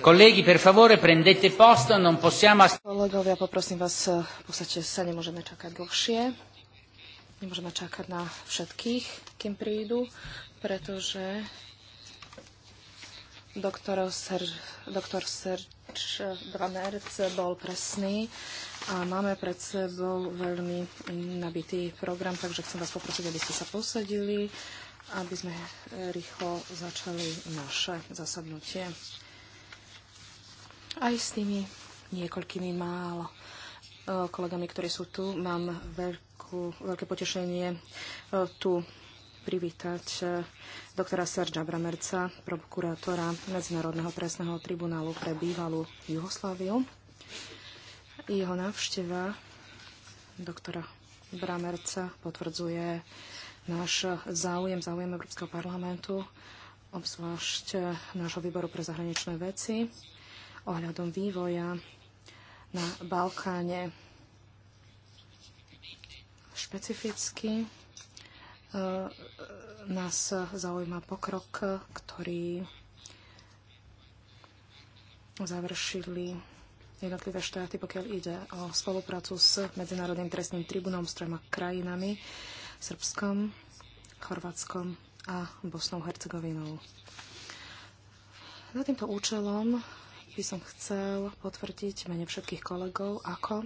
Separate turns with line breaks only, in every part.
Kolegi, per favore, prendete posto, non possiamo...
Kolegovia, poprosím vás, v eh, podstate sa nemôžeme čakať dlhšie. Nemôžeme čakať na všetkých, kým prídu, pretože doktor, Ser, doktor Serč Dvanerc bol presný a máme pred sebou veľmi nabitý program, takže chcem vás poprosiť, aby ste sa posadili, aby sme rýchlo začali naše zasadnutie. Aj s tými niekoľkými málo e, kolegami, ktorí sú tu, mám veľkú, veľké potešenie e, tu privítať e, doktora Serža Bramerca, prokurátora Medzinárodného trestného tribunálu pre bývalú Jugosláviu. Jeho návšteva doktora Bramerca potvrdzuje náš záujem, záujem Európskeho parlamentu, obzvlášť nášho výboru pre zahraničné veci ohľadom vývoja na Balkáne. Špecificky e, e, nás zaujíma pokrok, ktorý završili jednotlivé štáty, pokiaľ ide o spoluprácu s Medzinárodným trestným tribunom s troma krajinami, Srbskom, Chorvátskom a Bosnou Hercegovinou. Za týmto účelom by som chcel potvrdiť mene všetkých kolegov, ako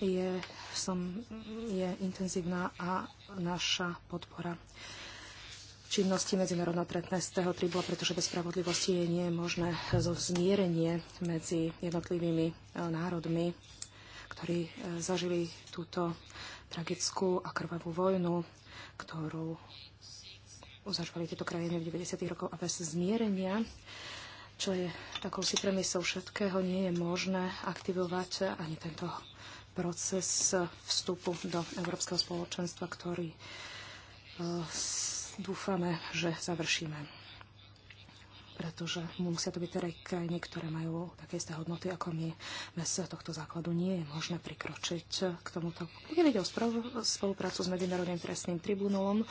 je, som, je intenzívna a naša podpora činnosti Medzinárodného trestného tribu, pretože bez spravodlivosti je nie možné zo zmierenie medzi jednotlivými e, národmi, ktorí e, zažili túto tragickú a krvavú vojnu, ktorú zažívali tieto krajiny v 90. rokoch a bez zmierenia čo je takou si premisou všetkého, nie je možné aktivovať ani tento proces vstupu do Európskeho spoločenstva, ktorý e, dúfame, že završíme pretože musia to byť teda krajiny, ktoré majú také isté hodnoty ako my. Bez tohto základu nie je možné prikročiť k tomuto. Keď ide o spoluprácu s Medzinárodným trestným tribunálom,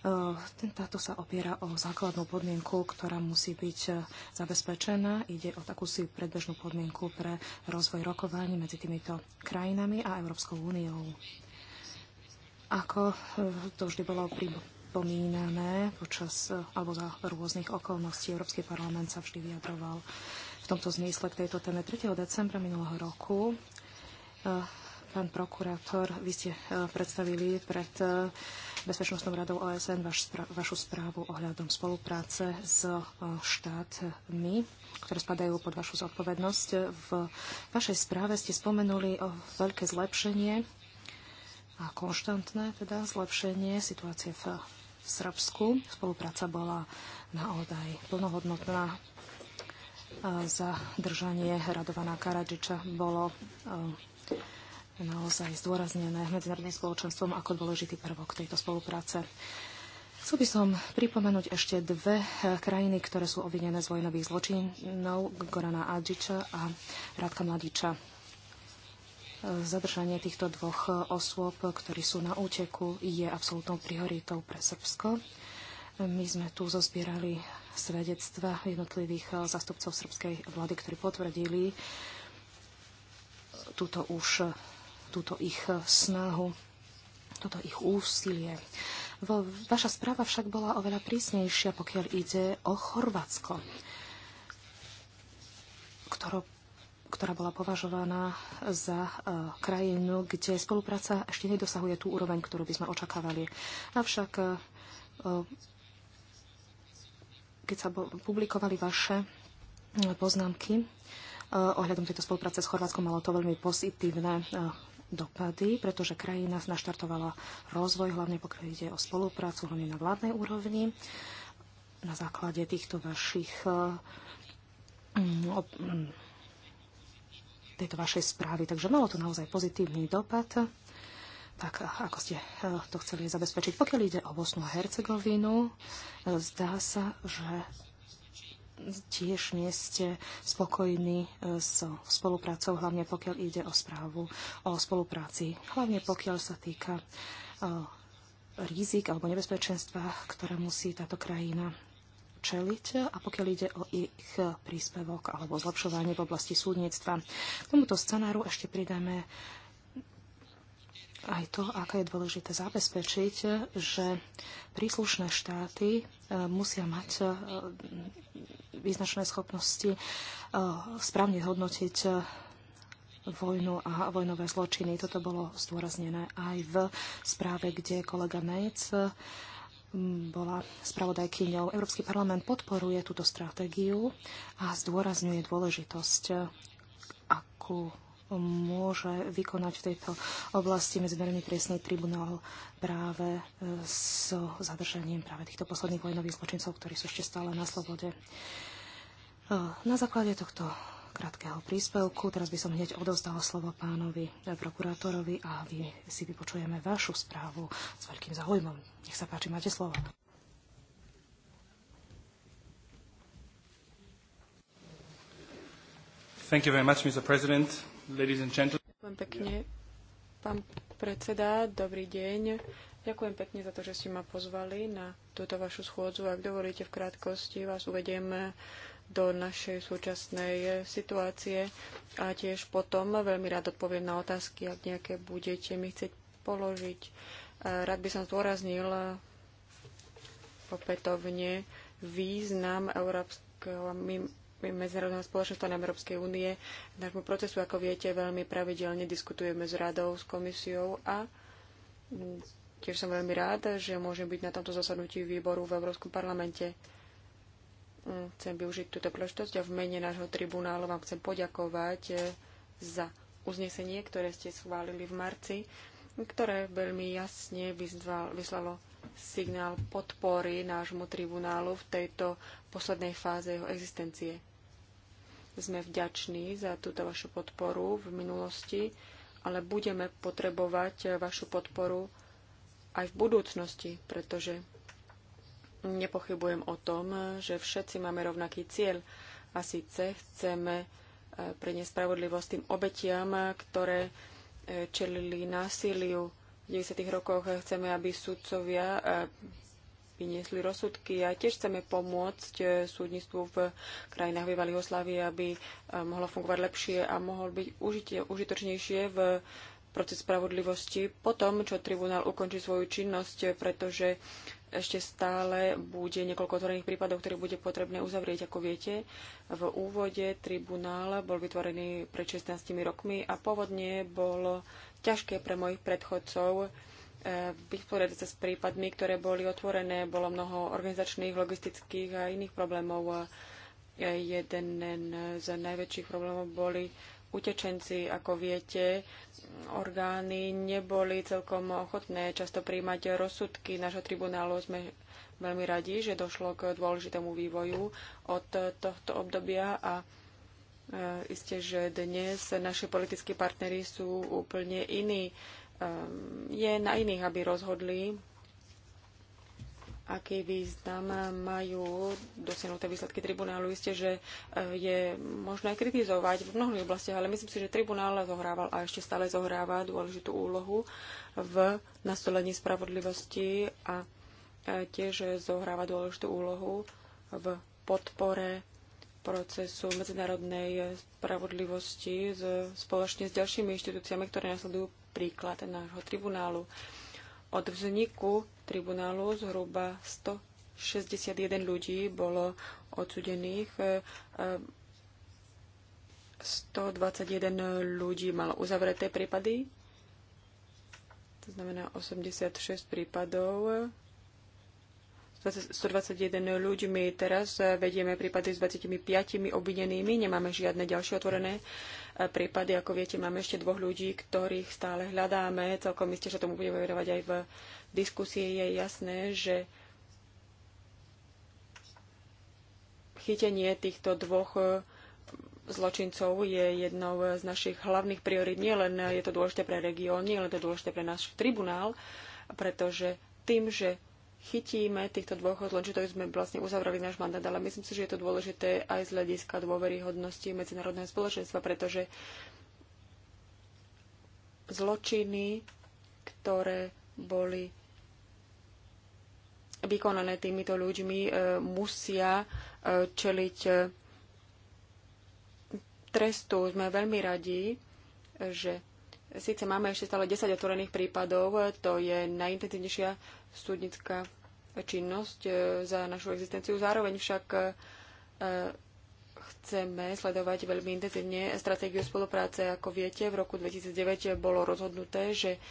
Eh, táto sa opiera o základnú podmienku, ktorá musí byť eh, zabezpečená. Ide o takú si predbežnú podmienku pre rozvoj rokovaní medzi týmito krajinami a Európskou úniou. Ako eh, to vždy bolo pri pripomínané počas alebo za rôznych okolností. Európsky parlament sa vždy vyjadroval v tomto zmysle k tejto téme 3. decembra minulého roku. Pán prokurátor, vy ste predstavili pred Bezpečnostnou radou OSN vaš, vašu správu ohľadom spolupráce s e, štátmi, ktoré spadajú pod vašu zodpovednosť. V vašej správe ste spomenuli o e, veľké zlepšenie a konštantné teda zlepšenie situácie v Srbsku. Spolupráca bola naozaj plnohodnotná e, zadržanie radovaná Karadžiča bolo naozaj zdôraznené medzinárodným spoločenstvom ako dôležitý prvok tejto spolupráce. Chcel by som pripomenúť ešte dve eh, krajiny, ktoré sú obvinené z vojnových zločinov, Gorana Adžiča a Radka Mladiča. Eh, zadržanie týchto dvoch osôb, ktorí sú na úteku, je absolútnou prioritou pre Srbsko. My sme tu zozbierali svedectva jednotlivých eh, zastupcov srbskej vlády, ktorí potvrdili túto už túto ich e, snahu, toto ich úsilie. Vaša správa však bola oveľa prísnejšia, pokiaľ ide o Chorvátsko, ktoro, ktorá bola považovaná za uh, krajinu, kde spolupráca ešte nedosahuje tú úroveň, ktorú by sme očakávali. Avšak, uh, keď sa publikovali vaše poznámky uh, ohľadom tejto spolupráce s Chorvátskom, malo to veľmi pozitívne dopady, pretože krajina naštartovala rozvoj, hlavne pokiaľ ide o spoluprácu, hlavne na vládnej úrovni. Na základe týchto vašich mm, mm, tejto vašej správy. Takže malo to naozaj pozitívny dopad, tak ako ste eh, to chceli zabezpečiť. Pokiaľ ide o Bosnu a Hercegovinu, eh, zdá sa, že tiež nie ste spokojní e, s so spoluprácou, hlavne pokiaľ ide o správu o spolupráci, hlavne pokiaľ sa týka e, rizik alebo nebezpečenstva, ktoré musí táto krajina čeliť a pokiaľ ide o ich príspevok alebo zlepšovanie v oblasti súdnictva. K tomuto scenáru ešte pridáme aj to, aké je dôležité zabezpečiť, že príslušné štáty e, musia mať význačné schopnosti e, správne hodnotiť e, vojnu a vojnové zločiny. Toto bolo zdôraznené aj v správe, kde kolega Nejc e, bola spravodajkyňou. Európsky parlament podporuje túto stratégiu a zdôrazňuje dôležitosť, akú môže vykonať v tejto oblasti Medzinárodný trestný tribunál práve s zadržaním práve týchto posledných vojnových zločincov, ktorí sú ešte stále na slobode. Na základe tohto krátkeho príspevku. Teraz by som hneď odovzdala slovo pánovi prokurátorovi a vy si vypočujeme vašu správu s veľkým záujmom. Nech sa páči, máte slovo.
Thank you very much, Mr. President, ladies and gentlemen.
Ďakujem pekne, pán predseda, dobrý deň. Ďakujem pekne za to, že ste ma pozvali na túto vašu schôdzu. Ak dovolíte, v krátkosti vás uvediem do našej súčasnej situácie a tiež potom veľmi rád odpoviem na otázky, ak nejaké budete mi chcieť položiť. E, rád by som zdôraznil opätovne význam Európskeho medzinárodného spoločenstva na Európskej únie. Nášmu procesu, ako viete, veľmi pravidelne diskutujeme s radou, s komisiou a tiež som veľmi rád, že môžem byť na tomto zasadnutí výboru v Európskom parlamente. Chcem využiť túto príležitosť a v mene nášho tribunálu vám chcem poďakovať eh, za uznesenie, ktoré ste schválili v marci, ktoré veľmi jasne vyslalo signál podpory nášmu tribunálu v tejto poslednej fáze jeho existencie. Sme vďační za túto vašu podporu v minulosti, ale budeme potrebovať eh, vašu podporu aj v budúcnosti, pretože nepochybujem o tom, že všetci máme rovnaký cieľ a síce chceme e, preniesť spravodlivosť tým obetiam, ktoré e, čelili násiliu. V 90. rokoch chceme, aby sudcovia e, vyniesli rozsudky a tiež chceme pomôcť súdnictvu v krajinách bývalej Jugoslávie, aby mohlo fungovať lepšie a mohol byť užitočnejšie v proces spravodlivosti po tom, čo tribunál ukončí svoju činnosť, pretože ešte stále bude niekoľko otvorených prípadov, ktoré bude potrebné uzavrieť. Ako viete, v úvode tribunál bol vytvorený pred 16 rokmi a pôvodne bolo ťažké pre mojich predchodcov eh, vysporiadať sa s prípadmi, ktoré boli otvorené. Bolo mnoho organizačných, logistických a iných problémov. Eh, jeden z najväčších problémov boli utečenci, ako viete, orgány neboli celkom ochotné často príjmať rozsudky nášho tribunálu. Sme veľmi radi, že došlo k dôležitému vývoju od tohto obdobia a e, isté, že dnes naši politickí partnery sú úplne iní. E, je na iných, aby rozhodli, aký význam majú dosiahnuté výsledky tribunálu. Isté, že e, je možné kritizovať v mnohých oblastiach, ale myslím si, že tribunál zohrával a ešte stále zohráva dôležitú úlohu v nastolení spravodlivosti a e, tiež zohráva dôležitú úlohu v podpore procesu medzinárodnej spravodlivosti z, spoločne s ďalšími inštitúciami, ktoré nasledujú príklad nášho tribunálu. Od vzniku tribunálu zhruba 161 ľudí bolo odsudených. 121 e, e, ľudí malo uzavreté prípady, to znamená 86 prípadov 121 ľuďmi. Teraz eh, vedieme prípady s 25 obvinenými. Nemáme žiadne ďalšie otvorené eh, prípady. Ako viete, máme ešte dvoch ľudí, ktorých stále hľadáme. Celkom iste, že tomu budeme verovať aj v diskusii. Je jasné, že chytenie týchto dvoch eh, zločincov je jednou z našich hlavných priorít. Nie len je to dôležité pre región, nie len to dôležité pre náš tribunál, pretože tým, že chytíme týchto dvoch zločitov, sme vlastne uzavreli náš mandát, ale myslím si, že je to dôležité aj z hľadiska dôveryhodnosti medzinárodného spoločenstva, pretože zločiny, ktoré boli vykonané týmito ľuďmi, e, musia e, čeliť e, trestu. Sme veľmi radi, že Síce máme ešte stále 10 otvorených prípadov, to je najintenzívnejšia súdnická činnosť e, za našu existenciu. Zároveň však e, chceme sledovať veľmi intenzívne stratégiu spolupráce. Ako viete, v roku 2009 bolo rozhodnuté, že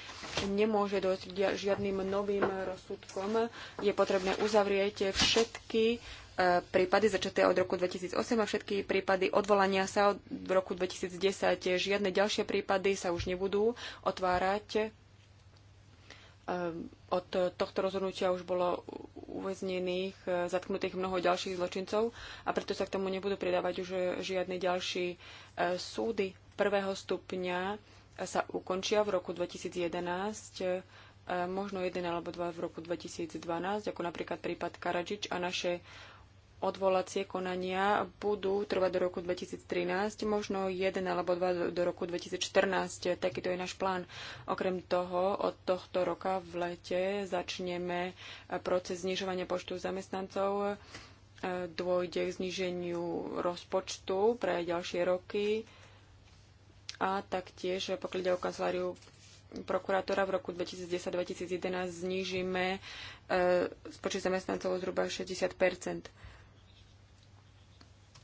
nemôže dojsť žiadnym novým rozsudkom. Je potrebné uzavrieť všetky prípady začaté od roku 2008 a všetky prípady odvolania sa od roku 2010. Žiadne ďalšie prípady sa už nebudú otvárať. Ehm, od tohto rozhodnutia už bolo uväznených, e, zatknutých mnoho ďalších zločincov a preto sa k tomu nebudú pridávať už žiadne ďalší e, súdy prvého stupňa sa ukončia v roku 2011 e, možno jeden alebo dva v roku 2012, ako napríklad prípad Karadžič a naše odvolacie konania budú trvať do roku 2013, možno jeden alebo dva do roku 2014. Takýto je náš plán. Okrem toho, od tohto roka v lete začneme proces znižovania počtu zamestnancov. E, dôjde k zniženiu rozpočtu pre ďalšie roky a taktiež, pokiaľ ide o kanceláriu prokurátora v roku 2010-2011, znížime e, počet zamestnancov zhruba 60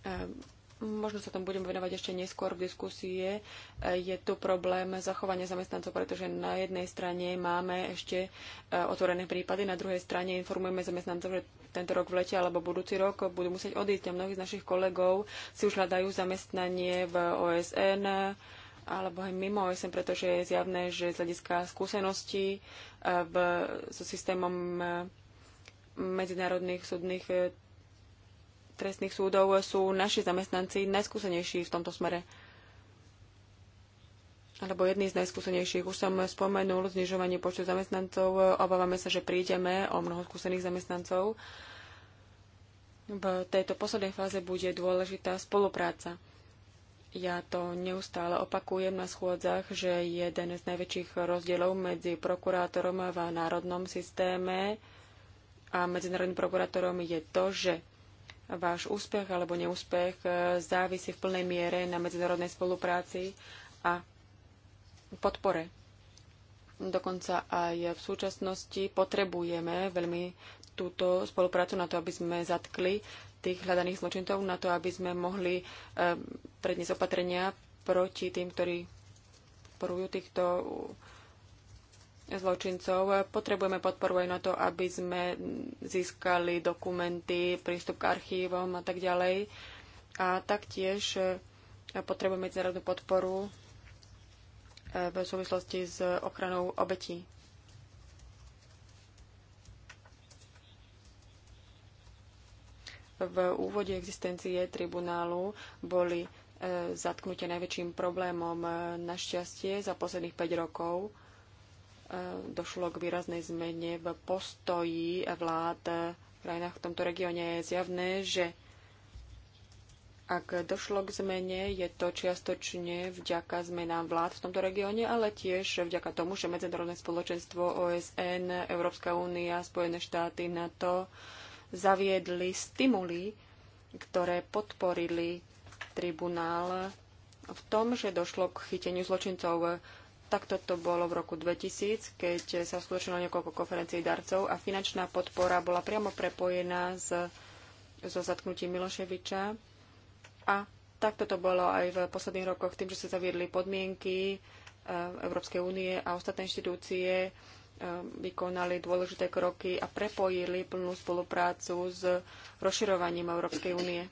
Ehm, možno sa tom budem venovať ešte neskôr v diskusie. Je tu problém zachovania zamestnancov, pretože na jednej strane máme ešte eh, otvorené prípady, na druhej strane informujeme zamestnancov, že tento rok v lete alebo budúci rok budú musieť odísť. A mnohí z našich kolegov si už hľadajú zamestnanie v OSN alebo aj mimo OSN, pretože je zjavné, že z hľadiska skúseností eh, v, so systémom eh, medzinárodných súdnych trestných súdov sú naši zamestnanci najskúsenejší v tomto smere. Alebo jedný z najskúsenejších. Už som spomenul znižovanie počtu zamestnancov. Obávame sa, že prídeme o mnoho skúsených zamestnancov. V tejto poslednej fáze bude dôležitá spolupráca. Ja to neustále opakujem na schôdzach, že jeden z najväčších rozdielov medzi prokurátorom v národnom systéme a medzinárodným prokurátorom je to, že Váš úspech alebo neúspech e, závisí v plnej miere na medzinárodnej spolupráci a podpore. Dokonca aj v súčasnosti potrebujeme veľmi túto spoluprácu na to, aby sme zatkli tých hľadaných zločincov, na to, aby sme mohli e, predniesť opatrenia proti tým, ktorí porujú týchto zločincov. Potrebujeme podporu aj na to, aby sme získali dokumenty, prístup k archívom a tak ďalej. A taktiež eh, potrebujeme medzinárodnú podporu eh, v súvislosti s ochranou obetí. V úvode existencie tribunálu boli eh, zatknutie najväčším problémom našťastie za posledných 5 rokov E, došlo k výraznej zmene v postoji vlád v krajinách v tomto regióne. Je zjavné, že ak došlo k zmene, je to čiastočne vďaka zmenám vlád v tomto regióne, ale tiež vďaka tomu, že medzinárodné spoločenstvo OSN, Európska únia, Spojené štáty, na to zaviedli stimuly, ktoré podporili tribunál v tom, že došlo k chyteniu zločincov. Takto to bolo v roku 2000, keď sa uskutočnilo niekoľko konferencií darcov a finančná podpora bola priamo prepojená s, so zatknutím Miloševiča. A takto to bolo aj v posledných rokoch tým, že sa zaviedli podmienky eh, Európskej únie a ostatné inštitúcie eh, vykonali dôležité kroky a prepojili plnú spoluprácu s rozširovaním Európskej únie.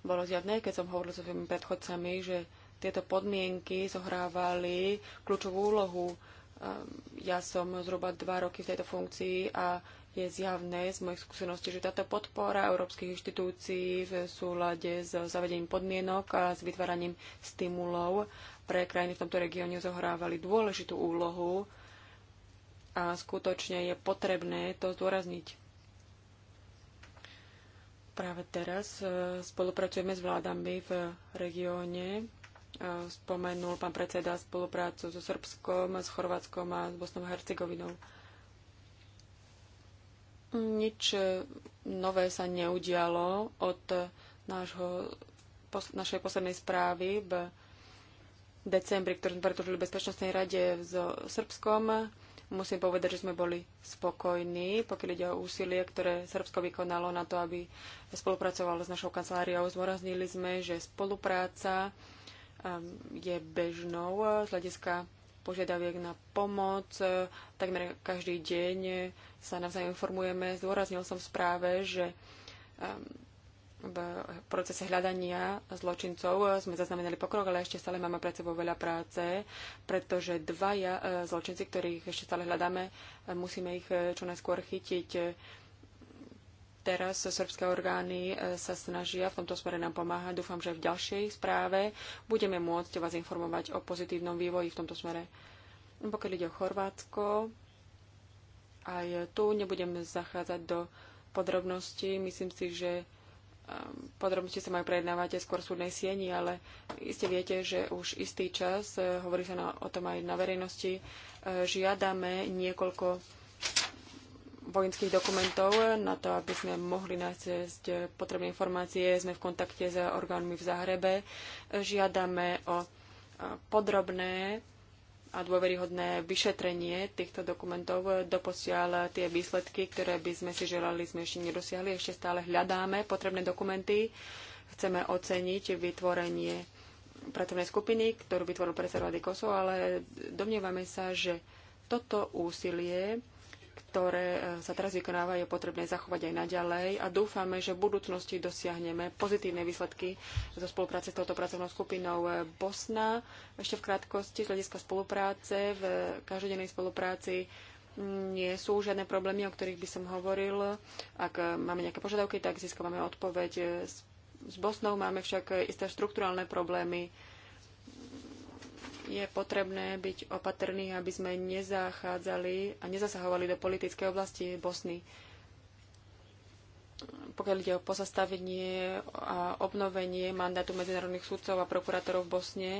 Bolo zjavné, keď som hovoril so svojimi predchodcami, že tieto podmienky zohrávali kľúčovú úlohu. Ehm, ja som zhruba dva roky v tejto funkcii a je zjavné z mojich skúseností, že táto podpora európskych inštitúcií v súlade s zavedením podmienok a s vytváraním stimulov pre krajiny v tomto regióne zohrávali dôležitú úlohu a skutočne je potrebné to zdôrazniť. Práve teraz e, spolupracujeme s vládami v regióne Eh, spomenul pán predseda spoluprácu so Srbskom, s Chorvátskom a s Bosnou a Hercegovinou. Nič eh, nové sa neudialo od nášho, pos, našej poslednej správy v decembri, ktorú sme pretvorili v Bezpečnostnej rade so Srbskom. Musím povedať, že sme boli spokojní, pokiaľ ide o úsilie, ktoré Srbsko vykonalo na to, aby spolupracovalo s našou kanceláriou. Zmoraznili sme, že spolupráca je bežnou eh, z hľadiska požiadaviek na pomoc. Eh, takmer každý deň sa navzájom informujeme. Zdôraznil som v správe, že v procese hľadania zločincov eh, sme zaznamenali pokrok, ale ešte stále máme pred sebou veľa práce, pretože dvaja zločinci, ktorých ešte stále hľadáme, musíme ich čo najskôr chytiť. Teraz srbské orgány e, sa snažia v tomto smere nám pomáhať. Dúfam, že v ďalšej správe budeme môcť vás informovať o pozitívnom vývoji v tomto smere. Pokiaľ ide o Chorvátsko, aj tu nebudem zachádzať do podrobností. Myslím si, že ehm, podrobnosti sa majú prejednávať aj skôr súdnej sieni, ale iste viete, že už istý čas, e, hovorí sa na, o tom aj na verejnosti, e, žiadame niekoľko vojenských dokumentov na to, aby sme mohli nájsť potrebné informácie. Sme v kontakte s orgánmi v Zahrebe. Žiadame o e, podrobné a dôveryhodné vyšetrenie týchto dokumentov. Doposiaľ tie výsledky, ktoré by sme si želali, sme ešte nedosiahli. Ešte stále hľadáme potrebné dokumenty. Chceme oceniť vytvorenie pracovnej skupiny, ktorú vytvoril predseda Rady Kosovo, ale domnievame sa, že toto úsilie ktoré e, sa teraz vykonávajú, je potrebné zachovať aj naďalej a dúfame, že v budúcnosti dosiahneme pozitívne výsledky zo spolupráce s touto pracovnou skupinou e, Bosna. Ešte v krátkosti, z hľadiska spolupráce, v každodennej spolupráci mm, nie sú žiadne problémy, o ktorých by som hovoril. Ak e, máme nejaké požiadavky, tak získavame odpoveď. S Bosnou máme však isté štrukturálne problémy je potrebné byť opatrný, aby sme nezachádzali a nezasahovali do politickej oblasti Bosny. Pokiaľ ide o pozastavenie a obnovenie mandátu medzinárodných sudcov a prokurátorov v Bosne,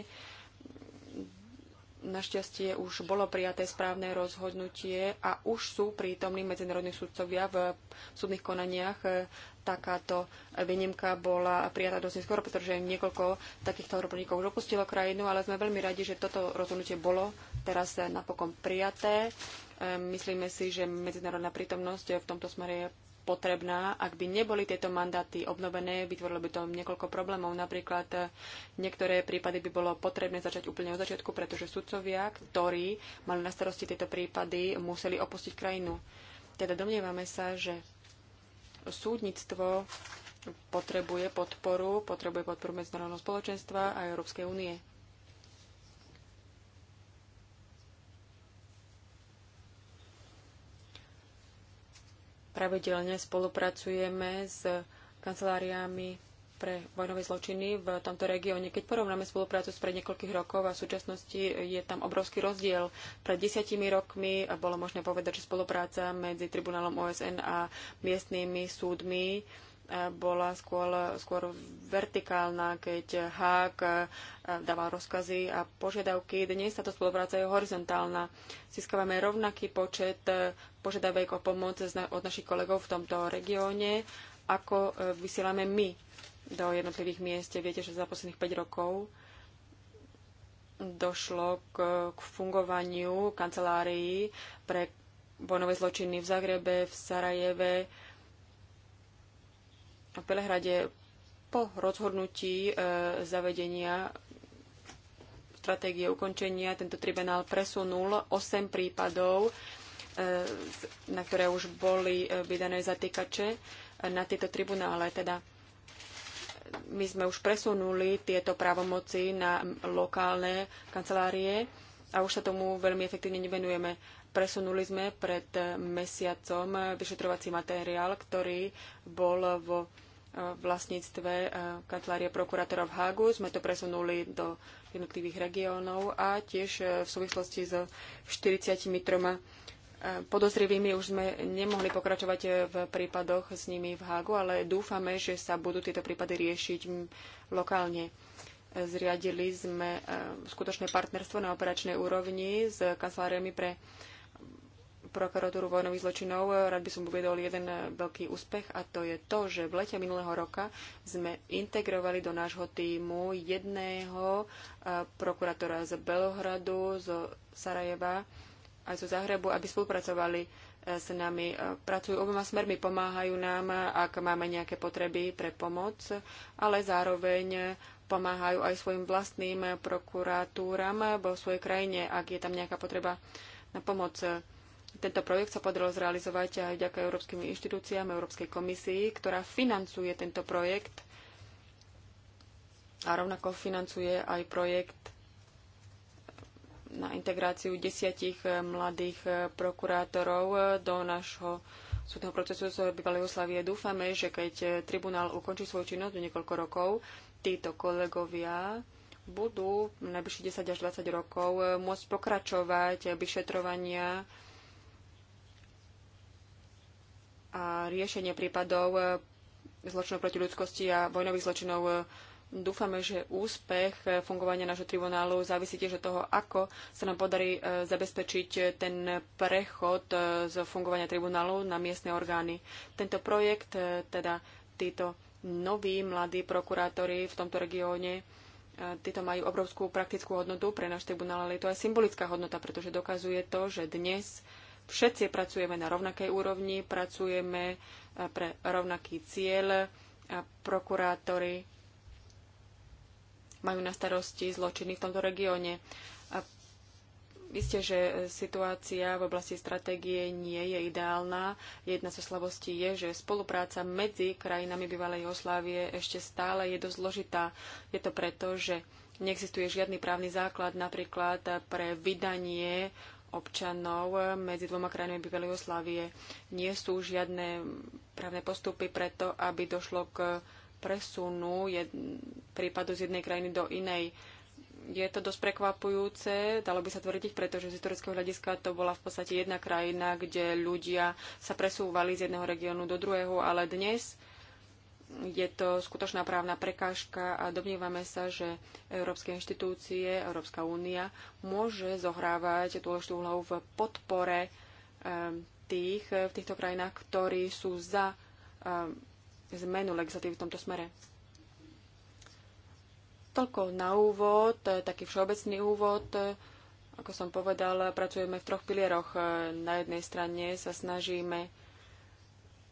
Našťastie už bolo prijaté správne rozhodnutie a už sú prítomní medzinárodní sudcovia v súdnych konaniach. Takáto výnimka bola prijatá dosť neskoro, pretože niekoľko takýchto robotníkov už opustilo krajinu, ale sme veľmi radi, že toto rozhodnutie bolo teraz napokon prijaté. Ehm, myslíme si, že medzinárodná prítomnosť v tomto smere je potrebná. Ak by neboli tieto mandáty obnovené, vytvorilo by to niekoľko problémov. Napríklad e, niektoré prípady by bolo potrebné začať úplne od začiatku, pretože sudcovia, ktorí mali na starosti tieto prípady, museli opustiť krajinu. Teda domnievame sa, že súdnictvo potrebuje podporu, potrebuje podporu medzinárodného spoločenstva a Európskej únie. Pravidelne spolupracujeme s kanceláriami pre vojnové zločiny v tomto regióne. Keď porovnáme spoluprácu spred pred niekoľkých rokov a v súčasnosti je tam obrovský rozdiel. Pred desiatimi rokmi bolo možné povedať, že spolupráca medzi tribunálom OSN a miestnymi súdmi eh, bola skôr, skôr vertikálna, keď Hák eh, dával rozkazy a požiadavky. Dnes táto spolupráca je horizontálna. Získavame rovnaký počet eh, požiadavek o pomoc od našich kolegov v tomto regióne, ako e, vysielame my do jednotlivých miest. Viete, že za posledných 5 rokov došlo k, k fungovaniu kancelárií pre vojnové zločiny v Zagrebe, v Sarajeve, v Belehrade. Po rozhodnutí e, zavedenia stratégie ukončenia tento tribunál presunul 8 prípadov E, na ktoré už boli e, vydané zatýkače e, na tieto tribunále. Teda my sme už presunuli tieto právomoci na lokálne kancelárie a už sa tomu veľmi efektívne nevenujeme. Presunuli sme pred mesiacom vyšetrovací materiál, ktorý bol vo vlastníctve kancelárie prokurátora v Hagu, Sme to presunuli do jednotlivých regiónov a tiež v súvislosti s 43 podozrivými už sme nemohli pokračovať v prípadoch s nimi v Hágu, ale dúfame, že sa budú tieto prípady riešiť lokálne. Zriadili sme e, skutočné partnerstvo na operačnej úrovni s kanceláriami pre prokuratúru vojnových zločinov. Rád by som uviedol jeden e, veľký úspech a to je to, že v lete minulého roka sme integrovali do nášho týmu jedného e, prokurátora z Belohradu, zo Sarajeva, aj zo Zahrebu, aby spolupracovali e, s nami. E, pracujú oboma smermi, pomáhajú nám, ak máme nejaké potreby pre pomoc, ale zároveň pomáhajú aj svojim vlastným prokuratúram vo svojej krajine, ak je tam nejaká potreba na pomoc. Tento projekt sa podarilo zrealizovať aj vďaka európskym inštitúciám, Európskej komisii, ktorá financuje tento projekt a rovnako financuje aj projekt na integráciu desiatich eh, mladých eh, prokurátorov eh, do nášho súdneho procesu z bývalej Jugoslavie. Dúfame, že keď tribunál ukončí svoju činnosť do niekoľko rokov, títo kolegovia budú najbližších 10 až 20 rokov môcť pokračovať vyšetrovania a riešenie prípadov zločinov proti ľudskosti a vojnových zločinov Dúfame, že úspech fungovania nášho tribunálu závisí tiež od toho, ako sa nám podarí e, zabezpečiť ten prechod e, z fungovania tribunálu na miestne orgány. Tento projekt, e, teda títo noví mladí prokurátori v tomto regióne, títo majú obrovskú praktickú hodnotu pre náš tribunál, ale je to aj symbolická hodnota, pretože dokazuje to, že dnes všetci pracujeme na rovnakej úrovni, pracujeme pre rovnaký cieľ a prokurátori majú na starosti zločiny v tomto regióne. A Isté, že situácia v oblasti stratégie nie je ideálna. Jedna zo slabostí je, že spolupráca medzi krajinami bývalej Jugoslávie ešte stále je dosť zložitá. Je to preto, že neexistuje žiadny právny základ napríklad pre vydanie občanov medzi dvoma krajinami bývalej Jugoslávie. Nie sú žiadne právne postupy preto, aby došlo k presunu prípadu z jednej krajiny do inej. Je to dosť prekvapujúce, dalo by sa tvrdiť, pretože z historického hľadiska to bola v podstate jedna krajina, kde ľudia sa presúvali z jedného regiónu do druhého, ale dnes je to skutočná právna prekážka a domnívame sa, že európske inštitúcie, Európska únia môže zohrávať dôležitú úlohu v podpore eh, tých eh, v týchto krajinách, ktorí sú za eh, zmenu legislatívy v tomto smere. Toľko na úvod, e, taký všeobecný úvod. E, Ako som povedal, pracujeme v troch pilieroch. E, na jednej strane sa snažíme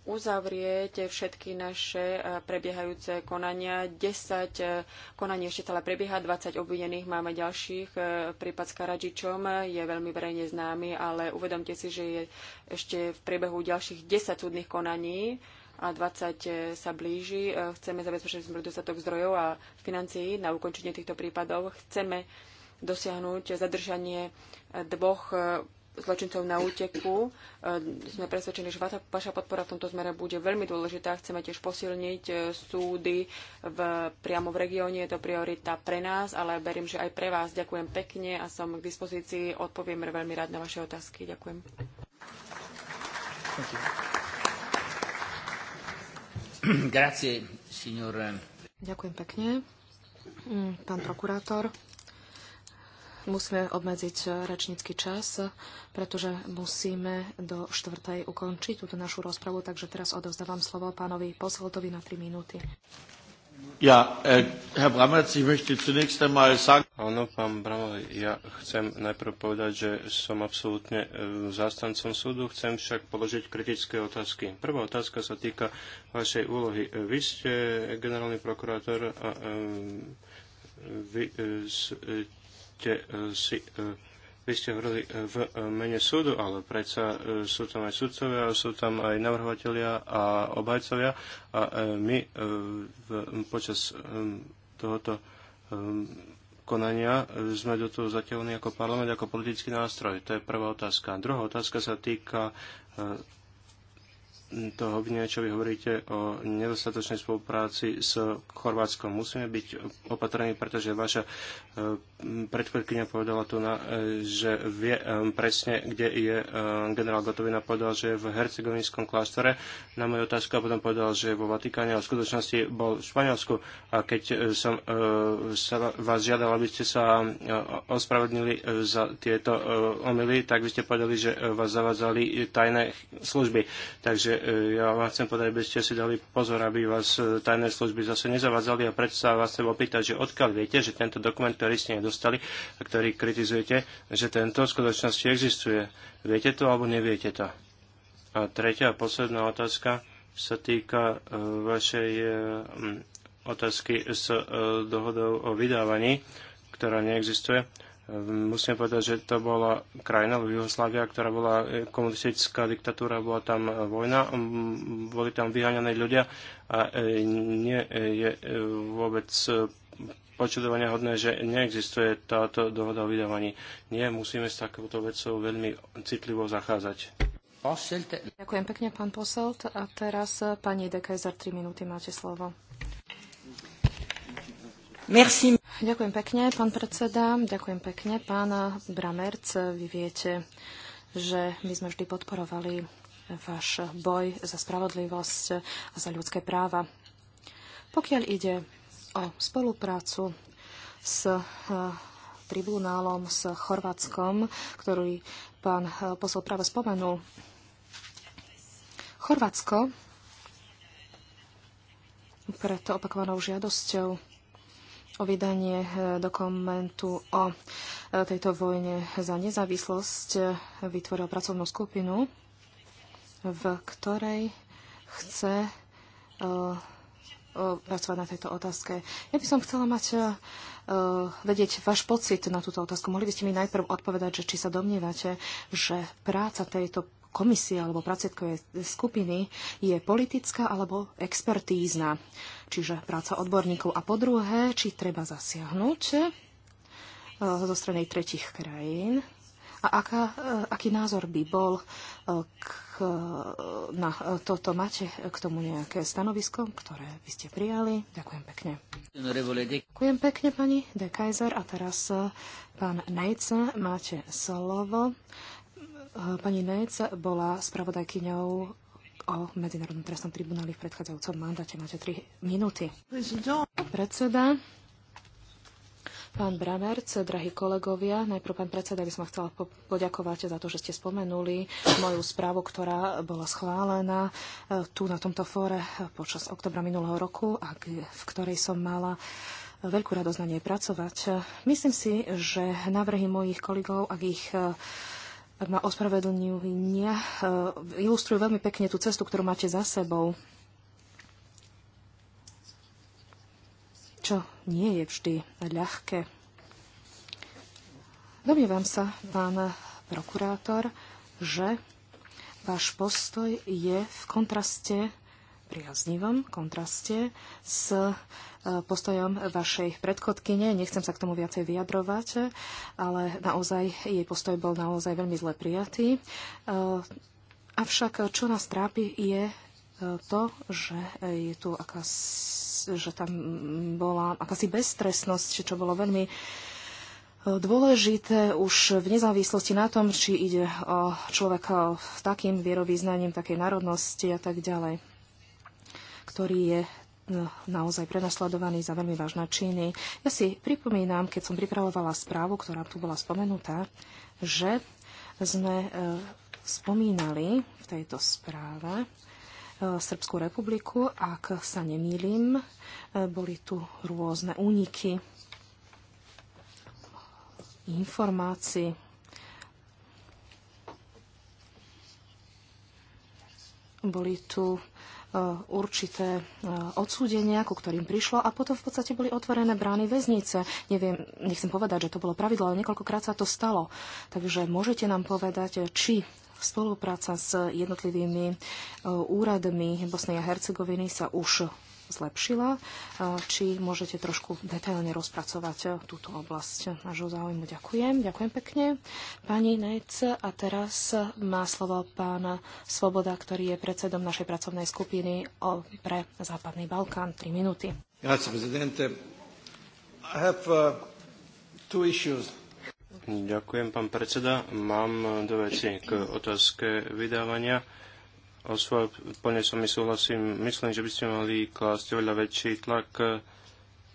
uzavrieť všetky naše prebiehajúce konania. 10 konaní ešte stále prebieha, 20 obvinených máme ďalších. Prípad s Karadžičom je veľmi verejne známy, ale uvedomte si, že je ešte v priebehu ďalších 10 súdnych konaní a 20 e, sa blíži. E, chceme zabezpečiť, sme dostatok zdrojov a financií na ukončenie týchto prípadov. Chceme dosiahnuť zadržanie e, dvoch zločincov na úteku. Sme presvedčení, že vaša podpora v tomto zmere bude veľmi dôležitá. Chceme tiež posilniť súdy v, priamo v regióne. Je to priorita pre nás, ale verím, že aj pre vás. Ďakujem pekne a som k dispozícii. Odpoviem veľmi rád na vaše otázky. Ďakujem.
Grazie, signor...
Ďakujem pekne. Mm, pán prokurátor, musíme obmedziť eh, rečnícky čas, pretože musíme do štvrtej ukončiť túto našu rozpravu, takže teraz odovzdávam slovo pánovi Posoltovi na 3 minúty.
Ja, e, Herr Brammerc, ich möchte zunächst einmal sagen... Áno, pán Brammer, ja chcem najprv povedať, že som absolútne e, zástancom súdu, chcem však položiť kritické otázky. Prvá otázka sa týka vašej úlohy. E, vy ste generálny prokurátor a vy ste si vy ste hovorili e, v e, mene súdu, ale predsa e, sú tam aj sudcovia, sú tam aj navrhovatelia a obhajcovia a my v, počas tohoto konania sme do toho zatiaľní ako parlament, ako politický nástroj. To je prvá otázka. Druhá otázka sa týka toho obvinenia, čo vy hovoríte o nedostatočnej spolupráci s Chorvátskom. Musíme byť opatrení, pretože vaša eh, predchodkynia povedala tu, na, eh, že vie eh, presne, kde je generál Gotovina, povedal, že je v hercegovinskom kláštore. Na moju otázku a potom povedal, že je vo Vatikáne a v skutočnosti bol v Španielsku. A keď som sa vás žiadal, aby ste sa ospravedlnili za tieto omily, tak vy ste povedali, že vás zavádzali tajné služby. Takže ja vám chcem povedať, aby ste si dali pozor, aby vás e, tajné služby zase nezavadzali a predsa vás chcem opýtať, že odkiaľ viete, že tento dokument, ktorý ste nedostali a ktorý kritizujete, že tento v skutočnosti existuje. Viete to alebo neviete to? A tretia a posledná otázka sa týka e, vašej e, mm, otázky s dohodou o vydávaní, ktorá neexistuje Musíme povedať, že to bola krajina Jugoslávia, ktorá bola e, komunistická diktatúra, bola tam e, vojna, boli tam vyháňané ľudia a e, nie je vôbec počudovania hodné, že neexistuje táto dohoda o vydávaní. Nie, musíme s takouto vecou veľmi citlivo zacházať.
Ďakujem pekne, pán posel A teraz pani Dekajzer, 3 minúty máte slovo. Merci. Ďakujem pekne, pán predseda. Ďakujem pekne, pán Bramerc. Vy viete, že my sme vždy podporovali váš boj za spravodlivosť a za ľudské práva. Pokiaľ ide o spoluprácu s eh, tribunálom s Chorvátskom, ktorý pán eh, posol práve spomenul. Chorvátsko pred opakovanou žiadosťou o vydanie eh, dokumentu o eh, tejto vojne za nezávislosť eh, vytvoril pracovnú skupinu, v ktorej chce pracovať na tejto otázke. Ja by som chcela mať vedieť váš pocit na túto otázku. Mohli by ste mi najprv odpovedať, že či sa domnievate, že práca tejto komisie alebo pracovkovej skupiny je politická alebo expertízna čiže práca odborníkov. A po druhé, či treba zasiahnuť eh, zo strany tretich krajín a aká, eh, aký názor by bol eh, k, na toto? Máte k tomu nejaké stanovisko, ktoré by ste prijali? Ďakujem pekne.
Ďakujem
pekne, pani De Kaiser. A teraz pán Nejce, máte slovo. Pani Nejce bola spravodajkyňou o Medzinárodnom trestnom tribunáli v predchádzajúcom mandáte. Máte 3 minúty. Predseda. Pán Bramerc, drahí kolegovia, najprv pán predseda, by som vám chcela poďakovať za to, že ste spomenuli moju správu, ktorá bola schválená e, tu na tomto fóre počas oktobra minulého roku a v ktorej som mala veľkú radosť na nej pracovať. Myslím si, že návrhy mojich kolegov, ak ich e, ma ospravedlňujú, eh, ilustrujú veľmi pekne tú cestu, ktorú máte za sebou. Čo nie je vždy ľahké. Domnievam sa, pán prokurátor, že váš postoj je v kontraste priaznivom kontraste s e, postojom vašej predchodkyne. Nechcem sa k tomu viacej vyjadrovať, e, ale naozaj jej postoj bol naozaj veľmi zle prijatý. E, avšak čo nás trápi je to, že je tu akási, že tam bola akási bezstresnosť, čo bolo veľmi dôležité už v nezávislosti na tom, či ide o človeka s takým vierovýznaním, takej národnosti a tak ďalej ktorý je e, naozaj prenasledovaný za veľmi vážne činy. Ja si pripomínam, keď som pripravovala správu, ktorá tu bola spomenutá, že sme e, spomínali v tejto správe e, Srbskú republiku, ak sa nemýlim, boli tu rôzne úniky informácií. Boli tu E, určité e, odsúdenia, ku ktorým prišlo a potom v podstate boli otvorené brány väznice. Neviem, nechcem povedať, že to bolo pravidlo, ale niekoľkokrát sa to stalo. Takže môžete nám povedať, či spolupráca s jednotlivými e, úradmi Bosnej a Hercegoviny sa už zlepšila. E, či môžete trošku detailne rozpracovať e, túto oblasť nášho záujmu. Ďakujem. Ďakujem pekne. Pani Nec a teraz má slovo pán Svoboda, ktorý je predsedom našej pracovnej skupiny pre Západný Balkán. Tri minúty.
prezidente.
Uh, Ďakujem, pán predseda. Mám dve veci k otázke vydávania osôb. Plne som mi súhlasím. Myslím, že by ste mali klásť oveľa väčší tlak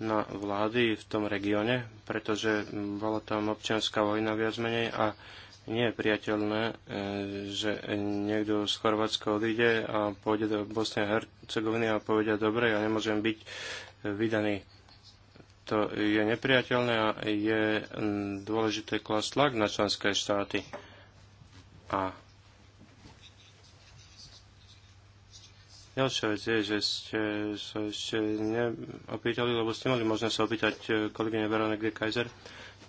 na vlády v tom regióne, pretože bola tam občianská vojna viac menej a nie je priateľné, e, že niekto z Chorvátska odíde a pôjde do Bosny a Hercegoviny a povedia, dobre, ja nemôžem byť vydaný. To je nepriateľné a je dôležité klásť tlak na členské štáty. A Ďalšia vec je, že ste sa ešte neopýtali, lebo ste mali možnosť sa opýtať e, kolegyne Veronik Kaiser.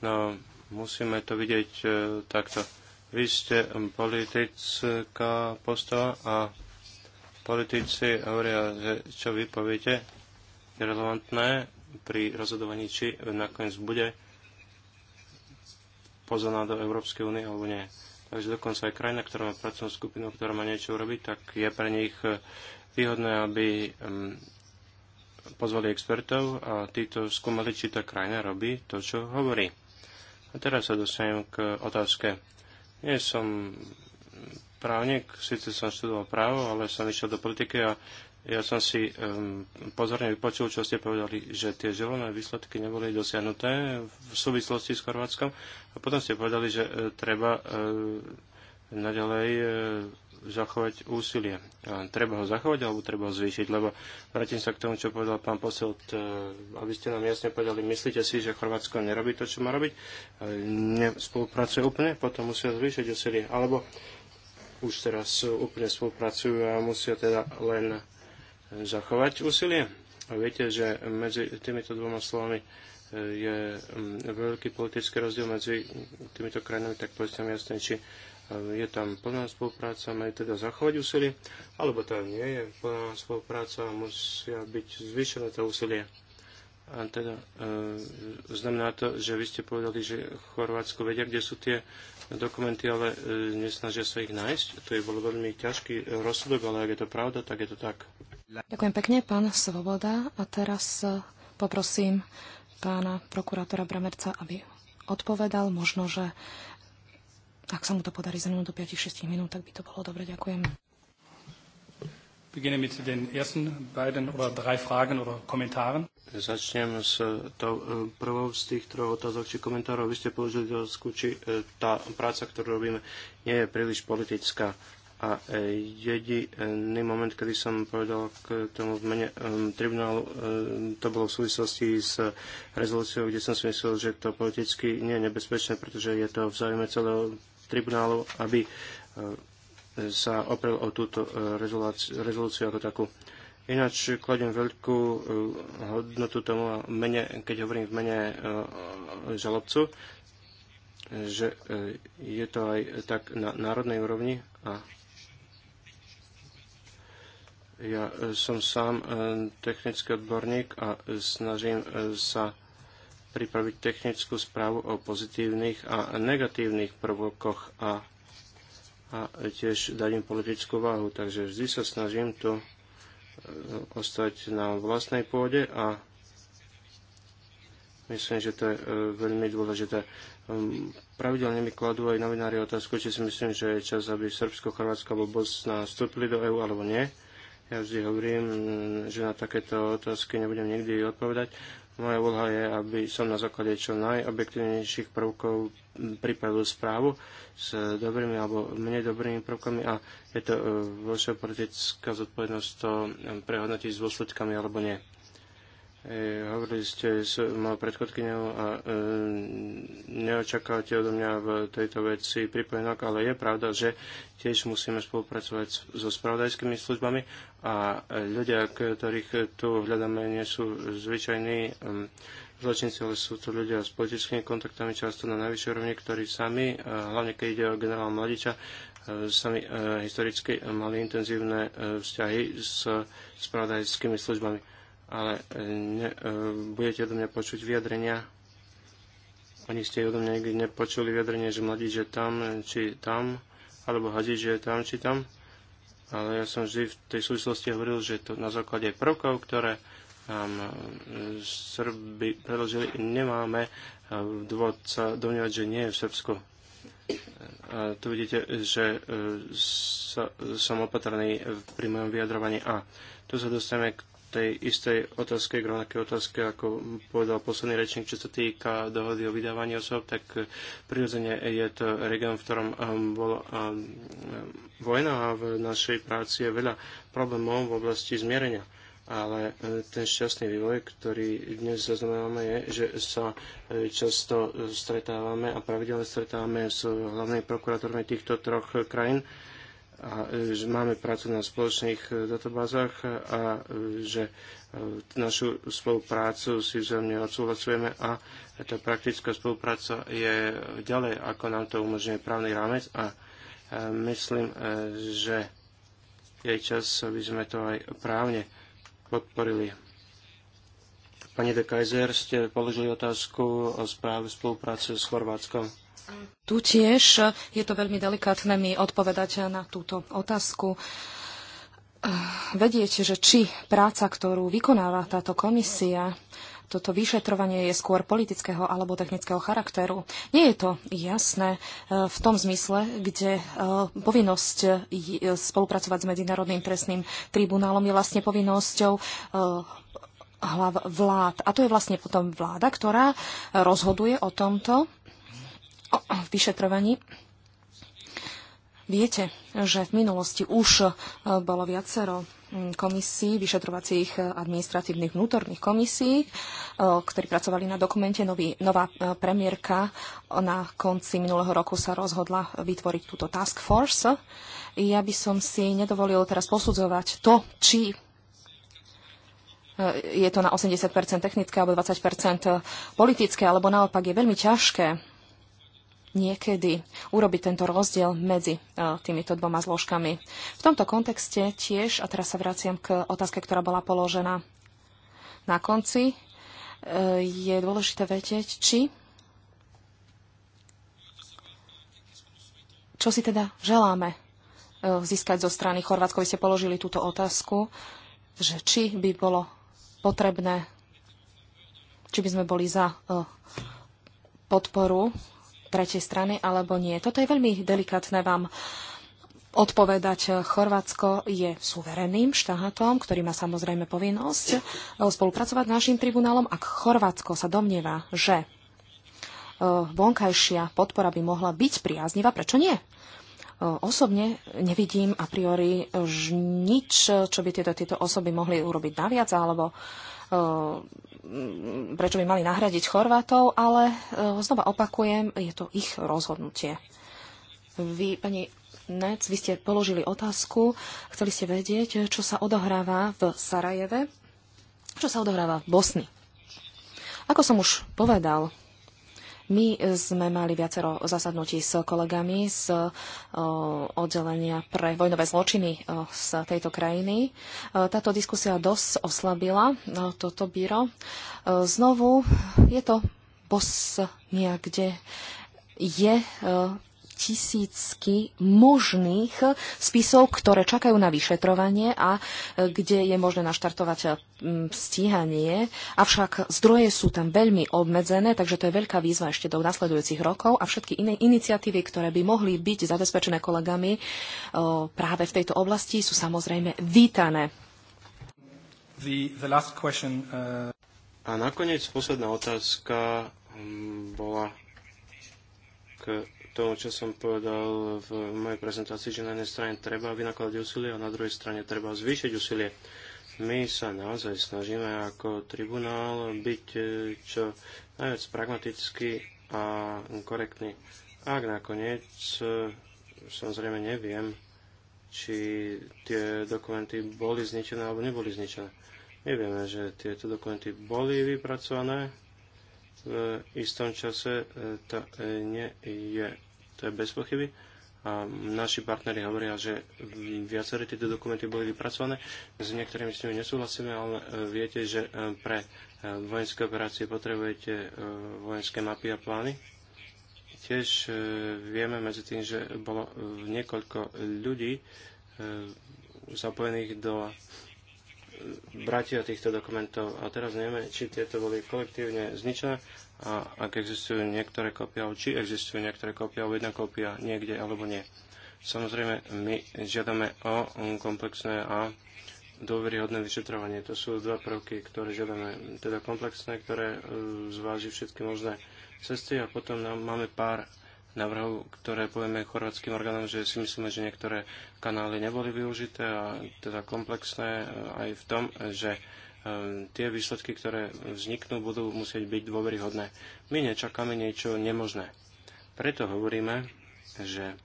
No, musíme to vidieť e, takto. Vy ste politická postava a politici hovoria, že čo vy poviete, je relevantné pri rozhodovaní, či nakoniec bude pozvaná do Európskej únie alebo nie. Takže dokonca aj krajina, ktorá má pracovnú skupinu, ktorá má niečo urobiť, tak je pre nich e, výhodné, aby pozvali expertov a títo skúmali, či tá krajina robí to, čo hovorí. A teraz sa dostanem k otázke. Nie som právnik, síce som študoval právo, ale som išiel do politiky a ja som si um, pozorne vypočul, čo ste povedali, že tie želené výsledky neboli dosiahnuté v súvislosti s Chorvátskom a potom ste povedali, že uh, treba uh, naďalej uh, zachovať úsilie. Treba ho zachovať alebo treba ho zvýšiť, lebo vrátim sa k tomu, čo povedal pán posel, aby ste nám jasne povedali, myslíte si, že Chorvátsko nerobí to, čo má robiť, nespolupracuje úplne, potom musia zvýšiť úsilie, alebo už teraz úplne spolupracujú a musia teda len zachovať úsilie. A viete, že medzi týmito dvoma slovami e, je mm, veľký politický rozdiel medzi týmito krajinami, tak povedzte jasne, či je tam plná spolupráca, majú teda zachovať úsilie, alebo tam nie je plná spolupráca, musia byť zvýšené to úsilie. A teda e, znamená to, že vy ste povedali, že Chorvátsko vedia, kde sú tie dokumenty, ale e, nesnažia sa ich nájsť. To je bol veľmi ťažký rozsudok, ale ak je to pravda, tak je to tak.
Ďakujem pekne, pán Svoboda. A teraz e, poprosím pána prokurátora Bramerca, aby odpovedal. Možno, že tak sa mu to podarí za do 5-6 minút, tak by to bolo dobre. Ďakujem.
Beginne mit den ersten beiden oder drei Fragen oder Kommentaren. Začnem s tou e, prvou z tých troch otázok či komentárov. Vy ste položili otázku, či e, tá práca, ktorú robíme, nie je príliš politická. A e, jediný moment, kedy som povedal k tomu v mene tribunálu, to bolo v súvislosti s rezolúciou, kde som si myslel, že to politicky nie je nebezpečné, pretože je to v záujme celého tribunálu, aby e, sa oprel o túto e, rezolúciu ako takú. Ináč kladiem veľkú e, hodnotu tomu mene, keď hovorím v mene žalobcu, že je to aj tak na národnej úrovni a ja som sám technický odborník a snažím sa pripraviť technickú správu o pozitívnych a negatívnych prvokoch a, a tiež dať im politickú váhu. Takže vždy sa snažím tu e, ostať na vlastnej pôde a myslím, že to je e, veľmi dôležité. E, pravidelne mi kladú aj novinári otázku, či si myslím, že je čas, aby Srbsko, Chorvátsko alebo Bosna vstúpili do EÚ alebo nie. Ja vždy hovorím, že na takéto otázky nebudem nikdy odpovedať, moja úloha je, aby som na základe čo najobjektívnejších prvkov pripravil správu s dobrými alebo menej dobrými prvkami a je to e, vaša politická zodpovednosť to e, prehodnotiť s dôsledkami alebo nie. E, hovorili ste s mojou predchodkyňou a e, neočakávate odo mňa v tejto veci pripojenok, ale je pravda, že tiež musíme spolupracovať so spravodajskými službami a e, ľudia, ktorých tu hľadáme, nie sú zvyčajní e, zločinci, ale sú to ľudia s politickými kontaktami často na najvyššej úrovni, ktorí sami, e, hlavne keď ide o generála Mladiča, e, sami historicky mali intenzívne vzťahy s spravodajskými službami ale e, ne, e, budete odo mňa počuť vyjadrenia. Oni ste odo mňa nikdy nepočuli vyjadrenie, že mladíč je tam, e, či tam, alebo hadič je tam, či tam. Ale ja som vždy v tej súvislosti hovoril, že to na základe prvkov, ktoré nám um, Srby predložili, nemáme dôvod sa domňovať, že nie je v Srbsku. A tu vidíte, že sa, som opatrný pri mojom vyjadrovaní A. Tu sa dostaneme k tej istej otázke, k rovnakej otázke, ako povedal posledný rečník, čo sa týka dohody o vydávaní osob, tak eh, prirodzene je to region, v ktorom eh, bola eh, vojna a v našej práci je veľa problémov v oblasti zmierenia ale ten šťastný vývoj, ktorý dnes zaznamenáme, je, že sa často stretávame a pravidelne stretávame s hlavnými prokurátormi týchto troch krajín a že máme prácu na spoločných eh, databázach a eh, že eh, našu spoluprácu si vzájomne odsúhlasujeme a tá praktická spolupráca je ďalej, ako nám to umožňuje právny rámec a myslím, že je čas, aby sme to aj právne podporili. Pani de Kaiser, ste položili otázku o správe spolupráce s Chorvátskom.
Tu tiež je to veľmi delikátne mi odpovedať na túto otázku. Vediete, že či práca, ktorú vykonáva táto komisia, toto vyšetrovanie je skôr politického alebo technického charakteru. Nie je to jasné e, v tom zmysle, kde e, povinnosť e, spolupracovať s Medzinárodným trestným tribunálom je vlastne povinnosťou hlav vlád. A to je vlastne potom vláda, ktorá rozhoduje o tomto vyšetrovaní. Viete, že v minulosti už e, bolo viacero mm, komisí, vyšetrovacích e, administratívnych vnútorných komisí, e, ktorí pracovali na dokumente. Nový, nová premiérka na konci minulého roku sa rozhodla vytvoriť túto task force. Ja by som si nedovolil teraz posudzovať to, či je to na 80% technické alebo 20% politické, alebo naopak je veľmi ťažké niekedy urobiť tento rozdiel medzi e, týmito dvoma zložkami. V tomto kontexte tiež, a teraz sa vraciam k otázke, ktorá bola položená na konci, e, je dôležité vedieť, či čo si teda želáme e, získať zo strany Chorvátsko. Vy ste položili túto otázku, že či by bolo potrebné, či by sme boli za podporu tretej strany alebo nie. Toto je veľmi delikátne vám odpovedať. Chorvátsko je suverenným štátom, ktorý má samozrejme povinnosť e, spolupracovať s našim tribunálom. Ak Chorvátsko sa domnieva, že e, vonkajšia podpora by mohla byť priaznivá, prečo nie? E, osobne nevidím a priori nič, čo by tieto, tieto osoby mohli urobiť naviac, alebo Mm, prečo by mali nahradiť Chorvátov, ale e, znova opakujem, je to ich rozhodnutie. Vy, pani Nec, vy ste položili otázku, chceli ste vedieť, čo sa odohráva v Sarajeve, čo sa odohráva v Bosni. Ako som už povedal, my sme mali viacero zasadnutí s kolegami z oddelenia pre vojnové zločiny z tejto krajiny. Táto diskusia dosť oslabila toto byro. Znovu je to Bosnia, kde je tisícky možných spisov, ktoré čakajú na vyšetrovanie a e, kde je možné naštartovať e, stíhanie. Avšak zdroje sú tam veľmi obmedzené, takže to je veľká výzva ešte do nasledujúcich rokov a všetky iné iniciatívy, ktoré by mohli byť zabezpečené kolegami e, práve v tejto oblasti, sú samozrejme vítané. The, the last question, uh...
A nakoniec posledná otázka hm, bola k to, čo som povedal v mojej prezentácii, že na jednej strane treba vynakladať úsilie a na druhej strane treba zvýšiť úsilie. My sa naozaj snažíme ako tribunál byť e, čo najviac pragmatický a korektný. Ak nakoniec, e, samozrejme neviem, či tie dokumenty boli zničené alebo neboli zničené. My vieme, že tieto dokumenty boli vypracované v istom čase, e, to e, nie je, to je bez pochyby. A naši partneri hovoria, že viaceré tieto dokumenty boli vypracované. S niektorými s nimi nesúhlasíme, ale e, viete, že pre vojenské operácie potrebujete vojenské mapy a plány. Tiež vieme medzi tým, že bolo niekoľko ľudí zapojených do bratia týchto dokumentov a teraz nevieme, či tieto boli kolektívne zničené a ak existujú niektoré kopia, či existujú niektoré kopia, alebo jedna kopia niekde alebo nie. Samozrejme, my žiadame o komplexné a dôveryhodné vyšetrovanie. To sú dva prvky, ktoré žiadame, teda komplexné, ktoré e, zváži všetky možné cesty a potom nám máme pár návrhov, ktoré povieme chorvátským orgánom, že si myslíme, že niektoré kanály neboli využité a teda komplexné e, aj v tom, že e, tie výsledky, ktoré vzniknú, budú musieť byť dôveryhodné. My nečakáme niečo nemožné. Preto hovoríme, že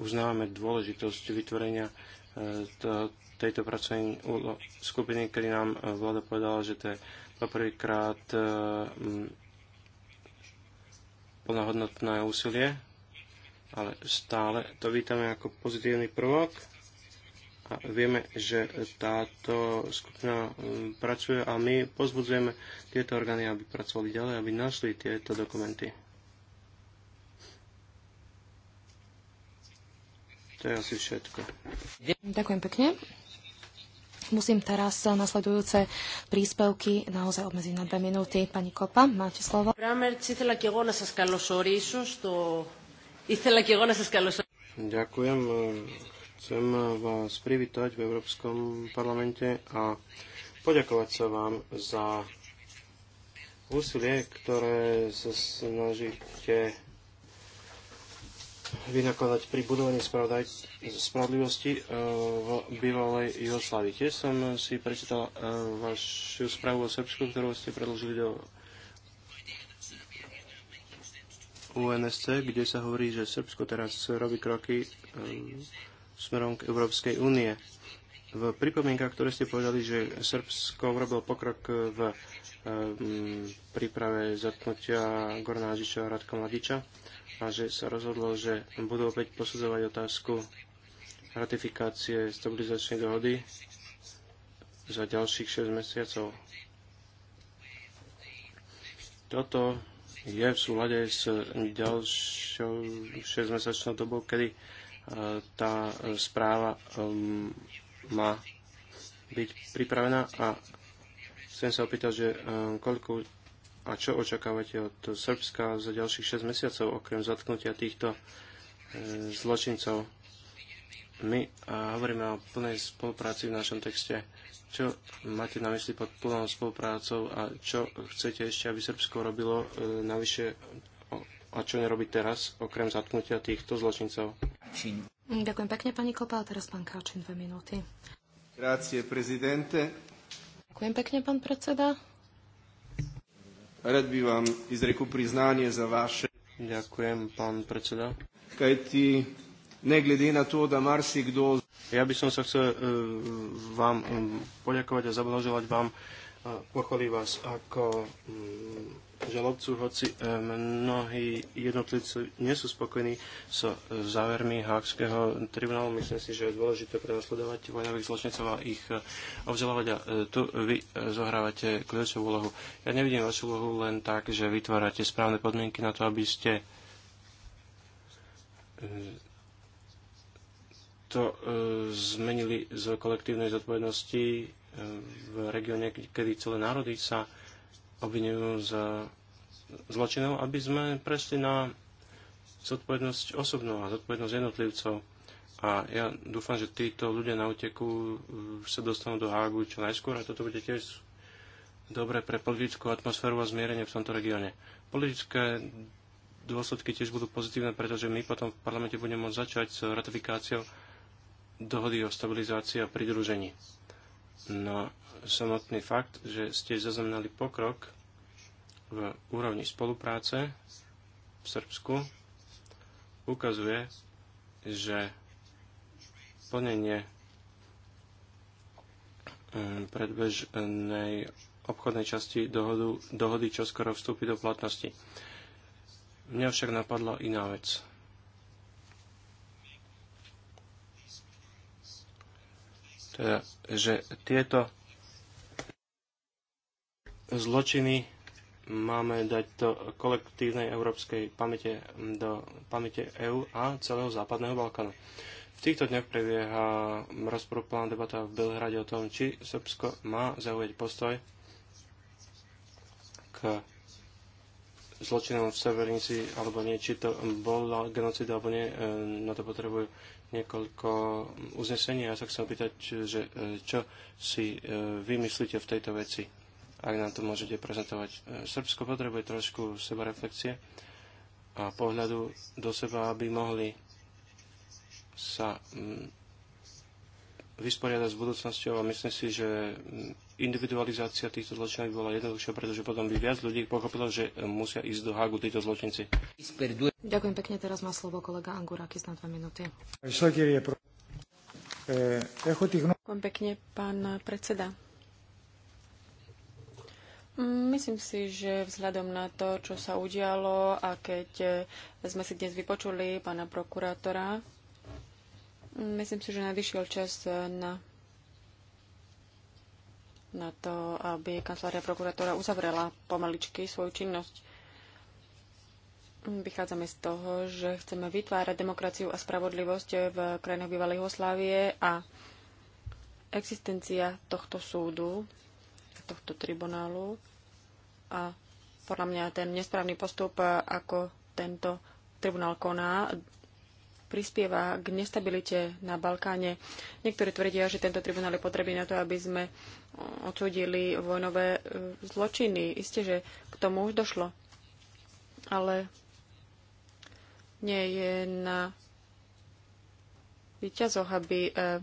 uznávame dôležitosť vytvorenia e, tejto pracovnej skupiny, kedy nám vláda povedala, že to je poprvýkrát plnohodnotné úsilie, ale stále to vítame ako pozitívny prvok a vieme, že táto skupina mm, pracuje a my pozbudzujeme tieto orgány, aby pracovali ďalej, aby našli tieto dokumenty. To je asi všetko.
Ďakujem pekne. Musím teraz nasledujúce príspevky naozaj obmedziť na dve minúty. Pani Kopa, máte slovo.
Ďakujem. Chcem vás privítať v Európskom parlamente a poďakovať sa vám za úsilie, ktoré sa snažíte vynakladať pri budovaní spravodlivosti e, v bývalej Jugoslávii. Tiež som si prečítal e, vašu správu o Srbsku, ktorú ste predložili do UNSC, kde sa hovorí, že Srbsko teraz robí kroky e, smerom k Európskej únie. V pripomienkach, ktoré ste povedali, že Srbsko urobil pokrok v príprave zatknutia Gornáziča a Radka Mladiča, a že sa rozhodlo, že budú opäť posudzovať otázku ratifikácie stabilizačnej dohody za ďalších 6 mesiacov. Toto je v súlade s ďalšou 6-mesačnou dobou, kedy e, tá správa má byť pripravená a chcem sa opýtať, že e, koľko a čo očakávate od Srbska za ďalších 6 mesiacov, okrem zatknutia týchto e, zločincov? My hovoríme o plnej spolupráci v našom texte. Čo máte na mysli pod plnou spoluprácou a čo chcete ešte, aby Srbsko robilo e, navyše a čo nerobí teraz, okrem zatknutia týchto zločincov?
Ďakujem pekne, pani Kopal. Teraz pán Kalčin, dve minúty.
Grazie, prezidente.
Ďakujem pekne, pán predseda.
Rád by vám izreku priznanie za vaše... Ďakujem, pán predseda. Kaj ti, neglede na to, da kdo... Ja by som sa chcel e, vám poďakovať a zablažovať vám e, pochvalí vás ako mm, žalobcu, hoci e, mnohí jednotlivci nie sú spokojní s so e, závermi Hákského tribunálu. Myslím si, že je dôležité prenasledovať vojnových zločincov a ich e, obžalovať. A tu vy zohrávate kľúčovú úlohu. Ja nevidím vašu úlohu len tak, že vytvárate správne podmienky na to, aby ste to zmenili z kolektívnej zodpovednosti v regióne, kedy celé národy sa obvinujú z zločinov, aby sme prešli na zodpovednosť osobnú a zodpovednosť jednotlivcov. A ja dúfam, že títo ľudia na uteku sa dostanú do Hágu čo najskôr a toto bude tiež dobre pre politickú atmosféru a zmierenie v tomto regióne. Politické dôsledky tiež budú pozitívne, pretože my potom v parlamente budeme môcť začať s ratifikáciou dohody o stabilizácii a pridružení. No samotný fakt, že ste zaznamenali pokrok v úrovni spolupráce v Srbsku, ukazuje, že plnenie e, predbežnej obchodnej časti dohodu, dohody čoskoro vstúpi do platnosti. Mňa však napadla iná vec. Teda, že tieto zločiny, máme dať do kolektívnej európskej pamäte, do pamäte EÚ a celého západného Balkánu. V týchto dňoch prebieha rozporúplná debata v Belhrade o tom, či Srbsko má zaujať postoj k zločinom v Severnici alebo nie, či to bola genocida alebo nie, e, na to potrebujú niekoľko uznesení. Ja sa chcem pýtať, že, e, čo si e, vymyslíte v tejto veci ak nám to môžete prezentovať. E, Srbsko potrebuje trošku sebareflexie a pohľadu do seba, aby mohli sa mm, vysporiadať s budúcnosťou a myslím si, že mm, individualizácia týchto zločinov bola jednoduchšia, pretože potom by viac ľudí pochopilo, že e, musia ísť do hágu títo zločinci.
Ďakujem pekne, teraz má slovo kolega Angurakis na dve minúty.
Ďakujem
pekne, pán predseda.
Myslím si, že vzhľadom na to, čo sa udialo a keď e, sme si dnes vypočuli pána prokurátora, myslím si, že nadišiel čas e, na, na to, aby kancelária prokurátora uzavrela pomaličky svoju činnosť. Vychádzame z toho, že chceme vytvárať demokraciu a spravodlivosť v krajinách bývalej Jugoslávie a existencia tohto súdu tohto tribunálu a podľa mňa ten nesprávny postup, ako tento tribunál koná, prispieva k nestabilite na Balkáne. Niektorí tvrdia, že tento tribunál je potrebný na to, aby sme e, odsúdili vojnové e, zločiny. Isté, že k tomu už došlo. Ale nie je na výťazoch, aby e,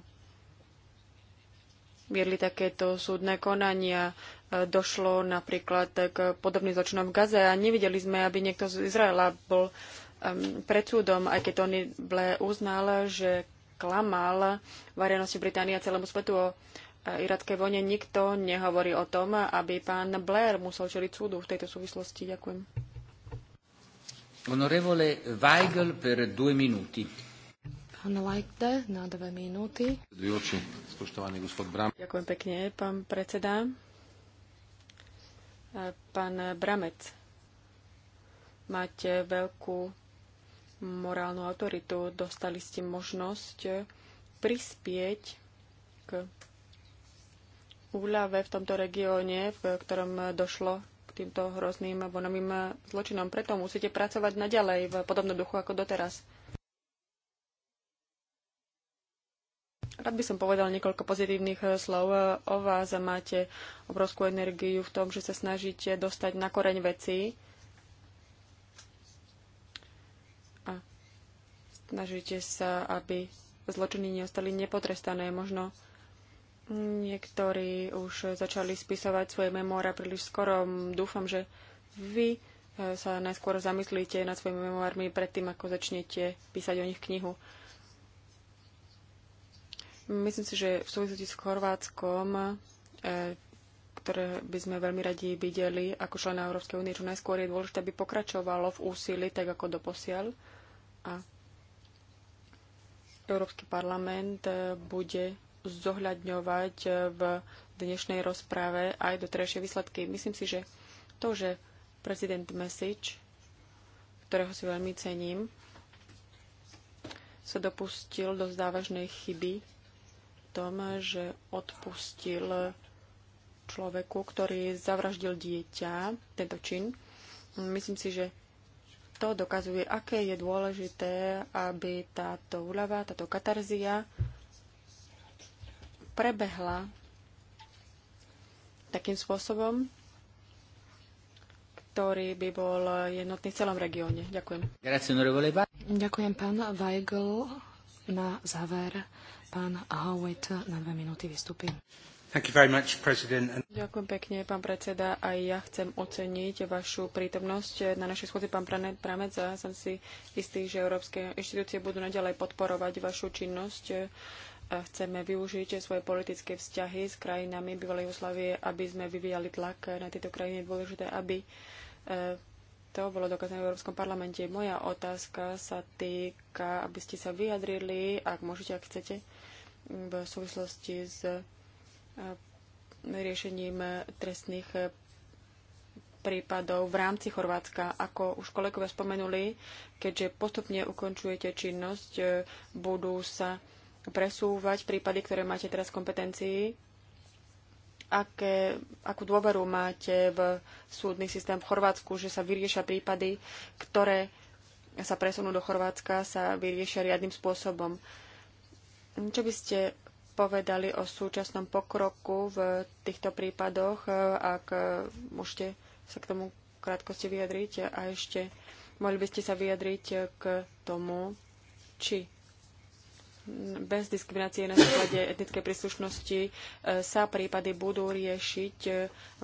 viedli takéto súdne konania. E, došlo napríklad k podobným zločinom v Gaze a nevideli sme, aby niekto z Izraela bol pred súdom, aj keď Tony Blair uznal, že klamal verejnosti Británia celému svetu o e, irackej vojne. Nikto nehovorí o tom, aby pán Blair musel čeliť súdu v tejto súvislosti. Ďakujem.
Honorevole Weigel per due minuti
na dve minúty. Ďakujem pekne, pán predseda.
Pán Bramec, máte veľkú morálnu autoritu. Dostali ste možnosť prispieť k úľave v tomto regióne, v ktorom došlo k týmto hrozným vonovým zločinom. Preto musíte pracovať naďalej v podobnom duchu ako doteraz. Rád by som povedal niekoľko pozitívnych eh, slov eh, o vás. a Máte obrovskú energiu v tom, že sa snažíte dostať na koreň veci. A snažíte sa, aby zločiny neostali nepotrestané. Možno niektorí už začali spisovať svoje memóre príliš skoro. Dúfam, že vy eh, sa najskôr zamyslíte nad svojimi memoármi predtým, ako začnete písať o nich knihu. Myslím si, že v súvislosti s Chorvátskom, e, ktoré by sme veľmi radi videli ako člena Európskej únie, čo najskôr je dôležité, aby pokračovalo v úsilí, tak ako doposiaľ. A Európsky parlament e, bude zohľadňovať e, v dnešnej rozprave aj doterajšie výsledky. Myslím si, že to, že prezident Mesič, ktorého si veľmi cením, sa dopustil do závažnej chyby tom, že odpustil človeku, ktorý zavraždil dieťa, tento čin. Myslím si, že to dokazuje, aké je dôležité, aby táto úľava, táto katarzia prebehla takým spôsobom, ktorý by bol jednotný v celom regióne. Ďakujem.
Ďakujem, pán Weigl. Na záver pán Howitt na dve minúty vystúpi. Much, Ďakujem pekne, pán predseda. Aj
ja chcem oceniť vašu prítomnosť na našej schôdzi, pán Pramec, a som si istý, že európske inštitúcie budú naďalej podporovať vašu činnosť. Chceme využiť svoje politické vzťahy s krajinami bývalej Jugoslavie, aby sme vyvíjali tlak na tieto krajiny. Je dôležité, aby e, to bolo dokázané v Európskom parlamente. Moja otázka sa týka, aby ste sa vyjadrili, ak môžete, ak chcete, v súvislosti s eh, riešením eh, trestných eh, prípadov v rámci Chorvátska. Ako už kolegovia spomenuli, keďže postupne ukončujete činnosť, budú sa presúvať prípady, ktoré máte teraz kompetencii, Aké, akú dôveru máte v súdny systém v Chorvátsku, že sa vyriešia prípady, ktoré sa presunú do Chorvátska, sa vyriešia riadnym spôsobom. Uh, čo by ste povedali o súčasnom pokroku v týchto prípadoch, e, ak môžete sa k tomu krátkosti vyjadriť a ešte mohli by ste sa vyjadriť k tomu, či bez diskriminácie na základe etnickej príslušnosti e, sa prípady budú riešiť e,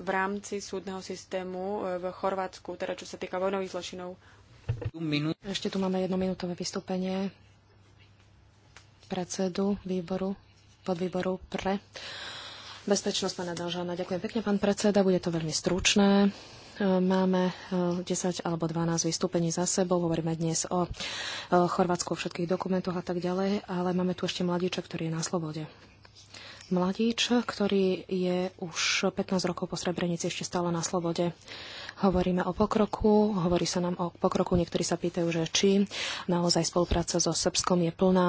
v rámci súdneho systému v Chorvátsku, teda čo sa týka vojnových zločinov.
Ešte tu máme jednominútové vystúpenie predsedu výboru, podvýboru pre bezpečnosť pána Danžána. Ďakujem pekne, pán predseda, bude to veľmi stručné. E, máme 10 e, alebo 12 vystúpení za sebou, hovoríme dnes o e, Chorvátsku, o všetkých dokumentoch a tak ďalej, ale máme tu ešte mladíča, ktorý je na slobode mladíč, ktorý je už 15 rokov po Srebrenici ešte stále na slobode. Hovoríme o pokroku, hovorí sa nám o pokroku, niektorí sa pýtajú, že či naozaj spolupráca so Srbskom je plná,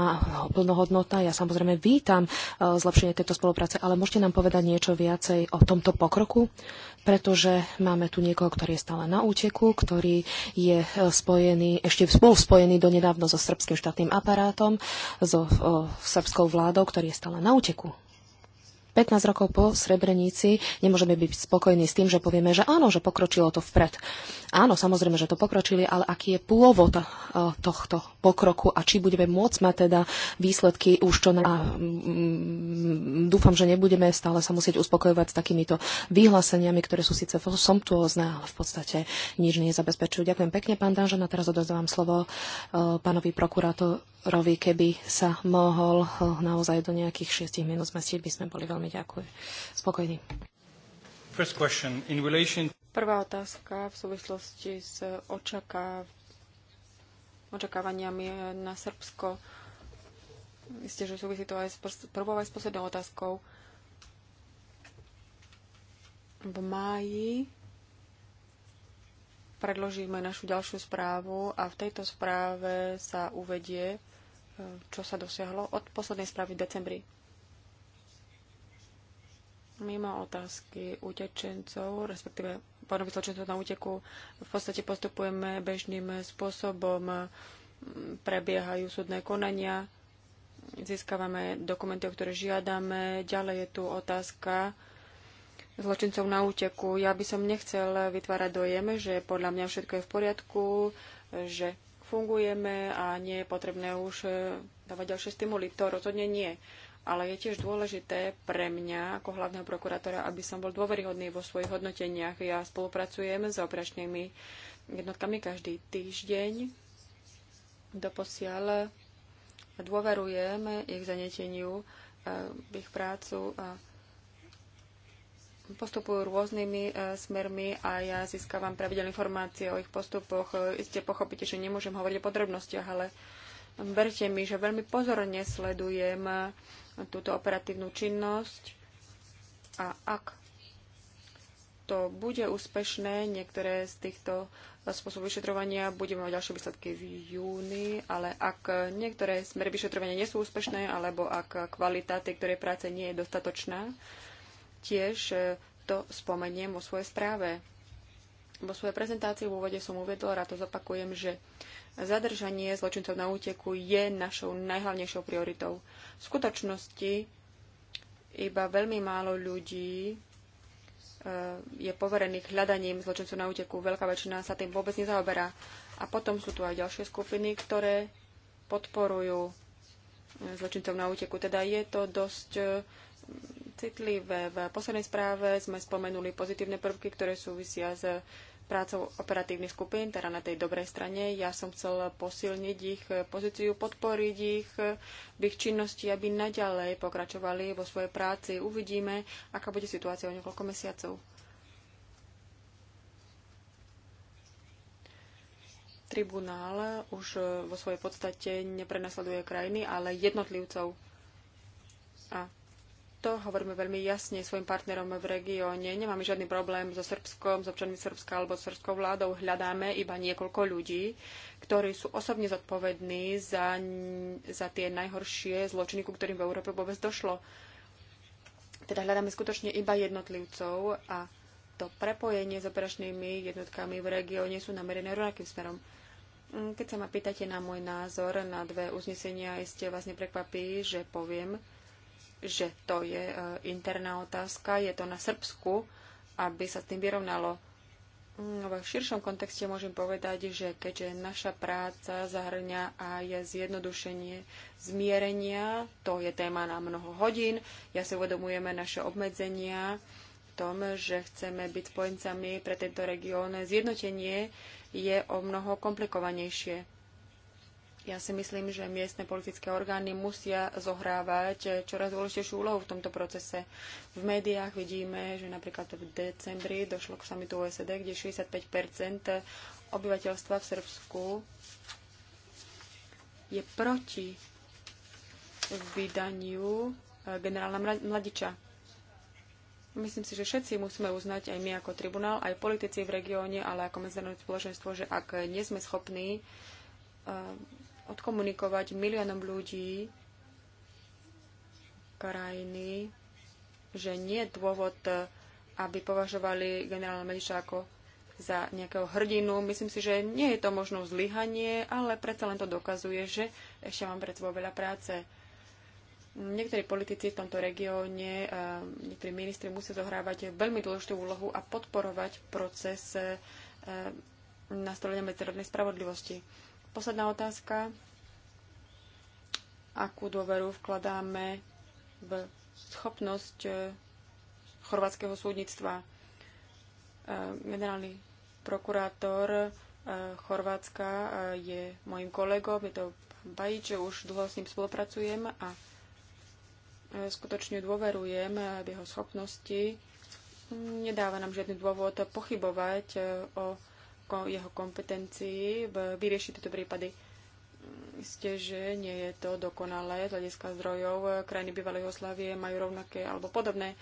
plnohodnotná. Ja samozrejme vítam e, zlepšenie tejto spolupráce, ale môžete nám povedať niečo viacej o tomto pokroku, pretože máme tu niekoho, ktorý je stále na úteku, ktorý je e, spojený, ešte spolu spojený donedávno so srbským štátnym aparátom, so o, e, srbskou vládou, ktorý je stále na úteku. 15 rokov po Srebrenici nemôžeme byť spokojní s tým, že povieme, že áno, že pokročilo to vpred. Áno, samozrejme, že to pokročili, ale aký je pôvod eh, tohto pokroku a či budeme môcť mať teda výsledky už čo na... Mm, dúfam, že nebudeme stále sa musieť uspokojovať s takýmito vyhláseniami, ktoré sú síce somtuózne, ale v podstate nič nezabezpečujú. Ďakujem pekne, pán Danžan, a teraz odozdávam slovo eh, pánovi prokurátor, Rovi, keby sa mohol eh, naozaj do nejakých šiestich minút zmestiť, by sme boli veľmi ďakujú. spokojní.
Relation...
Prvá otázka v súvislosti s očakáv... očakávaniami na Srbsko. Isté, že súvisí to aj s prvou aj s poslednou otázkou. V máji predložíme našu ďalšiu správu a v tejto správe sa uvedie, čo sa dosiahlo od poslednej správy v decembri. Mimo otázky utečencov, respektíve pánov zločencov na úteku, v podstate postupujeme bežným spôsobom, prebiehajú súdne konania, získavame dokumenty, o ktoré žiadame. Ďalej je tu otázka zločincov na úteku. Ja by som nechcel vytvárať dojem, že podľa mňa všetko je v poriadku, že fungujeme a nie je potrebné už e, dávať ďalšie stimuly. To rozhodne nie. Ale je tiež dôležité pre mňa ako hlavného prokurátora, aby som bol dôveryhodný vo svojich hodnoteniach. Ja spolupracujem s operačnými jednotkami každý týždeň. Doposiaľ dôverujem ich zaneteniu, e, ich prácu a postupujú rôznymi e, smermi a ja získavam pravidelné informácie o ich postupoch. E, iste pochopíte, že nemôžem hovoriť o podrobnostiach, ale verte mi, že veľmi pozorne sledujem e, túto operatívnu činnosť a ak to bude úspešné, niektoré z týchto spôsobov vyšetrovania budeme mať ďalšie výsledky v júni, ale ak niektoré smery vyšetrovania nie sú úspešné, alebo ak kvalita tej ktorej práce nie je dostatočná, Tiež e, to spomeniem vo svojej správe. Vo svojej prezentácii v úvode som uvedla, a to zopakujem, že zadržanie zločincov na úteku je našou najhlavnejšou prioritou. V skutočnosti iba veľmi málo ľudí e, je poverených hľadaním zločincov na úteku. Veľká väčšina sa tým vôbec nezaoberá. A potom sú tu aj ďalšie skupiny, ktoré podporujú zločincov na úteku. Teda je to dosť citlivé. V poslednej správe sme spomenuli pozitívne prvky, ktoré súvisia s prácou operatívnych skupín, teda na tej dobrej strane. Ja som chcel posilniť ich pozíciu, podporiť ich v ich činnosti, aby naďalej pokračovali vo svojej práci. Uvidíme, aká bude situácia o niekoľko mesiacov. Tribunál už vo svojej podstate neprenasleduje krajiny, ale jednotlivcov. A to hovoríme veľmi jasne svojim partnerom v regióne. Nemáme žiadny problém so Srbskom, s občanmi Srbska alebo s srbskou vládou. Hľadáme iba niekoľko ľudí, ktorí sú osobne zodpovední za, za tie najhoršie zločiny, ku ktorým v Európe vôbec došlo. Teda hľadáme skutočne iba jednotlivcov a to prepojenie s operačnými jednotkami v regióne sú namerené rovnakým smerom. Keď sa ma pýtate na môj názor na dve uznesenia, iste vás neprekvapí, že poviem, že to je e, interná otázka. Je to na Srbsku, aby sa s tým vyrovnalo. Mm, v širšom kontexte môžem povedať, že keďže naša práca zahrňa je zjednodušenie zmierenia, to je téma na mnoho hodín, ja si uvedomujeme naše obmedzenia v tom, že chceme byť spojencami pre tento región. Zjednotenie je o mnoho komplikovanejšie ja si myslím, že miestne politické orgány musia zohrávať čoraz dôležitejšiu úlohu v tomto procese. V médiách vidíme, že napríklad v decembri došlo k samitu OSD, kde 65 obyvateľstva v Srbsku je proti vydaniu eh, generála Mladiča. Myslím si, že všetci musíme uznať, aj my ako tribunál, aj politici v regióne, ale ako medzinárodné spoločenstvo, že ak nie sme schopní eh, odkomunikovať miliónom ľudí krajiny, že nie je dôvod, eh, aby považovali generála Mediča ako za nejakého hrdinu. Myslím si, že nie je to možno zlyhanie, ale predsa len to dokazuje, že ešte mám pred sebou veľa práce. Niektorí politici v tomto regióne, eh, niektorí ministri musia zohrávať veľmi dôležitú úlohu a podporovať proces eh, nastolenia medzirodnej spravodlivosti. Posledná otázka. Akú dôveru vkladáme v schopnosť eh, chorvátskeho súdnictva? Eh, generálny prokurátor eh, Chorvátska je môjim kolegom, je to Bajič, už dlho s ním spolupracujem a skutočne dôverujem v jeho schopnosti. Nedáva nám žiadny dôvod pochybovať o jeho kompetencií vyriešiť tieto prípady. Mm, Isté, že nie je to dokonalé z hľadiska zdrojov. E, krajiny bývalej Oslavie majú rovnaké alebo podobné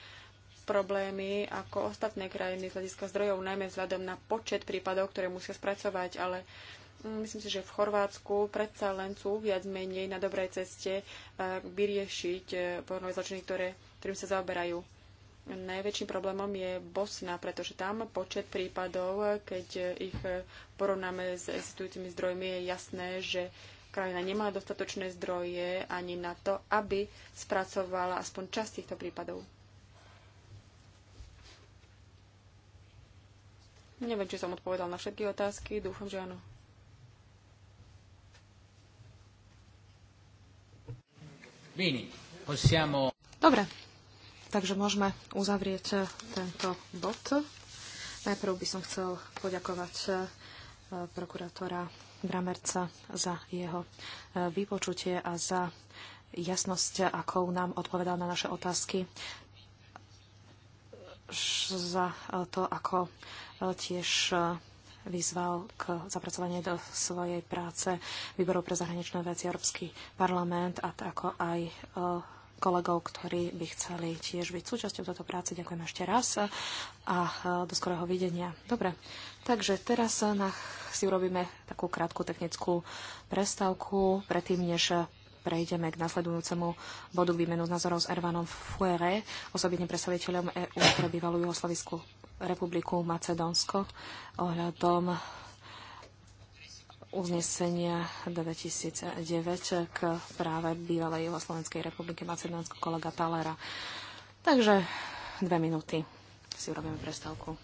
problémy ako ostatné krajiny z hľadiska zdrojov, najmä vzhľadom na počet prípadov, ktoré musia spracovať, ale mm, myslím si, že v Chorvátsku predsa len sú viac menej na dobrej ceste e, vyriešiť e, pornové zločiny, ktoré, ktorým sa zaoberajú Najväčším problémom je Bosna, pretože tam počet prípadov, keď ich porovnáme s existujúcimi zdrojmi, je jasné, že krajina nemá dostatočné zdroje ani na to, aby spracovala aspoň časť týchto prípadov. Neviem, či som odpovedal na všetky otázky. Dúfam, že áno.
Dobre, Takže môžeme uzavrieť eh, tento bod. Najprv by som chcel poďakovať eh, prokurátora Bramerca za jeho eh, vypočutie a za jasnosť, akou nám odpovedal na naše otázky za to, ako tiež vyzval k zapracovanie do svojej práce výborov pre zahraničné veci Európsky parlament a tako aj kolegov, ktorí by chceli tiež byť súčasťou tejto práce. Ďakujem ešte raz a e, do skorého videnia. Dobre, takže teraz e, si urobíme takú krátku technickú prestávku predtým, než e, prejdeme k nasledujúcemu bodu výmenu názorov s Ervanom Fuere, osobitným predstaviteľom EÚ pre bývalú Juhoslavickú republiku Macedónsko ohľadom uznesenia 2009 k práve bývalej Jugoslovenskej republiky Macedónsko kolega Talera. Takže dve minúty si urobíme prestávku.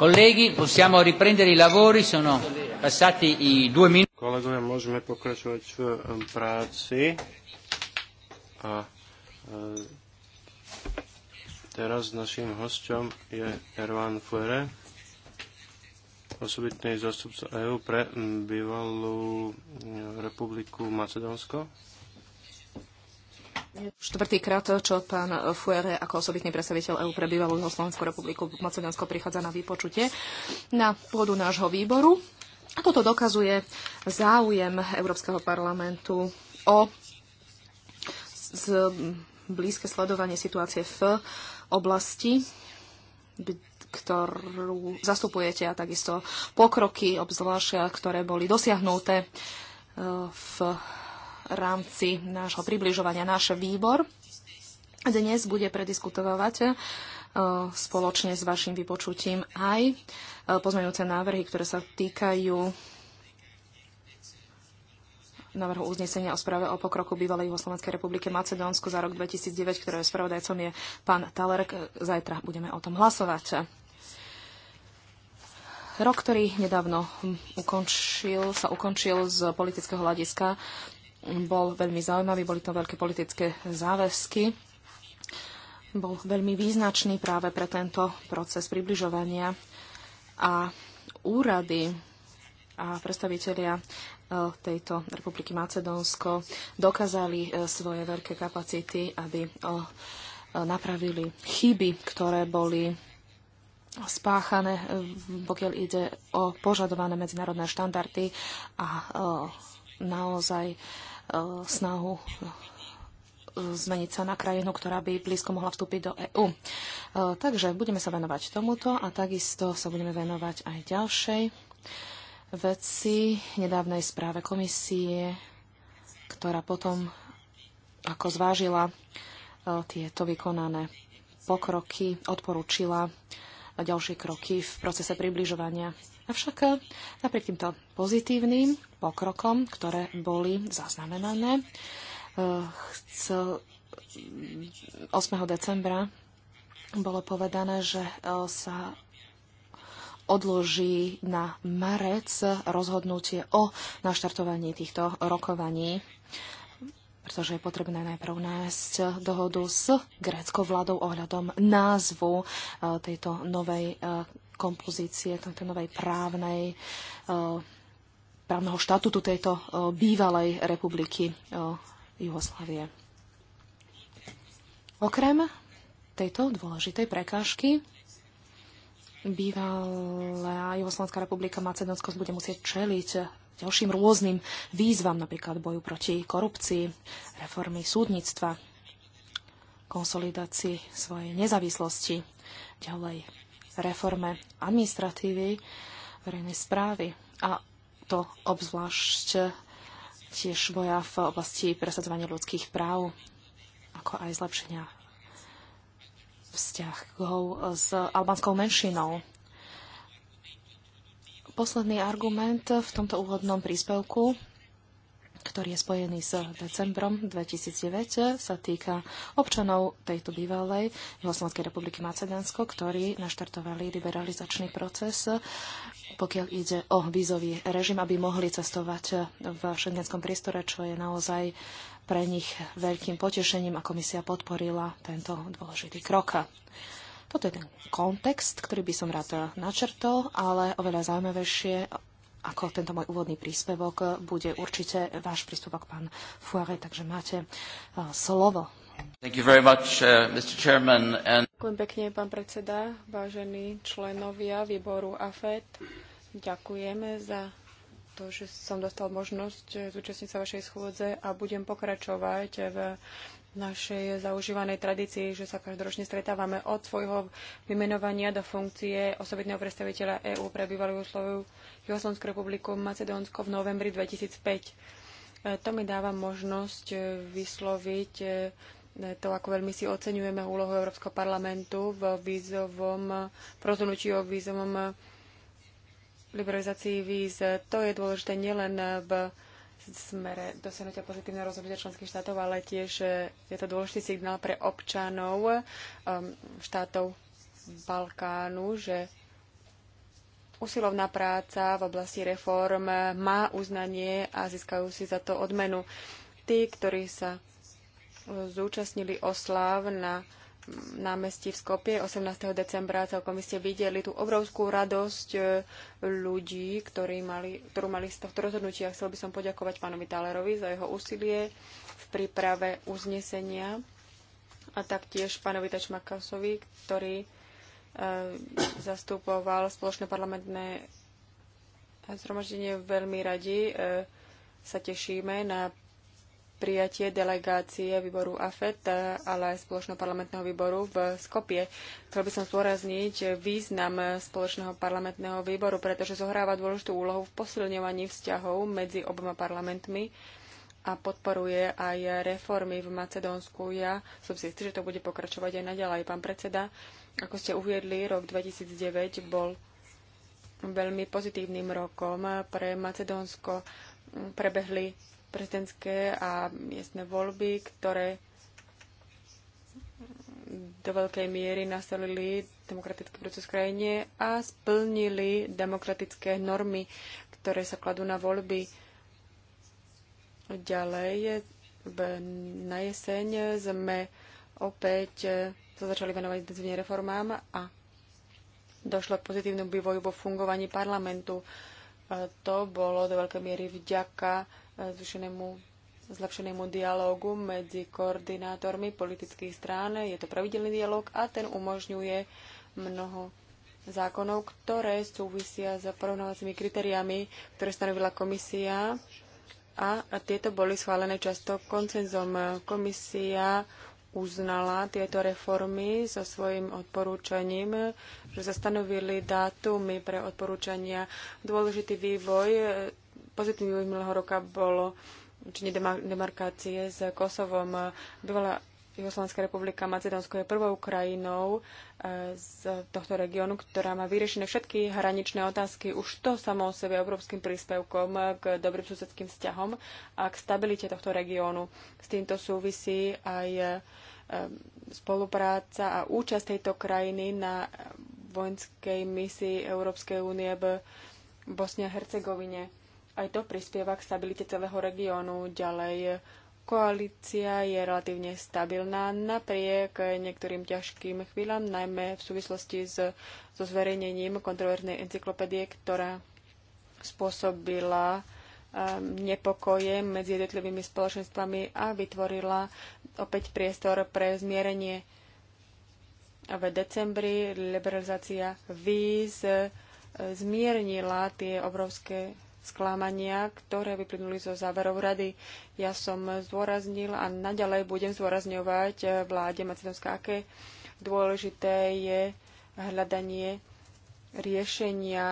Colleghi, possiamo riprendere i lavori, sono passati i due
minuti. Kolegovia, môžeme pokračovať v práci. A e, teraz našim hosťom je Erwan Fuere, osobitný zástupca EÚ pre bývalú e, republiku Macedónsko.
Štvrtýkrát, čo pán Fuere ako osobitný predstaviteľ EU pre bývalú Slovenskú republiku Macedónsko prichádza na vypočutie na pôdu nášho výboru. A toto dokazuje záujem Európskeho parlamentu o z blízke sledovanie situácie v oblasti, ktorú zastupujete a takisto pokroky, obzvlášť, ktoré boli dosiahnuté eh, v rámci nášho približovania náš výbor. Dnes bude prediskutovať e, spoločne s vašim vypočutím aj e, pozmeňujúce návrhy, ktoré sa týkajú návrhu uznesenia o správe o pokroku bývalej Jugoslovenskej republiky Macedónsku za rok 2009, ktorého spravodajcom je pán Taler. Zajtra budeme o tom hlasovať. Rok, ktorý nedávno ukončil, sa ukončil z politického hľadiska bol veľmi zaujímavý, boli to veľké politické záväzky. Bol veľmi význačný práve pre tento proces približovania a úrady a predstavitelia e, tejto republiky Macedónsko dokázali e, svoje veľké kapacity, aby e, napravili chyby, ktoré boli spáchané, pokiaľ ide o požadované medzinárodné štandardy a naozaj snahu zmeniť sa na krajinu, ktorá by blízko mohla vstúpiť do EÚ. E, takže budeme sa venovať tomuto a takisto sa budeme venovať aj ďalšej veci nedávnej správe komisie, ktorá potom ako zvážila e, tieto vykonané pokroky, odporúčila ďalšie kroky v procese približovania Avšak eh, napriek týmto pozitívnym pokrokom, ktoré boli zaznamenané, z eh, 8. decembra bolo povedané, že eh, sa odloží na marec rozhodnutie o naštartovaní týchto rokovaní pretože je potrebné najprv nájsť dohodu s gréckou vládou ohľadom názvu tejto novej kompozície tejto novej právnej e, právneho štatutu tejto e, bývalej republiky e, Jugoslávie. Okrem tejto dôležitej prekážky bývalá Jugoslovanská republika Macedónsko bude musieť čeliť ďalším rôznym výzvam, napríklad boju proti korupcii, reformy súdnictva, konsolidácii svojej nezávislosti, ďalej reforme administratívy verejnej správy. A to obzvlášť tiež boja v oblasti presadzovania ľudských práv, ako aj zlepšenia vzťahov s albánskou menšinou. Posledný argument v tomto úvodnom príspevku ktorý je spojený s decembrom 2009, sa týka občanov tejto bývalej Juhoslovenskej republiky Macedánsko, ktorí naštartovali liberalizačný proces, pokiaľ ide o vízový režim, aby mohli cestovať v šengenskom priestore, čo je naozaj pre nich veľkým potešením a komisia podporila tento dôležitý krok. Toto je ten kontext, ktorý by som rád načrtol, ale oveľa zaujímavejšie ako tento môj úvodný príspevok e, bude určite váš príspevok, pán Fuare, takže máte e, slovo.
Thank you very much, uh, Mr. Chairman, and...
Ďakujem pekne, pán predseda, vážení členovia výboru AFET. Ďakujeme za to, že som dostal možnosť e, zúčastniť sa vašej schôdze a budem pokračovať v našej zaužívanej tradícii, že sa každoročne stretávame od svojho vymenovania do funkcie osobitného predstaviteľa EÚ pre bývalú Jugosloviu, republiku Macedónsko v novembri 2005. E, to mi dáva možnosť e, vysloviť e, to, ako veľmi si oceňujeme úlohu Európskeho parlamentu v vízovom, v rozhodnutí o vízovom liberalizácii víz. To je dôležité nielen v smere dosiahnutia pozitívneho rozhodnutia členských štátov, ale tiež e, je to dôležitý signál pre občanov e, štátov Balkánu, že usilovná práca v oblasti reform má uznanie a získajú si za to odmenu. Tí, ktorí sa e, zúčastnili oslav na námestí v Skopie 18. decembra. Celkom by ste videli tú obrovskú radosť e, ľudí, ktorí mali, ktorú mali z tohto rozhodnutia. Chcel by som poďakovať pánovi Talerovi za jeho úsilie v príprave uznesenia a taktiež pánovi Tačmakasovi, ktorý e, zastupoval spoločné parlamentné zhromaždenie veľmi radi. E, sa tešíme na prijatie delegácie výboru AFET, ale aj spoločného parlamentného výboru v Skopie. Chcel by som zdôrazniť význam spoločného parlamentného výboru, pretože zohráva dôležitú úlohu v posilňovaní vzťahov medzi oboma parlamentmi a podporuje aj reformy v Macedónsku. Ja som si istý, že to bude pokračovať aj naďalej. Pán predseda, ako ste uviedli, rok 2009 bol veľmi pozitívnym rokom pre Macedónsko. Prebehli prezidentské a miestne voľby, ktoré do veľkej miery nasolili demokratický proces v krajine a splnili demokratické normy, ktoré sa kladú na voľby. Ďalej na jeseň sme opäť sa začali venovať intenzívne reformám a došlo k pozitívnemu vývoju vo fungovaní parlamentu. To bolo do veľkej miery vďaka e, zvyšenému zlepšenému dialogu medzi koordinátormi politických strán. Je to pravidelný dialog a ten umožňuje mnoho zákonov, ktoré súvisia s porovnávacími kritériami, ktoré stanovila komisia a tieto boli schválené často koncenzom. Komisia uznala tieto reformy so svojím odporúčaním, že sa stanovili dátumy pre odporúčania. Dôležitý vývoj, e, pozitívny vývoj minulého roka bolo činí demarkácie s Kosovom. Bývalá Juhoslovanská republika Macedónsko je prvou krajinou e, z tohto regiónu, ktorá má vyriešené všetky hraničné otázky. Už to samo o sebe európskym príspevkom k dobrým susedským vzťahom a k stabilite tohto regiónu. S týmto súvisí aj e, spolupráca a účasť tejto krajiny na vojenskej misii Európskej únie v Bosne a Hercegovine. Aj to prispieva k stabilite celého regiónu. Ďalej Koalícia je relatívne stabilná napriek niektorým ťažkým chvíľam, najmä v súvislosti s, so zverejnením kontroverznej encyklopédie, ktorá spôsobila um, nepokoje medzi jednotlivými spoločenstvami a vytvorila opäť priestor pre zmierenie. V decembri liberalizácia víz e, zmiernila tie obrovské sklamania, ktoré vyplynuli zo záverov rady. Ja som zdôraznil a naďalej budem zdôrazňovať eh, vláde Macedónska, aké dôležité je hľadanie riešenia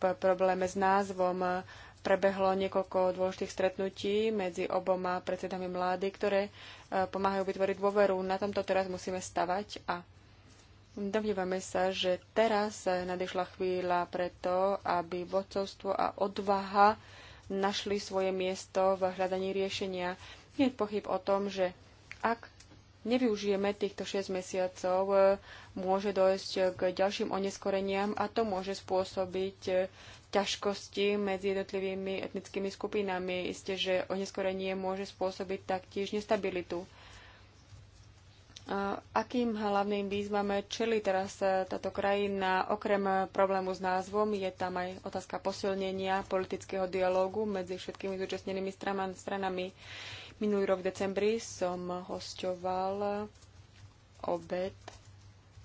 v probléme s názvom. Prebehlo niekoľko dôležitých stretnutí medzi oboma predsedami vlády, ktoré eh, pomáhajú vytvoriť dôveru. Na tomto teraz musíme stavať a Domnívame sa, že teraz nadešla chvíľa preto, aby vodcovstvo a odvaha našli svoje miesto v hľadaní riešenia. Nie je pochyb o tom, že ak nevyužijeme týchto 6 mesiacov, e, môže dojsť k ďalším oneskoreniam a to môže spôsobiť e, ťažkosti medzi jednotlivými etnickými skupinami. Isté, že oneskorenie môže spôsobiť taktiež nestabilitu Akým hlavným výzvam čeli teraz e, táto krajina? Okrem e, problému s názvom je tam aj otázka posilnenia politického dialógu medzi všetkými zúčastnenými stranami. Minulý rok v decembri som hostoval obed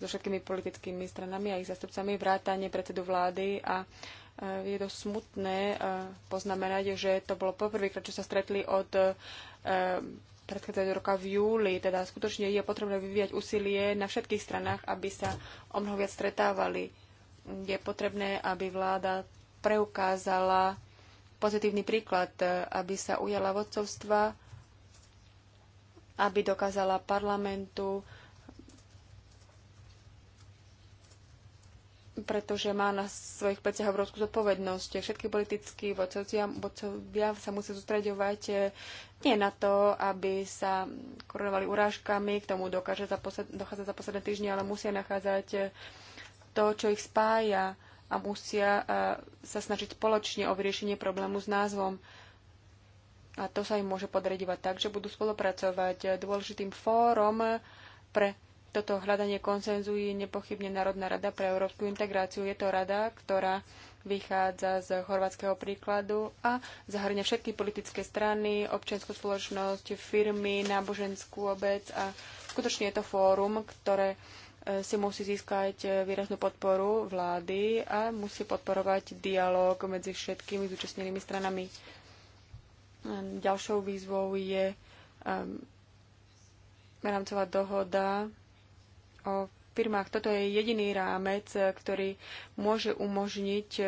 so všetkými politickými stranami a ich zastupcami, vrátane predsedu vlády a e, je to smutné poznamenať, že to bolo poprvýkrát, čo sa stretli od predchádzajúceho roka v júli. Teda skutočne je potrebné vyvíjať úsilie na všetkých stranách, aby sa o mnoho viac stretávali. Je potrebné, aby vláda preukázala pozitívny príklad, aby sa ujala vodcovstva, aby dokázala parlamentu pretože má na svojich pleciach obrovskú zodpovednosť. Všetky politickí vodcovia, vodcovia sa musia zostraďovať eh, nie na to, aby sa korunovali urážkami, k tomu dokáže za posled, dochádza za posledné týždne, ale musia nachádzať eh, to, čo ich spája a musia eh, sa snažiť spoločne o vyriešenie problému s názvom. A to sa im môže podrediť tak, že budú spolupracovať. Dôležitým fórom pre toto hľadanie konsenzu je nepochybne Národná rada pre európsku integráciu. Je to rada, ktorá vychádza z chorvátskeho príkladu a zahrňa všetky politické strany, občianskú spoločnosť, firmy, náboženskú obec a skutočne je to fórum, ktoré e, si musí získať e, výraznú podporu vlády a musí podporovať dialog medzi všetkými zúčastnenými stranami. Ďalšou výzvou je e, rámcová dohoda o firmách. Toto je jediný rámec, e, ktorý môže umožniť e,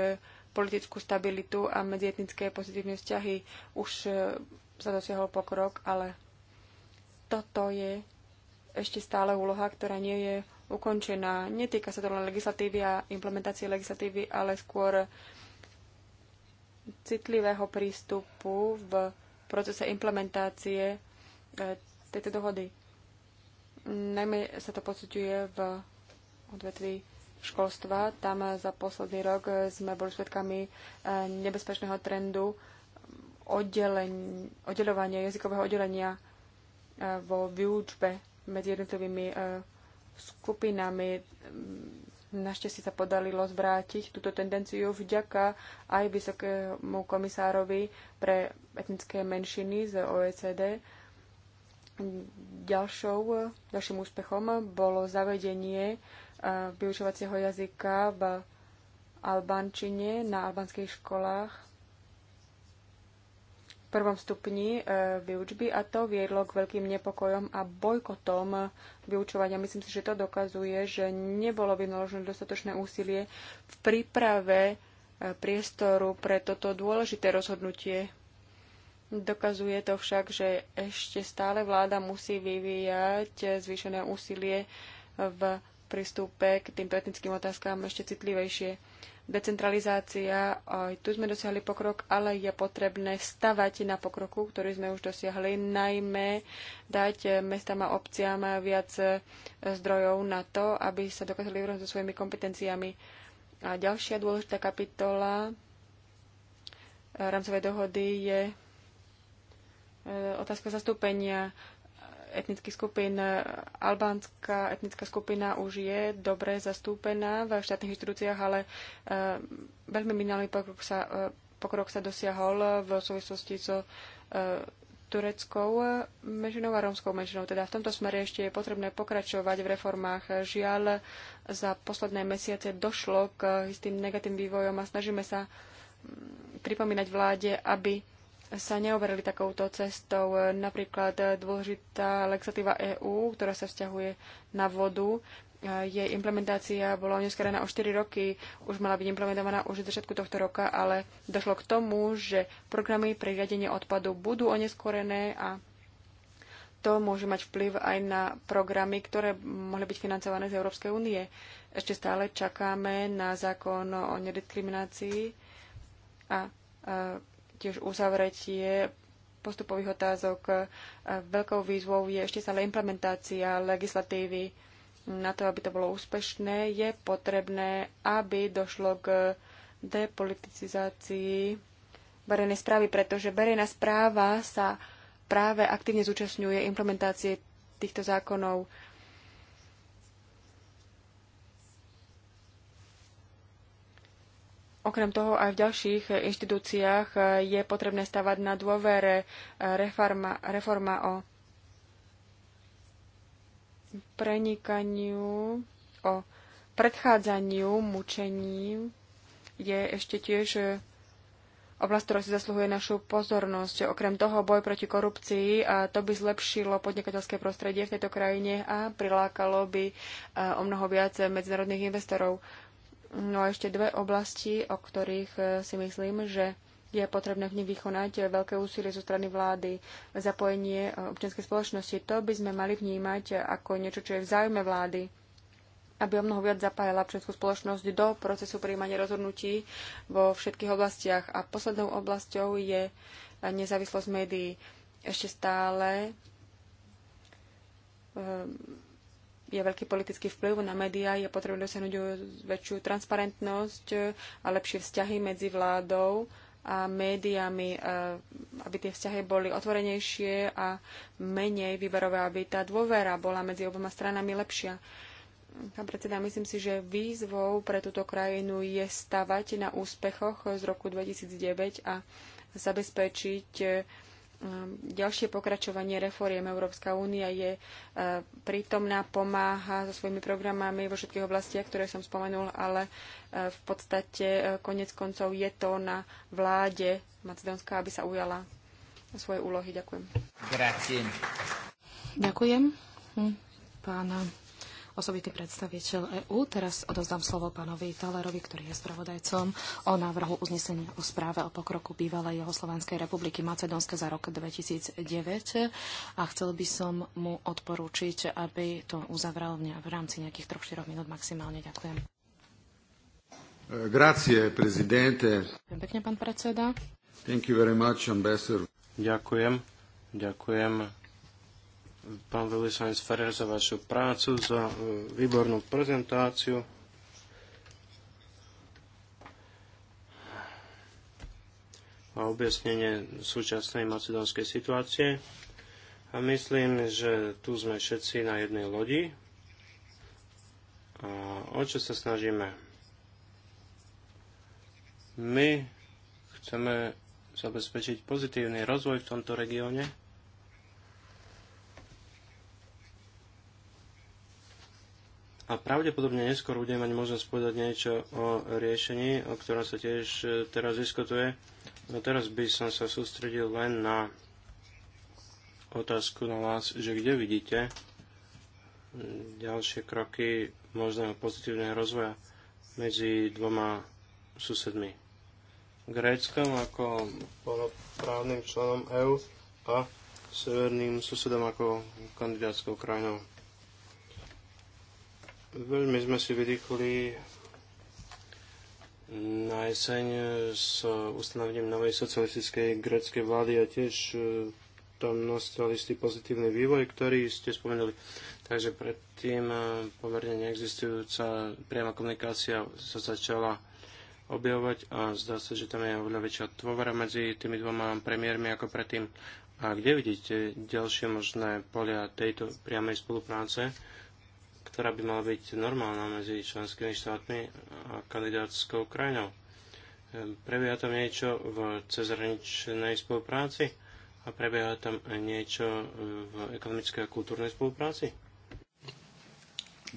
politickú stabilitu a medzietnické pozitívne vzťahy. Už e, sa dosiahol pokrok, ale toto je ešte stále úloha, ktorá nie je ukončená. Netýka sa to len legislatívy a implementácie legislatívy, ale skôr citlivého prístupu v procese implementácie tejto dohody. Najmä sa to pociťuje v odvetví školstva. Tam za posledný rok sme boli svetkami eh, nebezpečného trendu oddelen, oddelovania, jazykového oddelenia eh, vo výučbe medzi jednotlivými eh, skupinami. Našťastie sa podarilo zvrátiť túto tendenciu vďaka aj vysokému komisárovi pre etnické menšiny z OECD, Ďalšou, ďalším úspechom bolo zavedenie e, vyučovacieho jazyka v albančine na albanských školách v prvom stupni e, vyučby a to viedlo k veľkým nepokojom a bojkotom vyučovania. Myslím si, že to dokazuje, že nebolo vynaložené dostatočné úsilie v príprave e, priestoru pre toto dôležité rozhodnutie Dokazuje to však, že ešte stále vláda musí vyvíjať zvýšené úsilie v prístupe k týmto etnickým otázkám ešte citlivejšie. Decentralizácia, aj tu sme dosiahli pokrok, ale je potrebné stavať na pokroku, ktorý sme už dosiahli, najmä dať mestám a obciam viac zdrojov na to, aby sa dokázali vyrovnať so svojimi kompetenciami. A ďalšia dôležitá kapitola rámcovej dohody je Otázka zastúpenia etnických skupín. Albánska etnická skupina už je dobre zastúpená v štátnych inštitúciách, ale eh, veľmi minulý pokrok sa, eh, pokrok sa dosiahol v súvislosti so eh, tureckou menšinou a rómskou menšinou. Teda v tomto smere ešte je potrebné pokračovať v reformách. Žiaľ, za posledné mesiace došlo k istým negatívnym vývojom a snažíme sa mm, pripomínať vláde, aby sa neoberali takouto cestou. Napríklad dôležitá legislatíva EÚ, ktorá sa vzťahuje na vodu, jej implementácia bola oneskorená o 4 roky, už mala byť implementovaná už v začiatku tohto roka, ale došlo k tomu, že programy pre riadenie odpadu budú oneskorené a to môže mať vplyv aj na programy, ktoré mohli byť financované z Európskej únie. Ešte stále čakáme na zákon o nediskriminácii a e, tiež uzavretie postupových otázok. E, veľkou výzvou je ešte stále implementácia legislatívy. Na to, aby to bolo úspešné, je potrebné, aby došlo k depolitizácii verejnej správy, pretože verejná správa sa práve aktívne zúčastňuje implementácie týchto zákonov. Okrem toho aj v ďalších inštitúciách eh, je potrebné stavať na dôvere eh, reforma, reforma o prenikaniu, o predchádzaniu mučení je ešte tiež eh, oblasť, ktorá si zasluhuje našu pozornosť. Okrem toho boj proti korupcii a to by zlepšilo podnikateľské prostredie v tejto krajine a prilákalo by o mnoho viac medzinárodných investorov. No a ešte dve oblasti, o ktorých eh, si myslím, že je potrebné v nich vykonať eh, veľké úsilie zo strany vlády, zapojenie eh, občianskej spoločnosti. To by sme mali vnímať ako niečo, čo je v záujme vlády aby o mnoho viac zapájala občianskú spoločnosť do procesu príjmania rozhodnutí vo všetkých oblastiach. A poslednou oblasťou je nezávislosť médií. Ešte stále um, je veľký politický vplyv na médiá, je potrebné dosiahnuť väčšiu transparentnosť e, a lepšie vzťahy medzi vládou a médiami, e, aby tie vzťahy boli otvorenejšie a menej výberové, aby tá dôvera bola medzi oboma stranami lepšia. Pán predseda, myslím si, že výzvou pre túto krajinu je stavať na úspechoch z roku 2009 a zabezpečiť e, Ehm, ďalšie pokračovanie reforiem Európska únia je ehm, prítomná, pomáha so svojimi programami vo všetkých oblastiach, ktoré som spomenul, ale ehm, v podstate konec koncov je to na vláde Macedónska, aby sa
ujala svoje úlohy. Ďakujem. Grazie. Ďakujem hm, pána osobitný predstaviteľ EÚ. Teraz odozdám slovo pánovi Talerovi, ktorý je spravodajcom o návrhu uznesenia o správe o pokroku bývalej Juhoslovanskej republiky Macedónske za rok 2009 a chcel by som mu odporúčiť, aby to uzavral v rámci nejakých 3-4 minút maximálne. Ďakujem.
Grazie, prezidente.
Ďakujem pekne, pán predseda.
Thank you very much,
ambassador. Ďakujem. Ďakujem pán veľvyslanec Ferrer, za vašu prácu, za e, výbornú prezentáciu. a objasnenie súčasnej macedónskej situácie. A myslím, že tu sme všetci na jednej lodi. A o čo sa snažíme? My chceme zabezpečiť pozitívny rozvoj v tomto regióne A pravdepodobne neskôr budeme mať možnosť povedať niečo o riešení, o ktorom sa tiež e, teraz diskutuje. No teraz by som sa sústredil len na otázku na vás, že kde vidíte mm, ďalšie kroky možného pozitívneho rozvoja medzi dvoma susedmi. Gréckom ako plnoprávnym členom EÚ a severným susedom ako kandidátskou krajinou. Veľmi sme si vydýchli na jeseň s ustanovením novej socialistickej greckej vlády a tiež e, tam nastal istý pozitívny vývoj, ktorý ste spomenuli. Takže predtým e, pomerne neexistujúca priama komunikácia sa začala objavovať a zdá sa, že tam je oveľa väčšia tvovera medzi tými dvoma premiérmi ako predtým. A kde vidíte ďalšie možné polia tejto priamej spolupráce ktorá by mala byť normálna medzi členskými štátmi a kandidátskou krajinou. Ehm, prebieha tam niečo v cezhraničnej spolupráci a prebieha tam niečo ehm, v ekonomickej a kultúrnej spolupráci?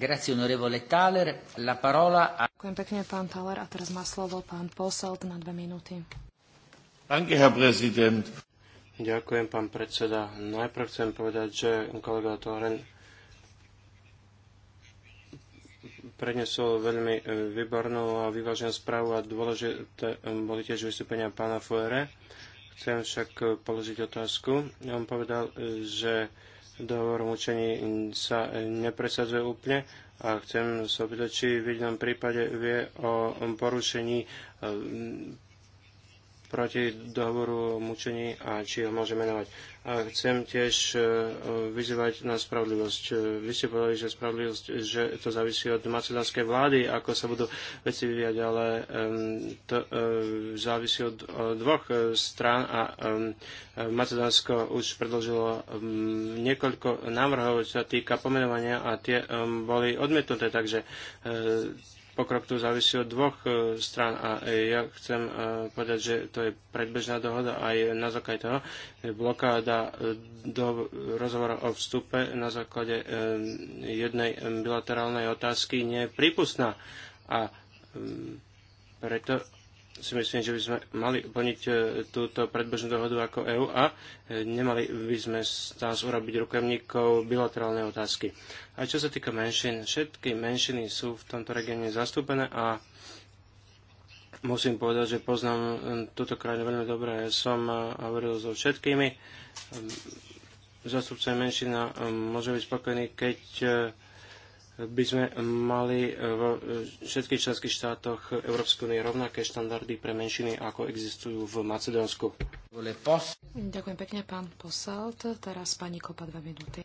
Grazie, onorevole Thaler. La parola a...
Ďakujem pekne, pán Thaler. A teraz má slovo pán Poselt na dve minúty.
Danke, Herr Präsident. Ďakujem, pán predseda. Najprv chcem povedať, že kolega Toren prednesol veľmi e, výbornú a vyváženú správu a dôležité e, boli tiež vystúpenia pána Fuere. Chcem však e, položiť otázku. On povedal, že dohovor mučení sa nepresadzuje úplne a chcem sa opýtať, či v jednom prípade vie o porušení proti dohovoru mučení a či ho môže menovať. A chcem tiež e, e, vyzývať na spravodlivosť. E, vy ste povedali, že spravodlivosť, že to závisí od macedánskej vlády, ako sa budú veci vyvíjať, ale to závisí od dvoch strán a Macedánsko už predložilo niekoľko návrhov, čo sa týka pomenovania a tie boli odmietnuté, takže pokrok tu závisí od dvoch e, strán a e, ja chcem e, povedať, že to je predbežná dohoda aj na základe toho, blokáda do rozhovora o vstupe na základe jednej bilaterálnej otázky nie je prípustná. A preto si myslím, že by sme mali plniť e, túto predbežnú dohodu ako EÚ a e, nemali by sme z nás urobiť rukojemníkov bilaterálnej otázky. A čo sa týka menšín, všetky menšiny sú v tomto regióne zastúpené a musím povedať, že poznám e, túto krajinu veľmi dobre. Ja som hovoril so všetkými. Zastupcami menšina Môžem byť spokojný, keď by sme mali e, v všetkých členských štátoch Európskej únie rovnaké štandardy pre menšiny, ako existujú v Macedónsku.
Ďakujem pekne, pán Posalt. Teraz pani Kopa, dva minúty.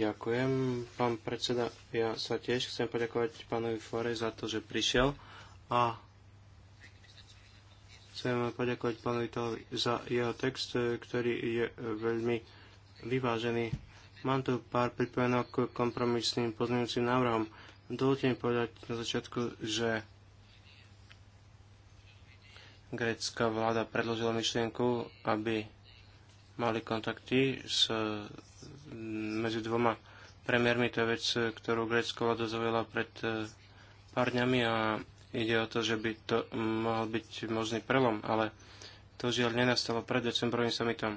Ďakujem, pán predseda. Ja sa tiež chcem poďakovať pánovi Fore za to, že prišiel a chcem poďakovať pánovi Talovi za jeho text, e, ktorý je e, veľmi vyvážený. Mám tu pár pripojenok k kompromisným pozmeňujúcim návrhom. Dovolte mi povedať na začiatku, že grécka vláda predložila myšlienku, aby mali kontakty s, medzi dvoma premiérmi. To je vec, ktorú grécka vláda zaujala pred eh, pár dňami a ide o to, že by to mohol byť možný prelom, ale to žiaľ nenastalo pred decembrovým summitom.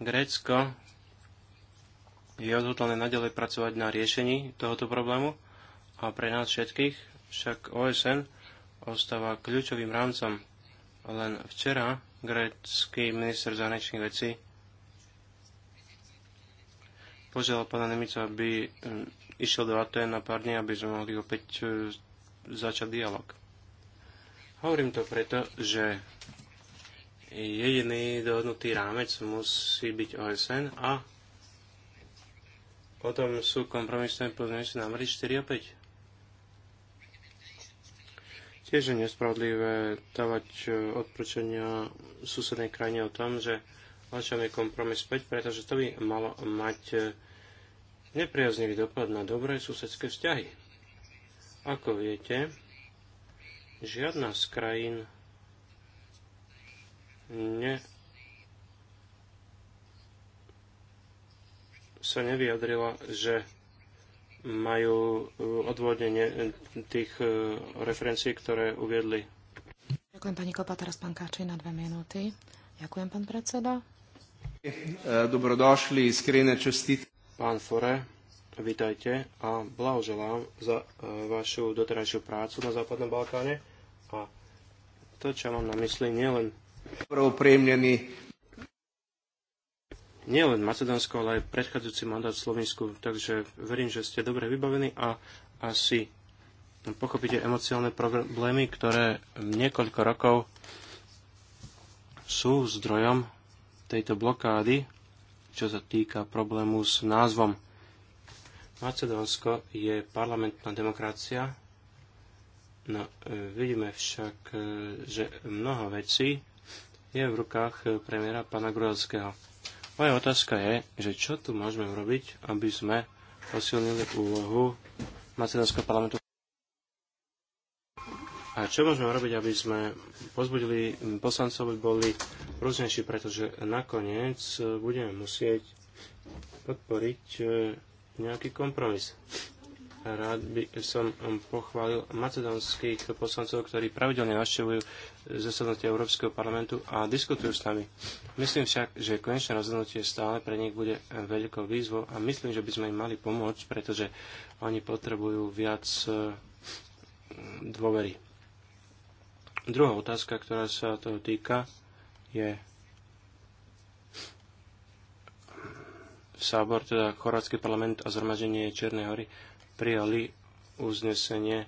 Grécko je odhodlané nadalej pracovať na riešení tohoto problému a pre nás všetkých však OSN ostáva kľúčovým rámcom. Len včera grécky minister zahraničných vecí požiadal pána Nemica, aby mm, išiel do Aten na pár dní, aby sme mohli opäť e, začať dialog. Hovorím to preto, že jediný dohodnutý rámec musí byť OSN a potom sú kompromisné pozmeňujúce návrhy 4 a 5. Tiež je nespravodlivé dávať e, odporúčania susednej krajine o tom, že načom je kompromis 5, pretože to by malo mať e, nepriaznivý dopad na dobré susedské vzťahy. Ako viete, žiadna z krajín ne, sa nevyjadrila, že majú e, odvodnenie e, tých e, referencií, ktoré uviedli.
Ďakujem pani Kopa, teraz pán Káči na dve minúty. Ďakujem pán predseda.
Dobrodošli, skrine čestite. Pán Fore, vítajte a blahoželám za vašu doterajšiu prácu na Západnom Balkáne. A to, čo mám na mysli, nielen len Macedónsko, ale aj predchádzajúci mandát v Slovensku, takže verím, že ste dobre vybavení a asi pochopíte emocionálne problémy, ktoré niekoľko rokov sú zdrojom tejto blokády, čo sa týka problému s názvom. Macedónsko je parlamentná demokracia, no e, vidíme však, e, že mnoho vecí je v rukách eh, premiéra pána Grujalského. Moja otázka je, že čo tu môžeme urobiť, aby sme posilnili úlohu Macedónskeho parlamentu. A čo môžeme robiť, aby sme pozbudili poslancov, aby boli rúznejší, pretože nakoniec eh, budeme musieť podporiť eh, nejaký kompromis. Rád by som pochválil macedónskych poslancov, ktorí pravidelne navštevujú zasadnutie Európskeho parlamentu a diskutujú s nami. Myslím však, že konečné rozhodnutie stále pre nich bude veľkou výzvou a myslím, že by sme im mali pomôcť, pretože oni potrebujú viac eh, dôvery. Druhá otázka, ktorá sa toho týka, je Sábor, teda chorvátsky parlament a zhromaženie Čiernej hory prijali uznesenie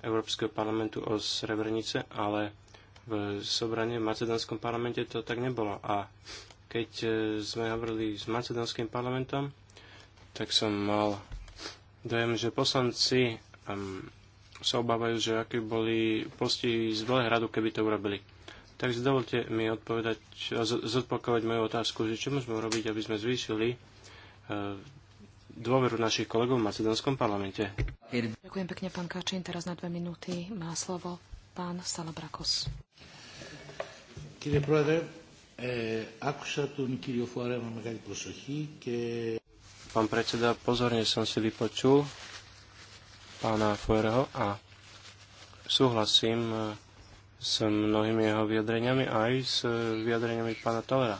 Európskeho parlamentu o Srebrenice, ale v Sobrane v Macedánskom parlamente to tak nebolo. A keď e, sme hovorili s Macedánskym parlamentom, tak som mal dojem, že poslanci um, sa obávajú, že aké boli posti z Belehradu, keby to urobili. Takže dovolte mi odpovedať a zodpakovať moju otázku, že čo môžeme urobiť, aby sme zvýšili uh, dôveru našich kolegov v Macedónskom parlamente.
Ďakujem pekne, pán Kačín. Teraz na dve minúty má slovo pán Salabrakos. E,
pán predseda, pozorne som si vypočul pána Fuereho a súhlasím s mnohými jeho vyjadreniami aj s vyjadreniami pána Tolera.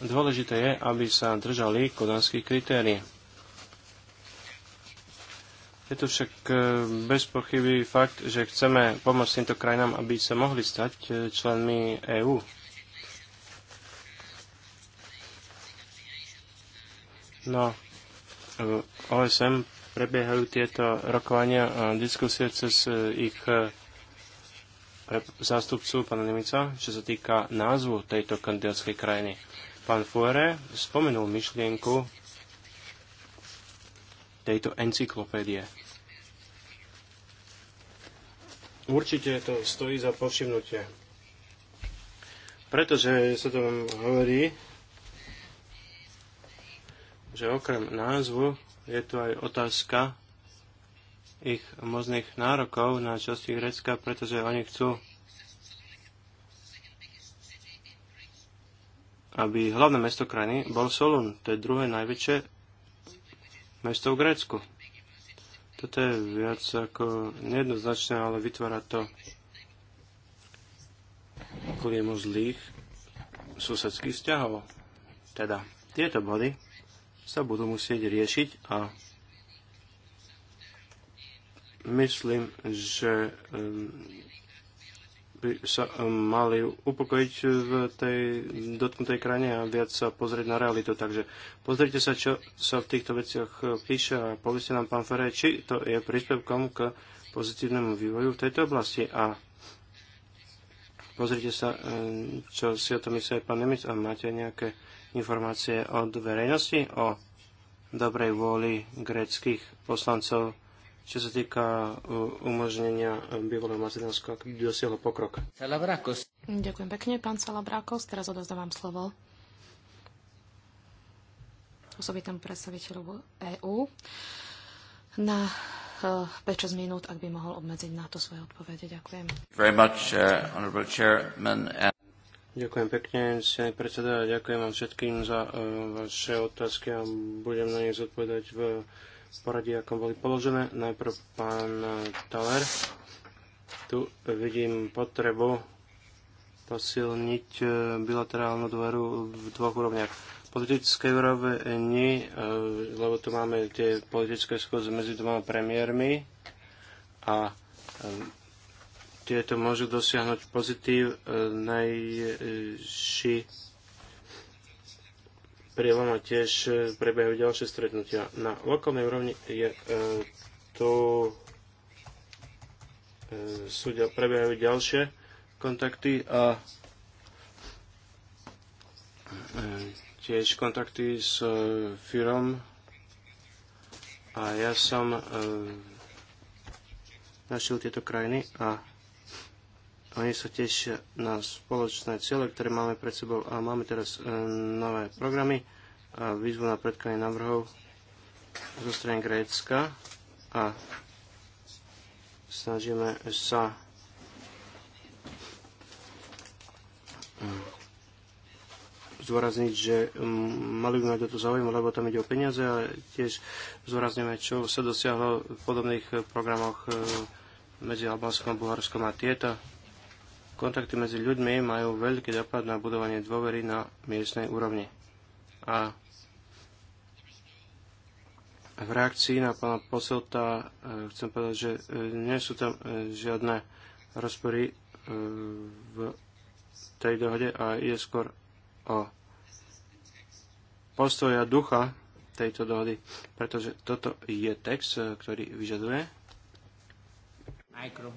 Dôležité je, aby sa držali kodanských kritérií. Je to však e, bez pochyby fakt, že chceme pomôcť týmto krajinám, aby sa mohli stať e, členmi EÚ. No, v e, OSM prebiehajú tieto rokovania a diskusie cez ich zástupcu, pána Nemica, čo sa týka názvu tejto kandidátskej krajiny. Pán Fuere spomenul myšlienku tejto encyklopédie. Určite to stojí za povšimnutie. Pretože sa vám hovorí, že okrem názvu je tu aj otázka ich možných nárokov na časti Grécka, pretože oni chcú aby hlavné mesto krajiny bol Solun. To je druhé najväčšie mesto v Grécku. Toto je viac ako nejednoznačné, ale vytvára to jemu zlých susedských vzťahov. Teda tieto body sa budú musieť riešiť a myslím, že ehm, by sa eh, mali upokojiť v tej dotknutej krajine a viac sa pozrieť na realitu. Takže pozrite sa, čo sa v týchto veciach eh, píše a povedzte nám, pán Ferej, či to je príspevkom k pozitívnemu vývoju v tejto oblasti. A pozrite sa, eh, čo si o tom myslí pán Nemec a máte nejaké informácie od verejnosti o dobrej vôli greckých poslancov čo sa týka e, umožnenia e, bývalého Macedónska, aby dosiahlo pokrok. Ďakujem
pekne, pán Salabrakos. Teraz odozdávam slovo osobitnému predstaviteľu EÚ na 5-6 e, minút, ak by mohol obmedziť na to svoje odpovede. Ďakujem.
Much, uh, uh, Ďakujem pekne, silný predseda, a ďakujem vám všetkým za uh, vaše otázky a budem na ne zodpovedať v uh, poradí, ako boli položené. Najprv pán Taler. Tu vidím potrebu posilniť eh, bilaterálnu dveru v dvoch úrovniach. Politické úrovni, eh, lebo tu máme tie politické schôdze medzi dvoma premiérmi a eh, tieto môžu dosiahnuť pozitívnejší prielom a tiež e, prebiehajú ďalšie stretnutia. Na lokálnej úrovni je e, tu e, súdia, prebiehajú ďalšie kontakty a tiež kontakty s firom a ja som našiel tieto krajiny a oni sa tiež na spoločné ciele, ktoré máme pred sebou a máme teraz e, nové programy a výzvu na predkanie návrhov zo strany Grécka a snažíme sa e, zvorazniť, že mali by mať o to záujem, lebo tam ide o peniaze a tiež zvorazníme, čo sa dosiahlo v podobných programoch e, medzi Albánskom a Bulharskom a tieto Kontakty medzi ľuďmi majú veľký dopad na budovanie dôvery na miestnej úrovni. A v reakcii na pána poselta e, chcem povedať, že e, nie sú tam e, žiadne rozpory v tej dohode a je skôr o postoja ducha tejto dohody, pretože toto je text, ktorý vyžaduje. Micro.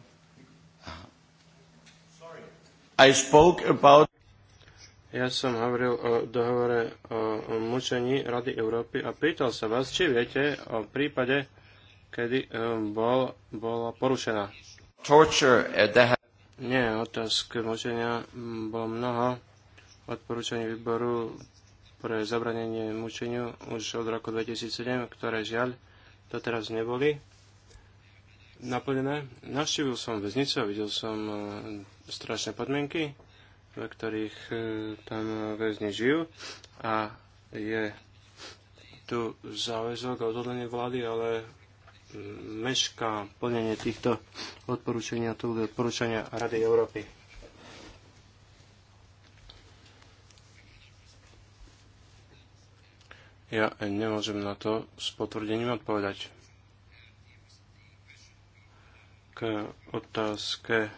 I spoke about ja som hovoril o dohovore o mučení Rady Európy a pýtal sa vás, či viete o prípade, kedy e, bol, bola porušená.
Torture, eh,
Nie, otázky mučenia bolo mnoho. Odporúčanie výboru pre zabranenie mučeniu už od roku 2007, ktoré žiaľ doteraz neboli naplnené. Navštívil som väznicu a videl som e, strašné podmienky, ve ktorých e, tam väzni žijú a je tu záväzok a odhodlenie vlády, ale mm, mešká plnenie týchto odporúčania, tu odporúčania Rady Európy. Ja nemôžem na to s potvrdením odpovedať. K otázke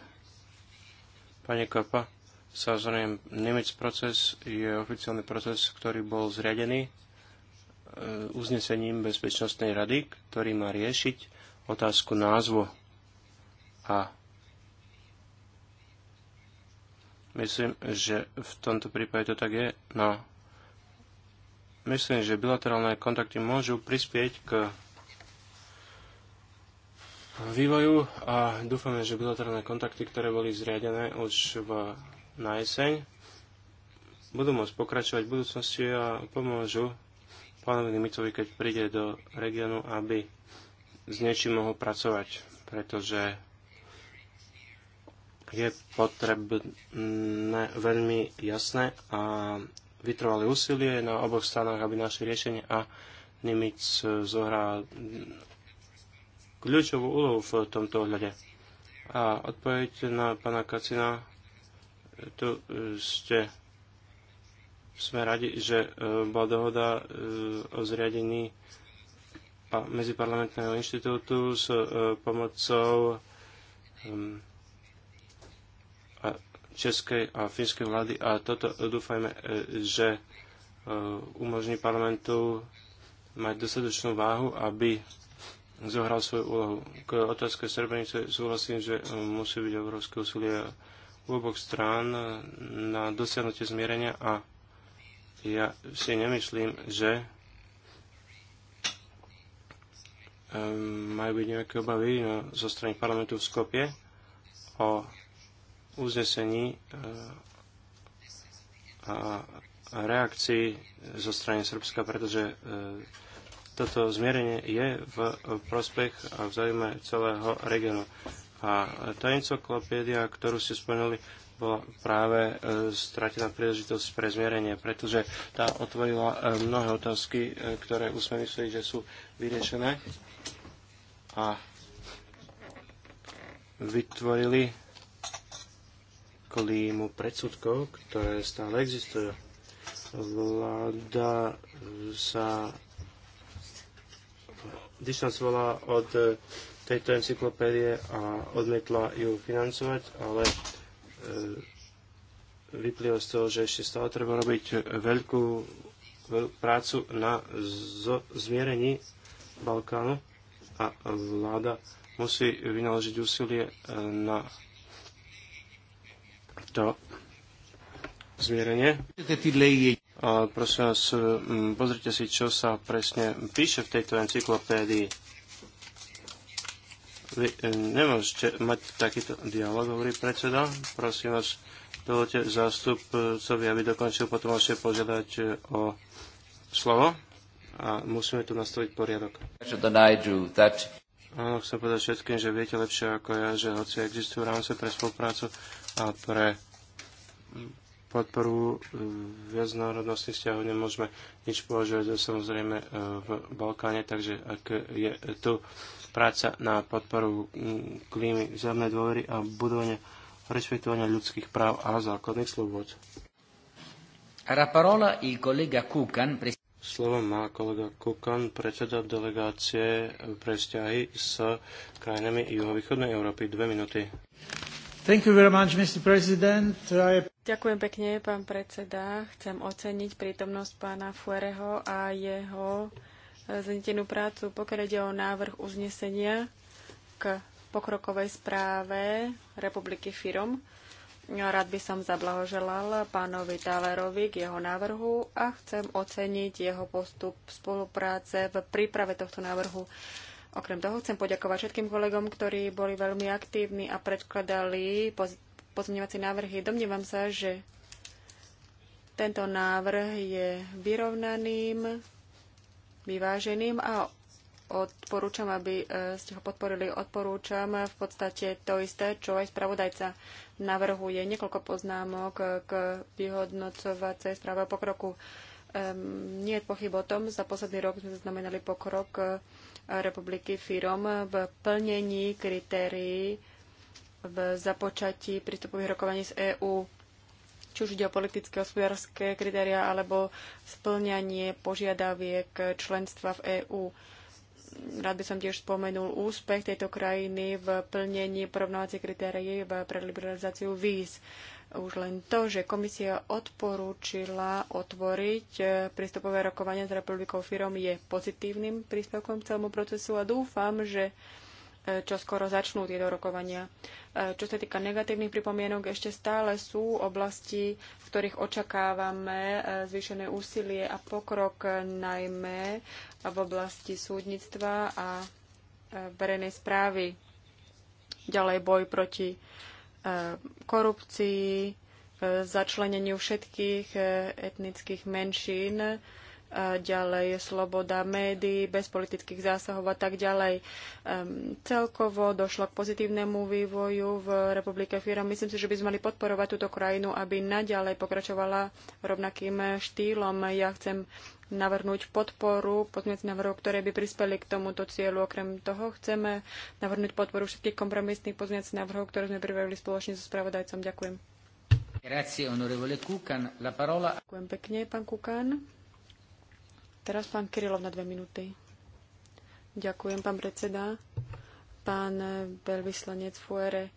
pani Kapa. Samozrejme, Nemec proces je oficiálny proces, ktorý bol zriadený e, uznesením Bezpečnostnej rady, ktorý má riešiť otázku názvu. A myslím, že v tomto prípade to tak je. No, myslím, že bilaterálne kontakty môžu prispieť k vývoju a dúfame, že bilaterálne kontakty, ktoré boli zriadené už v, na jeseň, budú môcť pokračovať v budúcnosti a pomôžu pánovi Nimicovi, keď príde do regiónu, aby s niečím mohol pracovať, pretože je potrebné veľmi jasné a vytrvalé úsilie na oboch stranách, aby našli riešenie a Nimic zohrá kľúčovú úlohu v tomto ohľade. A odpoveď na pána Kacina, tu e, ste, sme radi, že e, bola dohoda e, o zriadení medziparlamentného inštitútu s pomocou českej a fínskej vlády a toto dúfajme, že umožní parlamentu mať dostatočnú váhu, aby zohral svoju úlohu. K otázke Srebrenice súhlasím, že e, musí byť obrovské úsilie u oboch strán e, na dosiahnutie zmierenia a ja si nemyslím, že e, majú byť nejaké obavy no, zo strany parlamentu v Skopie o uznesení a reakcii zo strany Srbska, pretože toto zmierenie je v prospech a v záujme celého regionu. A tá encyklopédia, ktorú ste spomenuli, bola práve e, stratená príležitosť pre zmierenie, pretože tá otvorila e, mnohé otázky, e, ktoré už sme mysleli, že sú vyriešené a vytvorili klímu predsudkov, ktoré stále existujú. Vláda sa distancovala od e, tejto encyklopédie a odmietla ju financovať, ale e, vyplýva z toho, že ešte stále treba robiť veľkú, veľkú prácu na zmierení Balkánu a vláda musí vynaložiť úsilie e, na to zmierenie. A prosím vás, mm, pozrite si, čo sa presne píše v tejto encyklopédii. Vy e, nemôžete mať takýto dialog, hovorí predseda. Prosím vás, dovolte zástupcovi, aby dokončil, potom môžete požiadať e, o slovo a musíme tu nastaviť poriadok. Áno, chcem povedať všetkým, že viete lepšie ako ja, že hoci existujú rámce pre spoluprácu a pre podporu e, viacnárodnosti vzťahov nemôžeme nič považovať za e, samozrejme e, v Balkáne, takže ak je tu práca na podporu klímy vzájomnej dôvery a budovania rešpektovania ľudských práv a základných slobod. Slovo má kolega Kukan, predseda delegácie pre vzťahy s krajinami juhovýchodnej Európy. Dve minúty. Much, I...
Ďakujem pekne, pán predseda. Chcem oceniť prítomnosť pána Fuereho a jeho zanitenú prácu, pokiaľ ide o návrh uznesenia k pokrokovej správe Republiky Firom. Rád by som zablahoželal pánovi Talerovi k jeho návrhu a chcem oceniť jeho postup spolupráce v príprave tohto návrhu Okrem toho chcem poďakovať všetkým kolegom, ktorí boli veľmi aktívni a predkladali poz- pozmeňovacie návrhy. Domnievam sa, že tento návrh je vyrovnaným, vyváženým a odporúčam, aby e, ste ho podporili. Odporúčam v podstate to isté, čo aj spravodajca navrhuje. Niekoľko poznámok k vyhodnocovacej správe o pokroku. Um, nie je pochyb o tom, za posledný rok sme zaznamenali pokrok republiky FIROM v plnení kritérií v započatí prístupových rokovaní z EÚ či už ide o politické, hospodárske kritéria alebo splňanie požiadaviek členstva v EÚ. Rád by som tiež spomenul úspech tejto krajiny v plnení porovnávacie kritérií pre liberalizáciu víz. Už len to, že komisia odporúčila otvoriť e, prístupové rokovania s republikou firom je pozitívnym príspevkom k celému procesu a dúfam, že e, čo skoro začnú tieto rokovania. E, čo sa týka negatívnych pripomienok, ešte stále sú oblasti, v ktorých očakávame zvýšené úsilie a pokrok najmä v oblasti súdnictva a verejnej správy. Ďalej boj proti E, korupcii, e, začleneniu všetkých e, etnických menšín, ďalej sloboda médií, bez politických zásahov a tak ďalej. Celkovo došlo k pozitívnemu vývoju v Republike Fíra. Myslím si, že by sme mali podporovať túto krajinu, aby naďalej pokračovala rovnakým štýlom. Ja chcem navrhnúť podporu pozmeňujúcich návrhov, ktoré by prispeli k tomuto cieľu. Okrem toho chceme navrhnúť podporu všetkých kompromisných pozmeňujúcich návrhov, ktoré sme pripravili spoločne so spravodajcom. Ďakujem.
Grazie, onorevole Kukan. La parola...
Ďakujem pekne, pán Kukan. Teraz pán Kirilov na dve minúty. Ďakujem, pán predseda. Pán veľvyslanec Fuere,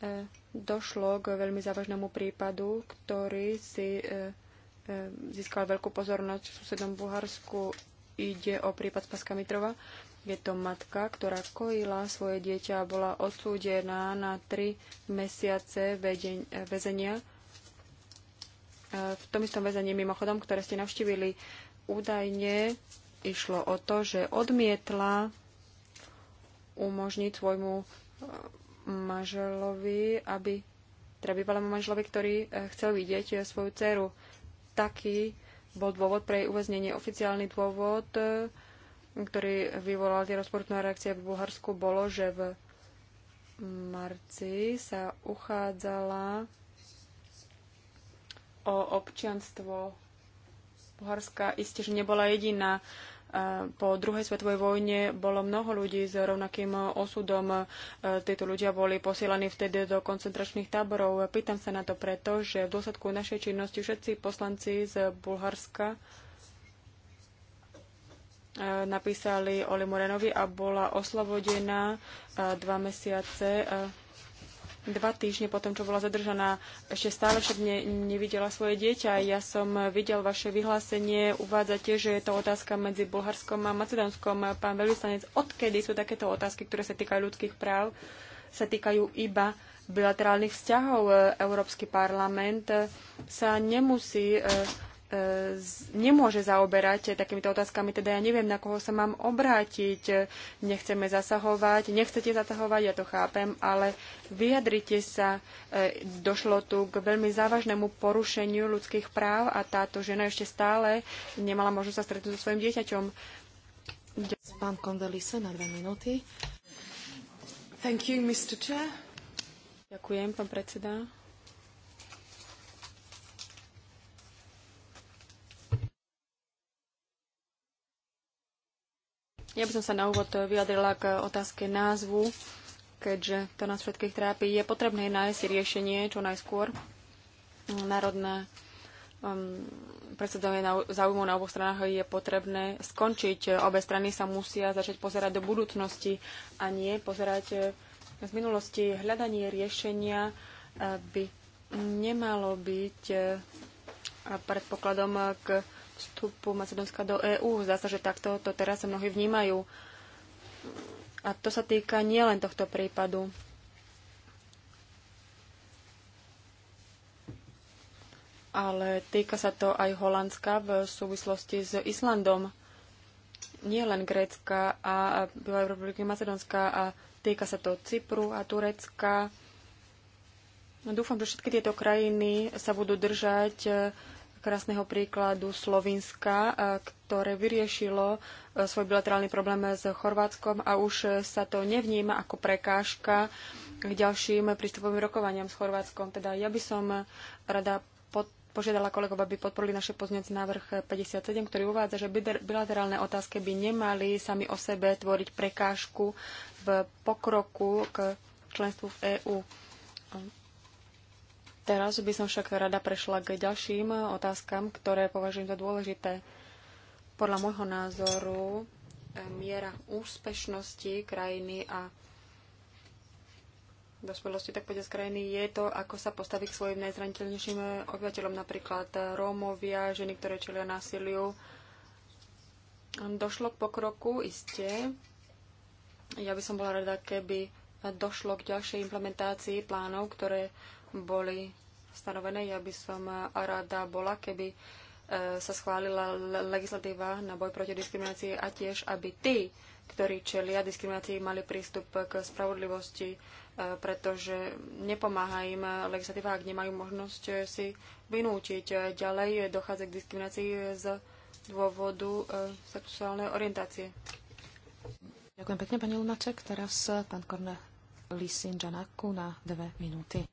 e, došlo k veľmi závažnému prípadu, ktorý si e, Eh, získala veľkú pozornosť v susednom Bulharsku. Ide o prípad Spaska Mitrova. Je to matka, ktorá kojila svoje dieťa a bola odsúdená na tri mesiace väzenia. Eh, v tom istom väzení mimochodom, ktoré ste navštívili, údajne išlo o to, že odmietla umožniť svojmu eh, manželovi, aby teda bývalému manželovi, ktorý chcel vidieť svoju dceru taký bol dôvod pre jej uväznenie. Oficiálny dôvod, e, ktorý vyvolal tie rozportné reakcie v Bulharsku, bolo, že v marci sa uchádzala o občianstvo Bulharska. Isté, že nebola jediná. Po druhej svetovej vojne bolo mnoho ľudí s rovnakým osudom. E, Títo ľudia boli posielaní vtedy do koncentračných táborov. Pýtam sa na to preto, že v dôsledku našej činnosti všetci poslanci z Bulharska e, napísali Oli Morenovi a bola oslobodená e, dva mesiace dva týždne potom, čo bola zadržaná. Ešte stále však ne, nevidela svoje dieťa. Ja som videl vaše vyhlásenie. Uvádzate, že je to otázka medzi Bulharskom a Macedónskom. Pán veľvyslanec, odkedy sú takéto otázky, ktoré sa týkajú ľudských práv, sa týkajú iba bilaterálnych vzťahov. Európsky parlament sa nemusí e, nemôže zaoberať takýmito otázkami. Teda ja neviem, na koho sa mám obrátiť. Nechceme zasahovať, nechcete zasahovať, ja to chápem, ale vyjadrite sa. E, došlo tu k veľmi závažnému porušeniu ľudských práv a táto žena ešte stále nemala možnosť sa stretnúť so svojim dieťaťom. Pán Kondelise na dve minúty. Thank you, Mr. Chair. Ďakujem, pán predseda. Ja by som sa na úvod vyjadrila k otázke názvu, keďže to nás všetkých trápi. Je potrebné nájsť riešenie čo najskôr. Národné um, predsedovanie na, záujmov na oboch stranách je potrebné skončiť. Obe strany sa musia začať pozerať do budúcnosti a nie pozerať eh, z minulosti. Hľadanie riešenia eh, by nemalo byť eh, predpokladom k vstupu Macedónska do EÚ. Zdá sa, že takto to teraz sa mnohí vnímajú. A to sa týka nielen tohto prípadu. ale týka sa to aj Holandska v súvislosti s Islandom. Nie len Grécka a Bývalej republiky Macedónska a týka sa to Cypru a Turecka. Dúfam, že všetky tieto krajiny sa budú držať krásneho príkladu Slovinska, e, ktoré vyriešilo e, svoj bilaterálny problém s Chorvátskom a už sa to nevníma ako prekážka k ďalším prístupovým rokovaniam s Chorvátskom. Teda ja by som rada požiadala kolegov, aby podporili naše pozňací návrh 57, ktorý uvádza, že bilaterálne otázky by nemali sami o sebe tvoriť prekážku v pokroku k členstvu v EÚ. Teraz by som však rada prešla k ďalším otázkam, ktoré považujem za dôležité. Podľa môjho názoru eh, miera úspešnosti krajiny a dospelosti, tak povedať, z krajiny je to, ako sa postaví k svojim najzraniteľnejším eh, obyvateľom, napríklad eh, Rómovia, ženy, ktoré čelia násiliu. Došlo k pokroku, isté. Ja by som bola rada, keby došlo k ďalšej implementácii plánov, ktoré boli stanovené. Ja by som rada bola, keby e, sa schválila legislatíva na boj proti diskriminácii a tiež, aby tí, ktorí čelia diskriminácii, mali prístup k spravodlivosti, e, pretože nepomáha im legislatíva, ak nemajú možnosť e, si vynútiť. Ďalej dochádza k diskriminácii z dôvodu sexuálnej orientácie.
Ďakujem pekne, pani Lunaček. Teraz eh, pán Korne Lisin Džanaku na dve minúty.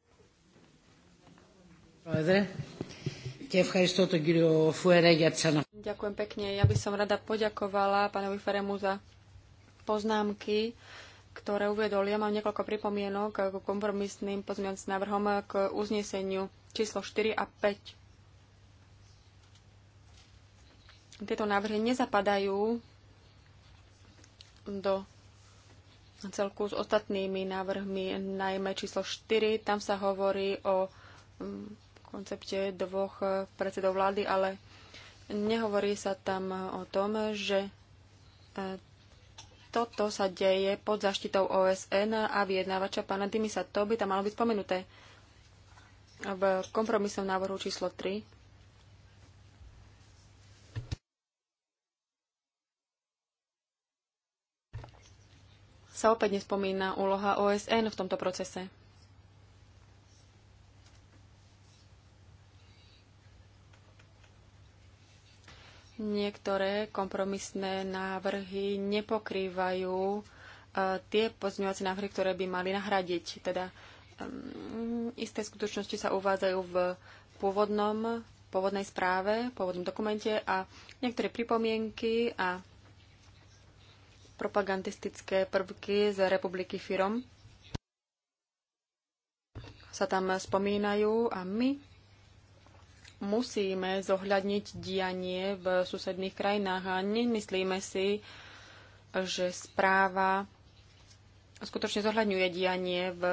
Ďakujem pekne. Ja by som rada poďakovala pánovi Feremu za poznámky, ktoré uviedol. Ja mám niekoľko pripomienok k kompromisným pozmiacím návrhom k uzneseniu číslo 4 a 5. Tieto návrhy nezapadajú do celku s ostatnými návrhmi, najmä číslo 4. Tam sa hovorí o mm, koncepte dvoch eh, predsedov vlády, ale nehovorí sa tam eh, o tom, že eh, toto sa deje pod zaštitou OSN a vyjednávača pána Dimisa. To by tam malo byť spomenuté v kompromisnom návrhu číslo 3 sa opäť nespomína úloha OSN v tomto procese. Niektoré kompromisné návrhy nepokrývajú e, tie pozmeňovacie návrhy, ktoré by mali nahradiť. Teda mm, isté skutočnosti sa uvádzajú v pôvodnom, pôvodnej správe, pôvodnom dokumente a niektoré pripomienky a propagandistické prvky z Republiky Firom sa tam spomínajú a my musíme zohľadniť dianie v susedných krajinách a nemyslíme si, že správa skutočne zohľadňuje dianie v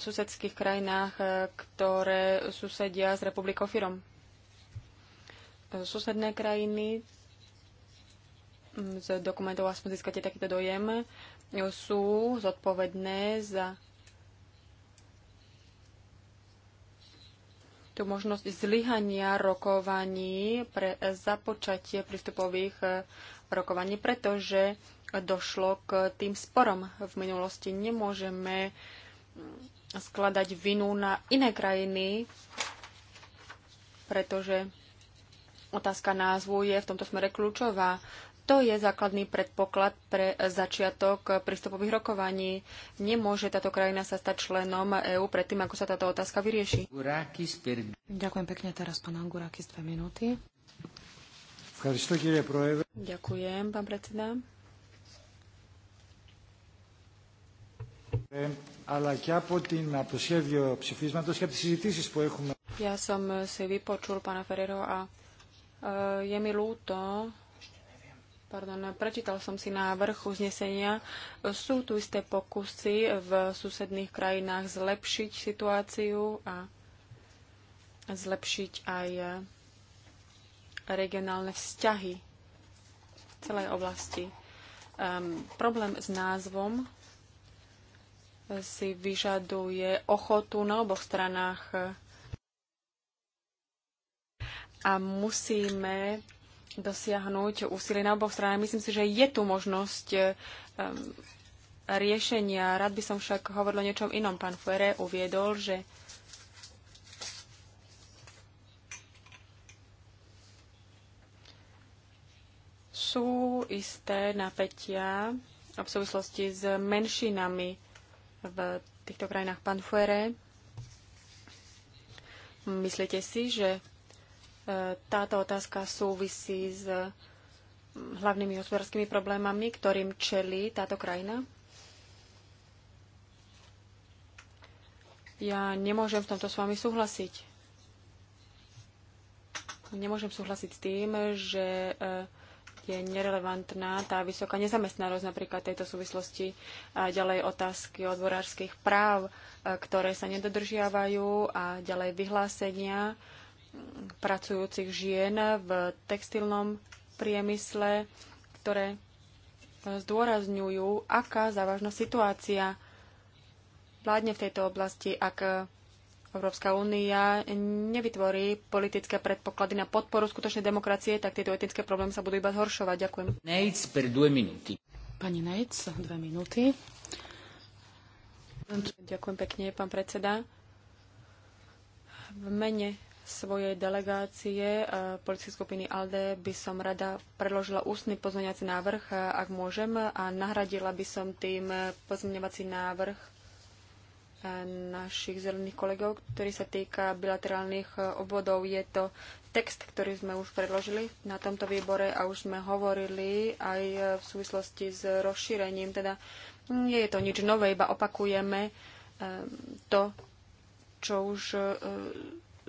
susedských krajinách, ktoré susedia s Republikou Firom. Susedné krajiny z dokumentov, aspoň získate takýto dojem, sú zodpovedné za tú možnosť zlyhania rokovaní pre započatie prístupových e, rokovaní, pretože došlo k tým sporom v minulosti. Nemôžeme mm, skladať vinu na iné krajiny, pretože otázka názvu je v tomto smere kľúčová. To je základný predpoklad pre začiatok prístupových rokovaní. Nemôže táto krajina sa stať členom EÚ predtým, ako sa táto otázka vyrieši.
Ďakujem pekne teraz, pán Angurakis, dve
minúty. Ďakujem, pán predseda. Ja som si vypočul pána Ferrero a je mi lúto, Pardon, prečítal som si na návrh uznesenia. Sú tu isté pokusy v susedných krajinách zlepšiť situáciu a zlepšiť aj regionálne vzťahy v celej oblasti. Um, problém s názvom si vyžaduje ochotu na oboch stranách a musíme dosiahnuť úsilie na oboch stranách. Myslím si, že je tu možnosť um, riešenia. Rád by som však hovoril o niečom inom. Pán Fuere uviedol, že sú isté napätia v súvislosti s menšinami v týchto krajinách. Pán Fuere, myslíte si, že táto otázka súvisí s hlavnými hospodárskymi problémami, ktorým čelí táto krajina? Ja nemôžem v tomto s vami súhlasiť. Nemôžem súhlasiť s tým, že e, je nerelevantná tá vysoká nezamestnanosť napríklad tejto súvislosti. A ďalej otázky odborárskych práv, e, ktoré sa nedodržiavajú a ďalej vyhlásenia, pracujúcich žien v textilnom priemysle, ktoré e, zdôrazňujú, aká závažná situácia vládne v tejto oblasti, ak Európska únia nevytvorí politické predpoklady na podporu skutočnej demokracie, tak tieto etnické problémy sa budú iba zhoršovať. Ďakujem.
Nejc per dve minúty.
Pani Nejc, dve minúty. Ďakujem pekne, pán predseda. V mene svojej delegácie e, politickej skupiny ALDE by som rada predložila ústny pozmeňovací návrh, e, ak môžem, a nahradila by som tým e, pozmeňovací návrh našich zelených kolegov, ktorý sa týka bilaterálnych obvodov. Je to text, ktorý sme už predložili na tomto výbore a už sme hovorili aj v súvislosti s rozšírením. Teda mm, nie je to nič nové, iba opakujeme to, čo už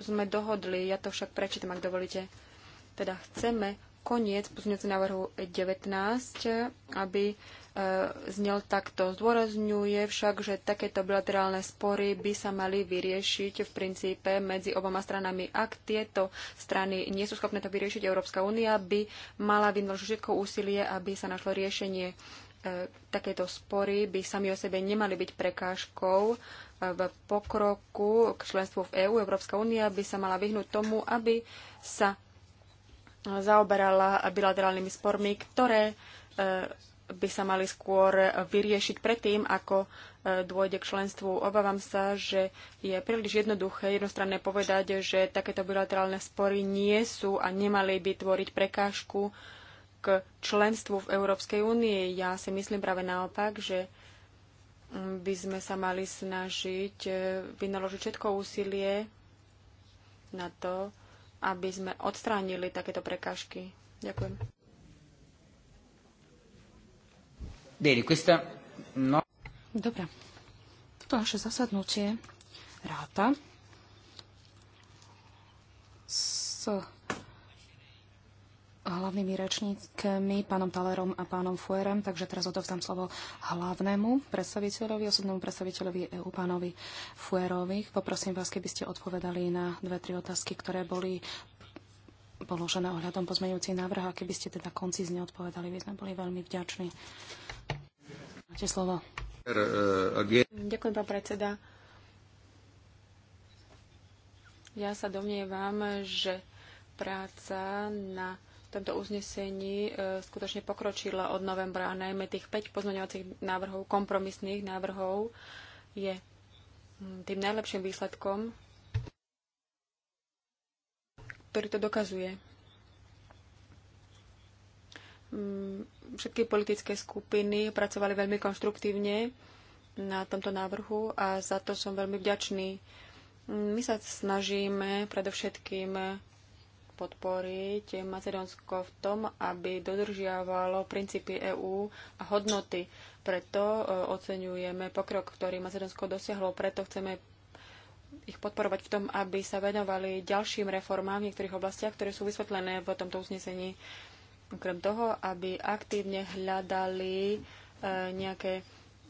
sme dohodli, ja to však prečítam, ak dovolíte. Teda chceme koniec pozmeňujúceho návrhu 19, aby e, znel takto. Zdôrazňuje však, že takéto bilaterálne spory by sa mali vyriešiť v princípe medzi oboma stranami. Ak tieto strany nie sú schopné to vyriešiť, Európska únia by mala vynaložiť všetko úsilie, aby sa našlo riešenie. E, takéto spory by sami o sebe nemali byť prekážkou v pokroku k členstvu v EÚ. Európska únia by sa mala vyhnúť tomu, aby sa zaoberala bilaterálnymi spormi, ktoré e, by sa mali skôr vyriešiť predtým, ako e, dôjde k členstvu. Obávam sa, že je príliš jednoduché jednostranné povedať, že takéto bilaterálne spory nie sú a nemali by tvoriť prekážku k členstvu v Európskej únie. Ja si myslím práve naopak, že by sme sa mali snažiť e, vynaložiť všetko úsilie na to, aby sme
odstránili takéto prekážky. Ďakujem. No- Dobre. Toto naše zasadnutie ráta s hlavnými rečníkmi, pánom Talerom a pánom Fuerem, takže teraz odovzdám slovo hlavnému predstaviteľovi, osobnému predstaviteľovi EU, pánovi Fuerovi. Poprosím vás, keby ste odpovedali na dve, tri otázky, ktoré boli položené ohľadom pozmeňujúci návrh a keby ste teda koncízne odpovedali, by sme boli veľmi vďační. Máte slovo. Ďakujem, pán predseda.
Ja sa domnievam, že práca na tomto uznesení e, skutočne pokročila od novembra. a Najmä tých 5 pozmeňovacích návrhov, kompromisných návrhov je mm, tým najlepším výsledkom, ktorý to dokazuje. Mm, všetky politické skupiny pracovali veľmi konštruktívne na tomto návrhu a za to som veľmi vďačný. Mm, my sa snažíme predovšetkým podporiť Macedónsko v tom, aby dodržiavalo princípy EÚ a hodnoty. Preto e, oceňujeme pokrok, ktorý Macedónsko dosiahlo, preto chceme ich podporovať v tom, aby sa venovali ďalším reformám v niektorých oblastiach, ktoré sú vysvetlené v tomto uznesení. Okrem toho, aby aktívne hľadali e, nejaké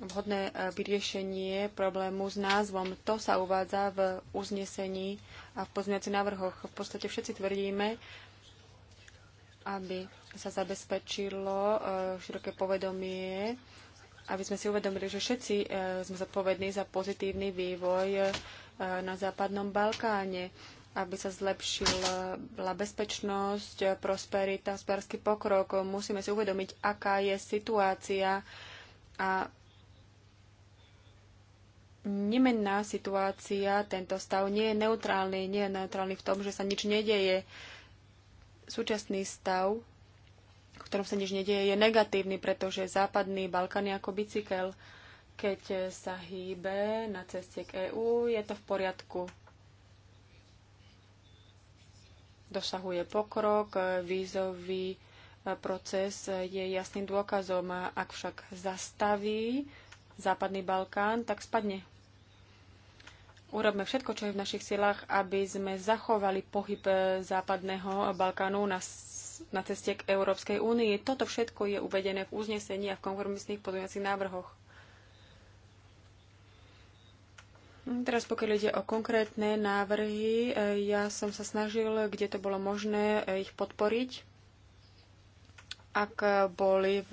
vhodné e, vyriešenie problému s názvom. To sa uvádza v uznesení a v pozmeňovacích návrhoch. V podstate všetci tvrdíme, aby sa zabezpečilo e, široké povedomie, aby sme si uvedomili, že všetci e, sme zodpovední za pozitívny vývoj na Západnom Balkáne, aby sa zlepšila bezpečnosť, prosperita, hospodársky pokrok. Musíme si uvedomiť, aká je situácia a nemenná situácia, tento stav nie je neutrálny. Nie je neutrálny v tom, že sa nič nedeje. Súčasný stav, v ktorom sa nič nedeje, je negatívny, pretože západný Balkán je ako bicykel. Keď sa hýbe na ceste k EÚ, je to v poriadku. Dosahuje pokrok, vízový e, proces je jasným dôkazom. Ak však zastaví Západný Balkán, tak spadne urobme všetko, čo je v našich silách, aby sme zachovali pohyb e, západného Balkánu na, na ceste k Európskej únii. Toto všetko je uvedené v uznesení a v konformistných podmienacích návrhoch. Teraz pokiaľ ide o konkrétne návrhy, e, ja som sa snažil, kde to bolo možné, e, ich podporiť, ak boli v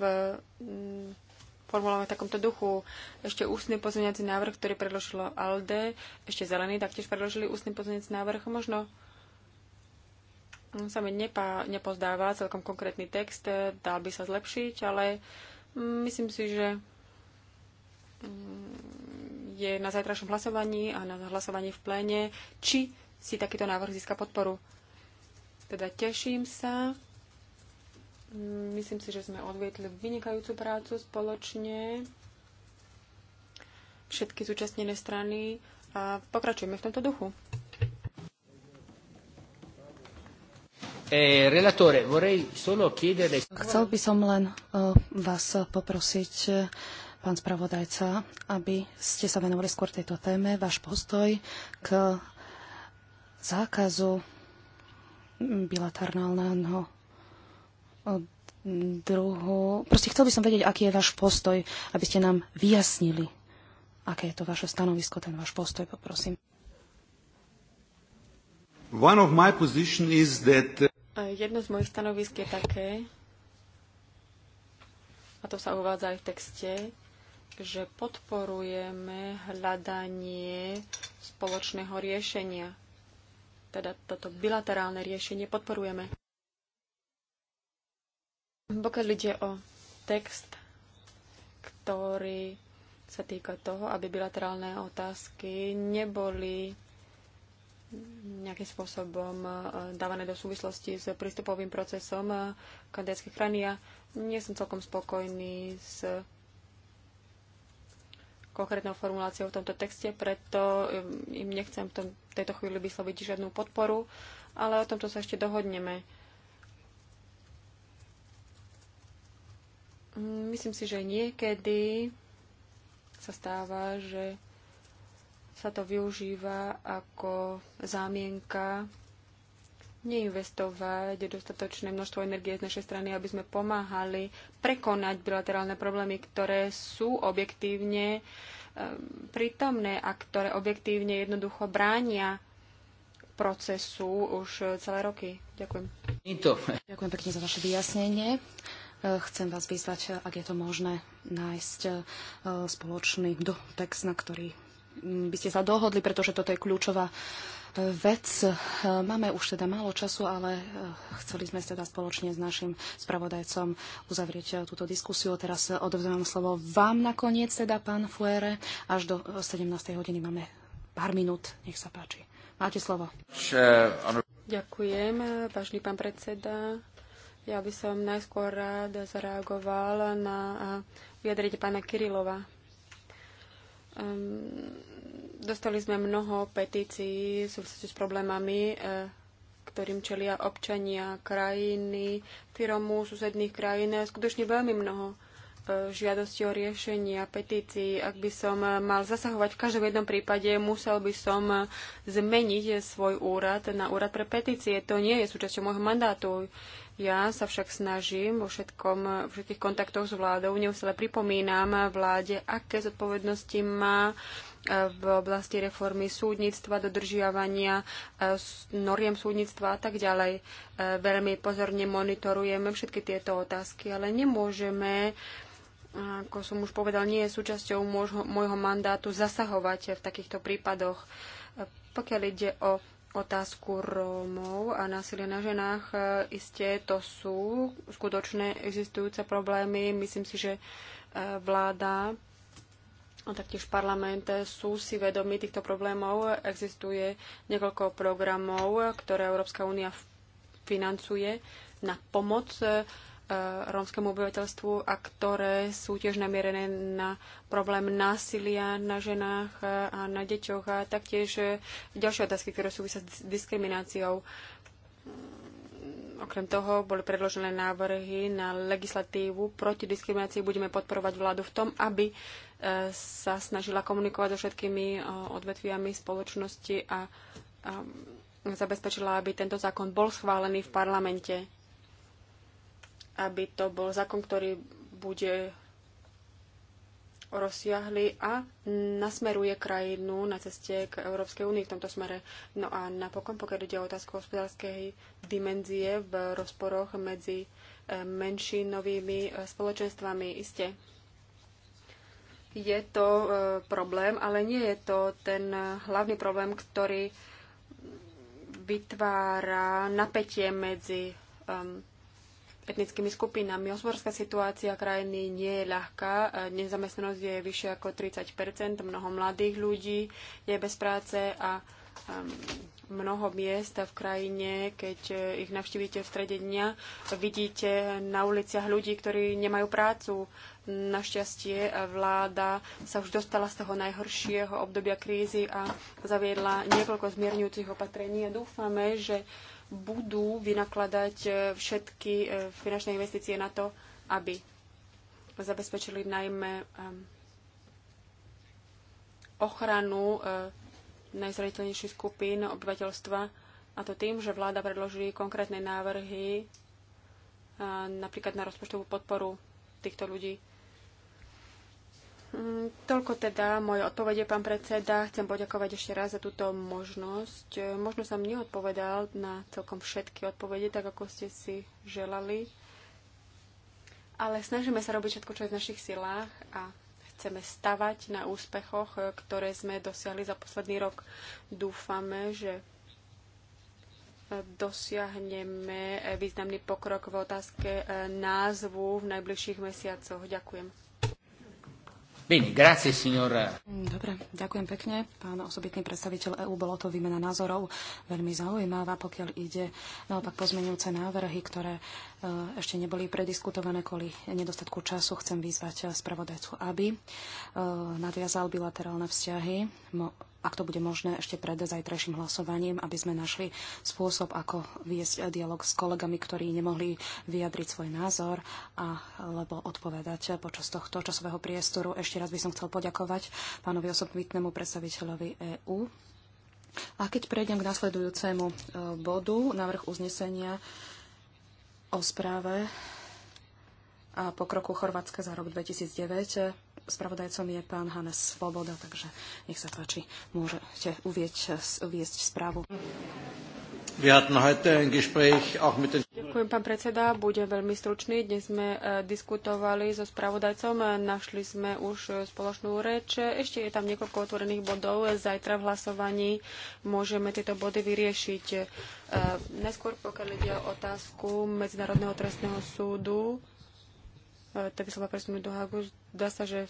formulovať v takomto duchu. Ešte ústny pozmeňací návrh, ktorý predložilo ALDE, ešte zelený taktiež predložili ústny pozmeňací návrh. Možno sa mi nepa, nepozdáva celkom konkrétny text, dal by sa zlepšiť, ale myslím si, že mm, je na zajtrašom hlasovaní a na hlasovaní v pléne, či si takýto návrh získa podporu. Teda teším sa Myslím si, že sme odvietli vynikajúcu prácu spoločne. Všetky zúčastnené strany
a pokračujeme v tomto duchu.
Eh, Chcel
by som len eh, vás poprosiť, eh, pán spravodajca, aby ste sa venovali skôr tejto téme, váš postoj k zákazu bilaterálneho druhu. Proste chcel by som vedieť, aký je váš postoj, aby ste nám vyjasnili, aké je to vaše stanovisko, ten váš postoj, poprosím. One of my position is that...
Uh, jedno z mojich stanovisk je také, a to sa uvádza aj v texte, že podporujeme hľadanie spoločného riešenia. Teda toto bilaterálne riešenie podporujeme. Pokiaľ ide o text, ktorý sa týka toho, aby bilaterálne otázky neboli nejakým spôsobom e, dávané do súvislosti s prístupovým procesom e, kandidátskej krajiny. Ja nie som celkom spokojný s konkrétnou formuláciou v tomto texte, preto e, im nechcem v tejto chvíli vysloviť žiadnu podporu, ale o tomto sa ešte dohodneme. Mm, myslím si, že niekedy sa stáva, že sa to využíva ako zámienka neinvestovať dostatočné množstvo energie z našej strany, aby sme pomáhali prekonať bilaterálne problémy, ktoré sú objektívne prítomné a ktoré objektívne jednoducho bránia procesu už celé roky. Ďakujem.
Ďakujem pekne za vaše vyjasnenie. Chcem vás vyzvať, ak je to možné, nájsť e, spoločný text, na ktorý by ste sa dohodli, pretože toto je kľúčová e, vec. E, máme už teda málo času, ale chceli sme teda spoločne s našim spravodajcom uzavrieť túto diskusiu. Teraz odovzdávam slovo vám nakoniec, teda pán Fuere. Až do 17. hodiny máme pár minút. Nech sa páči. Máte slovo. Ďakujem, vážny pán
predseda. Ja by som najskôr rád zareagoval na vyjadrite pána Kirilova. Um, dostali sme mnoho petícií v súvislosti s problémami, e, ktorým čelia občania krajiny, Firomu, susedných krajín. E, skutočne veľmi mnoho e, žiadosti o riešenia, petícií. Ak by som mal zasahovať v každom jednom prípade, musel by som zmeniť svoj úrad na úrad pre petície. To nie je súčasťou môjho mandátu. Ja sa však snažím vo všetkom, všetkých kontaktoch s vládou, neustále pripomínam vláde, aké zodpovednosti má e, v oblasti reformy súdnictva, dodržiavania e, noriem súdnictva a tak ďalej. E, veľmi pozorne monitorujeme všetky tieto otázky, ale nemôžeme ako som už povedal, nie je súčasťou môjho, môjho mandátu zasahovať v takýchto prípadoch. Pokiaľ ide o otázku Rómov a násilie na ženách. E, Isté to sú skutočné existujúce problémy. Myslím si, že e, vláda a taktiež parlament sú si vedomi týchto problémov. Existuje niekoľko programov, ktoré Európska únia financuje na pomoc e, Eh, rómskemu obyvateľstvu a ktoré sú tiež namierené na problém násilia na ženách eh, a na deťoch a taktiež eh, ďalšie otázky, ktoré súvisia s diskrimináciou. Mm, okrem toho boli predložené návrhy na legislatívu proti diskriminácii. Budeme podporovať vládu v tom, aby sa snažila komunikovať so všetkými odvetviami spoločnosti a, a mm, zabezpečila, aby tento zákon bol schválený v parlamente aby to bol zákon, ktorý bude rozsiahly a nasmeruje krajinu na ceste k Európskej únii v tomto smere. No a napokon, pokiaľ ide o otázku hospodárskej dimenzie v rozporoch medzi eh, menšinovými eh, spoločenstvami, iste je to eh, problém, ale nie je to ten hlavný problém, ktorý vytvára napätie medzi um, etnickými skupinami. Osmorská situácia krajiny nie je ľahká. E, nezamestnanosť je vyššia ako 30 mnoho mladých ľudí je bez práce a mnoho miest v krajine, keď e, ich navštívite v strede dňa, vidíte na uliciach ľudí, ktorí nemajú prácu. Našťastie e, vláda sa už dostala z toho najhoršieho obdobia krízy a zaviedla niekoľko zmierňujúcich opatrení a dúfame, že budú vynakladať e, všetky e, finančné investície na to, aby zabezpečili najmä e, ochranu najzraniteľnejších skupín obyvateľstva, a to tým, že vláda predloží konkrétne návrhy napríklad na rozpočtovú podporu týchto ľudí. Mm, toľko teda moje odpovede, pán predseda. Chcem poďakovať ešte raz za túto možnosť. E, možno som neodpovedal na celkom všetky odpovede, tak ako ste si želali. Ale snažíme sa robiť všetko, čo je v našich silách a chceme stavať na úspechoch, e, ktoré sme dosiahli za posledný rok. Dúfame, že dosiahneme e, významný pokrok v otázke názvu v najbližších mesiacoch. Ďakujem.
Bene, grazie, signor.
Dobre, ďakujem pekne, pán osobitný predstaviteľ EÚ. Bolo to výmena názorov veľmi zaujímavá, pokiaľ ide naopak pozmenujúce návrhy, ktoré e, ešte neboli prediskutované kvôli nedostatku času. Chcem vyzvať spravodajcu, aby e, nadviazal bilaterálne vzťahy ak to bude možné, ešte pred zajtrajším hlasovaním, aby sme našli spôsob, ako viesť dialog s kolegami, ktorí nemohli vyjadriť svoj názor a lebo odpovedať počas tohto časového priestoru. Ešte raz by som chcel poďakovať pánovi osobitnému predstaviteľovi EÚ. A keď prejdem k nasledujúcemu e, bodu, návrh uznesenia o správe a pokroku Chorvátska za rok 2009, spravodajcom je pán Hanes Svoboda, takže nech sa páči, môžete uvieť, uviesť správu.
Ďakujem, pán predseda. Bude veľmi stručný. Dnes sme e, diskutovali so spravodajcom, e, našli sme už e, spoločnú reč. Ešte je tam niekoľko otvorených bodov. Zajtra v hlasovaní môžeme tieto body vyriešiť. Neskôr, pokiaľ ide o otázku Medzinárodného trestného súdu, tak by sa presunúť do Hagu Dá sa, že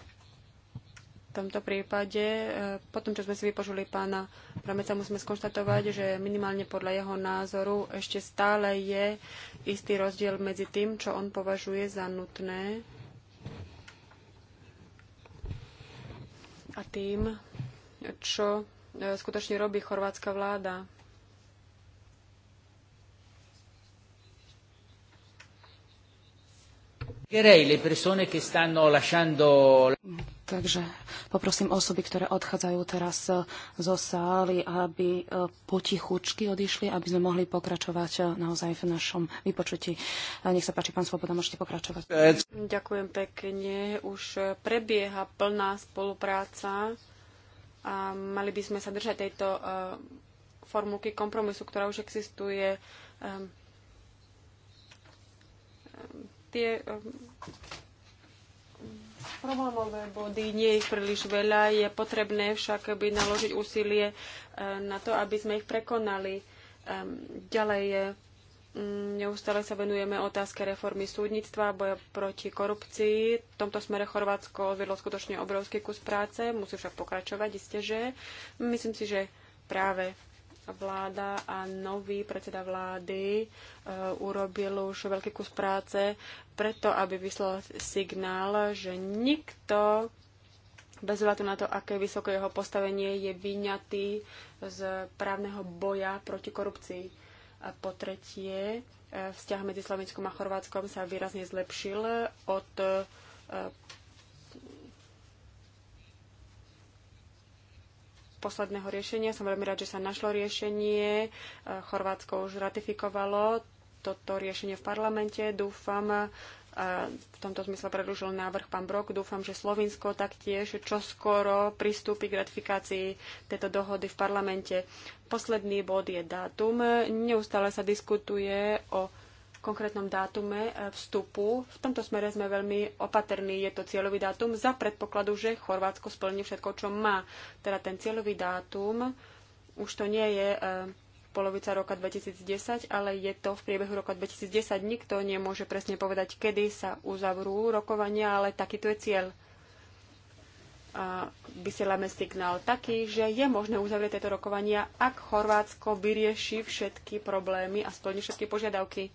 v tomto prípade, e, po tom, čo sme si vypožuli pána Prameca, musíme skonštatovať, že minimálne podľa jeho názoru ešte stále je istý rozdiel medzi tým, čo on považuje za nutné a tým, čo e, skutočne robí chorvátska vláda.
Takže poprosím osoby, ktoré odchádzajú teraz eh, zo sály, aby eh, potichučky odišli, aby sme mohli pokračovať eh, naozaj v našom vypočutí. Nech sa páči, pán Svoboda, môžete pokračovať.
Ďakujem pekne. Už prebieha plná spolupráca a mali by sme sa držať tejto formulky kompromisu, ktorá už existuje tie um, problémové body, nie je ich príliš veľa, je potrebné však by naložiť úsilie eh, na to, aby sme ich prekonali. Ehm, ďalej je, mm, neustále sa venujeme otázke reformy súdnictva, boja proti korupcii. V tomto smere Chorvátsko odvedlo skutočne obrovský kus práce, musí však pokračovať, isté, že. Myslím si, že práve vláda a nový predseda vlády eh, urobil už veľký kus práce preto, aby vyslal signál, že nikto bez hľadu na to, aké vysoké jeho postavenie je vyňatý z právneho boja proti korupcii. A po tretie, eh, vzťah medzi Slovenskom a Chorvátskom sa výrazne zlepšil od eh, posledného riešenia. Som veľmi rád, že sa našlo riešenie. E, Chorvátsko už ratifikovalo toto riešenie v parlamente. Dúfam, e, v tomto zmysle predlžil návrh pán Brok. Dúfam, že Slovinsko taktiež čoskoro pristúpi k ratifikácii tejto dohody v parlamente. Posledný bod je dátum. Neustále sa diskutuje o konkrétnom dátume e, vstupu. V tomto smere sme veľmi opatrní. Je to cieľový dátum za predpokladu, že Chorvátsko splní všetko, čo má. Teda ten cieľový dátum už to nie je e, polovica roka 2010, ale je to v priebehu roka 2010. Nikto nemôže presne povedať, kedy sa uzavrú rokovania, ale takýto je cieľ. A vysielame signál taký, že je možné uzavrieť tieto rokovania, ak Chorvátsko vyrieši všetky problémy a splní všetky požiadavky.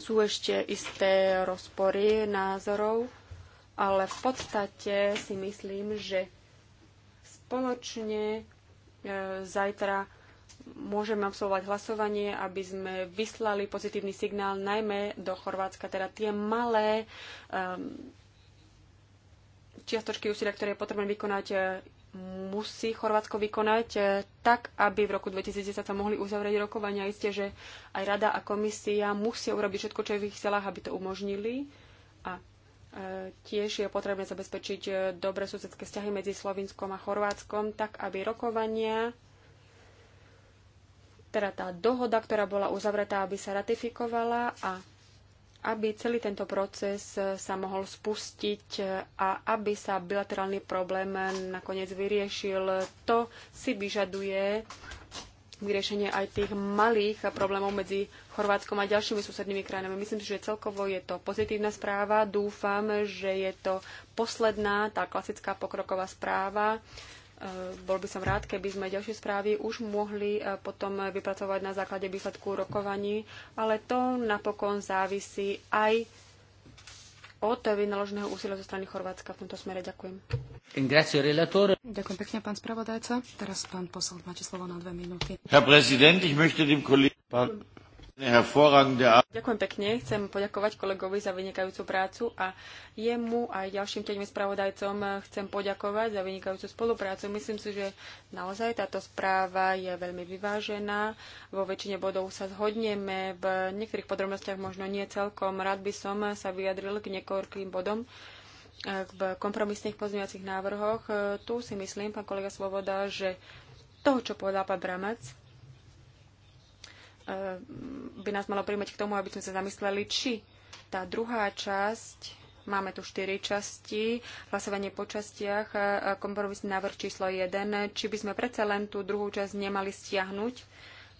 Sú ešte isté rozpory názorov, ale v podstate si myslím, že spoločne e, zajtra môžeme absolvovať hlasovanie, aby sme vyslali pozitívny signál najmä do Chorvátska, teda tie malé um, čiastočky úsilia, ktoré je potrebné vykonať, e, musí Chorvátsko vykonať e, tak, aby v roku 2010 sa mohli uzavrieť rokovania. Isté, že aj Rada a komisia musia urobiť všetko, čo je v ich silách, aby to umožnili. A e, tiež je potrebné zabezpečiť e, dobré susedské vzťahy medzi Slovinskom a Chorvátskom, tak aby rokovania, teda tá dohoda, ktorá bola uzavretá, aby sa ratifikovala a aby celý tento proces e, sa mohol spustiť e, a aby sa bilaterálny problém e, nakoniec vyriešil. To si vyžaduje vyriešenie aj tých malých problémov medzi Chorvátskom a ďalšími susednými krajinami. Myslím si, že celkovo je to pozitívna správa. Dúfam, že je to posledná, tá klasická pokroková správa Eh, bol by som rád, keby sme ďalšie správy už mohli eh, potom vypracovať na základe výsledku rokovaní, ale to napokon závisí aj od vynaloženého úsilia zo
strany Chorvátska v tomto smere. Ďakujem. Ďakujem pekne, pán spravodajca. Teraz pán posol, máte slovo na dve minúty.
Pán Ďakujem
pekne. Chcem poďakovať kolegovi za vynikajúcu prácu a jemu aj ďalším teďmi spravodajcom chcem poďakovať za vynikajúcu spoluprácu. Myslím si, že naozaj táto správa je veľmi vyvážená. Vo väčšine bodov sa zhodneme, v niektorých podrobnostiach možno nie celkom. Rád by som sa vyjadril k niekoľkým bodom v kompromisných pozmeňovacích návrhoch. Tu si myslím, pán kolega Svoboda, že toho, čo povedal pán Bramac, by nás malo príjmať k tomu, aby sme sa zamysleli, či tá druhá časť, máme tu štyri časti, hlasovanie po častiach, kompromisný návrh číslo 1, či by sme predsa len tú druhú časť nemali stiahnuť,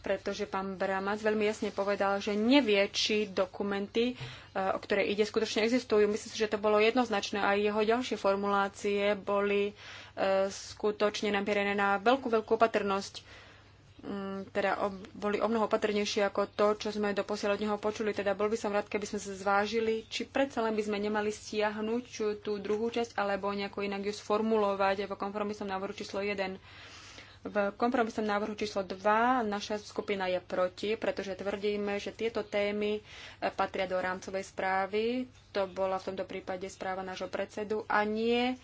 pretože pán Bramac veľmi jasne povedal, že nevie, či dokumenty, o ktoré ide, skutočne existujú. Myslím si, že to bolo jednoznačné. Aj jeho ďalšie formulácie boli skutočne namierené na veľkú, veľkú opatrnosť Mm, teda ob, boli o mnoho opatrnejšie ako to, čo sme do od neho počuli. Teda bol by som rád, keby sme sa zvážili, či predsa len by sme nemali stiahnuť tú druhú časť, alebo nejako inak ju sformulovať vo kompromisnom návrhu číslo 1. V kompromisnom návrhu číslo 2 naša skupina je proti, pretože tvrdíme, že tieto témy eh, patria do rámcovej správy, to bola v tomto prípade správa nášho predsedu, a nie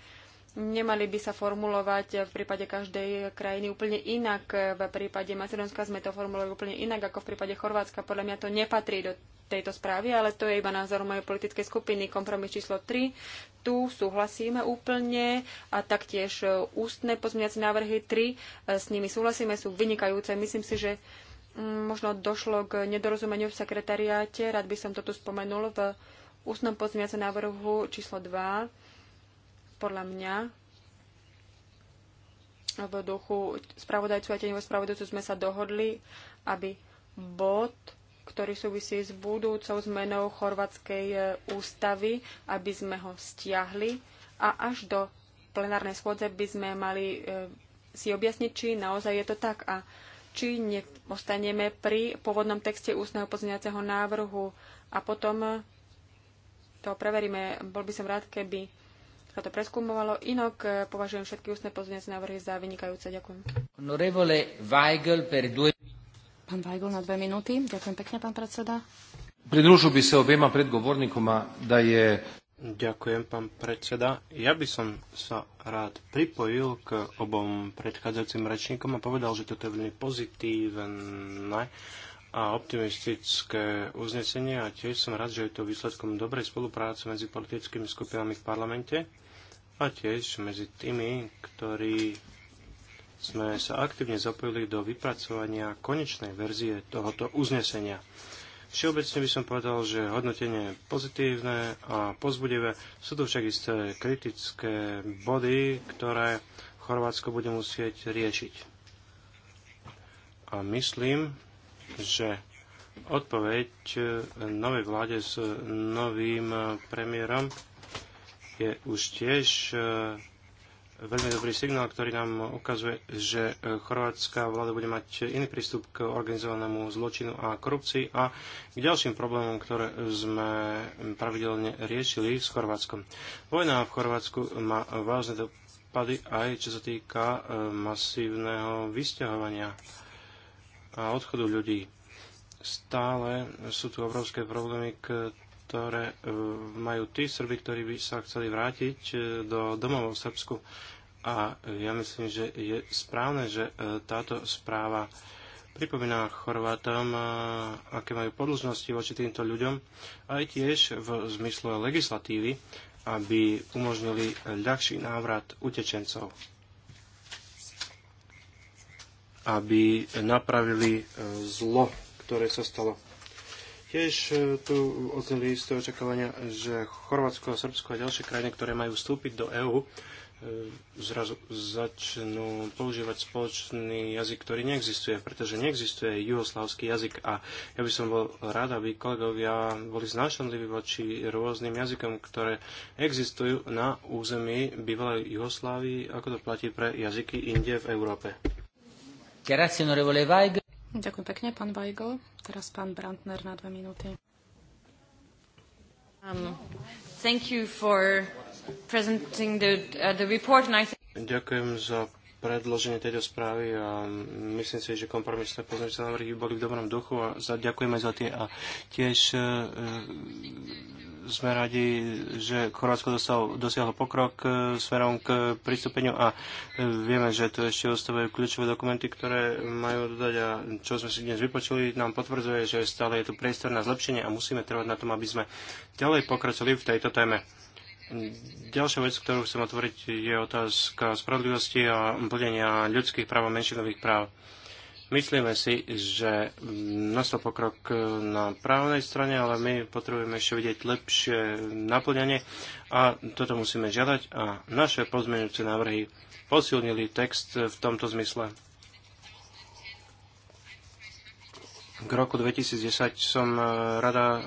Nemali by sa formulovať v prípade každej krajiny úplne inak. V prípade Macedónska sme to formulovali úplne inak ako v prípade Chorvátska. Podľa mňa to nepatrí do tejto správy, ale to je iba názor mojej politickej skupiny. Kompromis číslo 3. Tu súhlasíme úplne a taktiež ústne pozmeňacie návrhy 3. E, s nimi súhlasíme, sú vynikajúce. Myslím si, že mm, možno došlo k nedorozumeniu v sekretariáte. Rád by som to tu spomenul v ústnom pozmeňacom návrhu číslo 2 podľa mňa v duchu spravodajcu a teňového spravodajcu sme sa dohodli, aby bod, ktorý súvisí s budúcou zmenou Chorvatskej e, ústavy, aby sme ho stiahli a až do plenárnej schôdze by sme mali e, si objasniť, či naozaj je to tak a či ostaneme pri pôvodnom texte ústneho pozňacieho návrhu a potom to preveríme. Bol by som rád, keby sa to preskúmovalo. Inok e, považujem všetky ústne pozornice návrhy za vynikajúce. Ďakujem.
Pán Weigl na dve minúty. Ďakujem pekne, pán predseda.
Pridružil by sa objema a da je... Ďakujem, pán predseda. Ja by som sa rád pripojil k obom predchádzajúcim rečníkom a povedal, že toto je veľmi pozitívne a optimistické uznesenie a tiež som rád, že je to výsledkom dobrej spolupráce medzi politickými skupinami v parlamente a tiež medzi tými, ktorí sme sa aktívne zapojili do vypracovania konečnej verzie tohoto uznesenia. Všeobecne by som povedal, že hodnotenie je pozitívne a pozbudivé. Sú tu však isté kritické body, ktoré Chorvátsko bude musieť riešiť. A myslím, že odpoveď novej vláde s novým premiérom je už tiež e, veľmi dobrý signál, ktorý nám ukazuje, že e, chorvátska vláda bude mať iný prístup k organizovanému zločinu a korupcii a k ďalším problémom, ktoré sme pravidelne riešili s Chorvátskom. Vojna v Chorvátsku má vážne dopady aj čo sa týka e, masívneho vysťahovania a odchodu ľudí. Stále sú tu obrovské problémy, ktoré ktoré e, majú tí Srby, ktorí by sa chceli vrátiť e, do domov v Srbsku. A e, ja myslím, že je správne, že táto správa pripomína Chorvátom, aké majú podlžnosti voči týmto ľuďom, aj tiež v zmysle legislatívy, aby umožnili ľahší návrat utečencov aby napravili zlo, ktoré sa stalo. Tiež e, tu odzeli isté očakávania, že Chorvátsko a Srbsko a ďalšie krajiny, ktoré majú vstúpiť do EÚ, e, zrazu začnú používať spoločný jazyk, ktorý neexistuje, pretože neexistuje juhoslavský jazyk a ja by som bol rád, aby kolegovia boli znášanliví voči rôznym jazykom, ktoré existujú na území bývalej Juhoslávy, ako to platí pre jazyky inde v Európe.
Ďakujem pekne, pán Weigl. Teraz pán Brandner na dve minúty.
Um, thank you for
presenting the, uh, the report and I think...
Ďakujem za predloženie tejto správy a myslím si, že kompromisné pozornosť návrhy boli v dobrom duchu a za, aj za tie a tiež e, e sme radi, že Chorvátsko dosiahlo pokrok e, smerom k pristúpeniu a e, vieme, že tu ešte ostávajú kľúčové dokumenty, ktoré majú dodať a čo sme si dnes vypočuli, nám potvrdzuje, že stále je tu priestor na zlepšenie a musíme trvať na tom, aby sme ďalej pokračovali v tejto téme. Ďalšia vec, ktorú chcem otvoriť, je otázka spravodlivosti a plnenia ľudských práv a menšinových práv. Myslíme si, že nastal pokrok na právnej strane, ale my potrebujeme ešte vidieť lepšie naplňanie a toto musíme žiadať a naše pozmeňujúce návrhy posilnili text v tomto zmysle. K roku 2010 som eh, rada,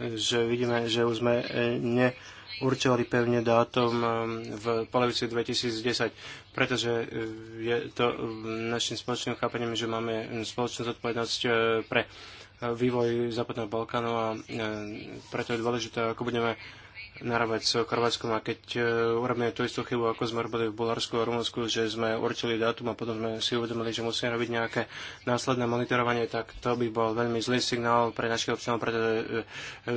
eh, že vidíme, že už sme eh, ne určovali pevne dátum um, v polovici 2010, pretože um, je to um, našim spoločným chápaním, že máme spoločnú zodpovednosť uh, pre uh, vývoj Západného Balkánu a preto je dôležité, ako budeme narábať s Chorvátskom a keď e, urobíme tú istú chybu, ako sme robili v Bulharsku a Rumunsku, že sme určili dátum a potom sme si uvedomili, že musíme robiť nejaké následné monitorovanie, tak to by bol veľmi zlý signál pre našich občanov, pretože e,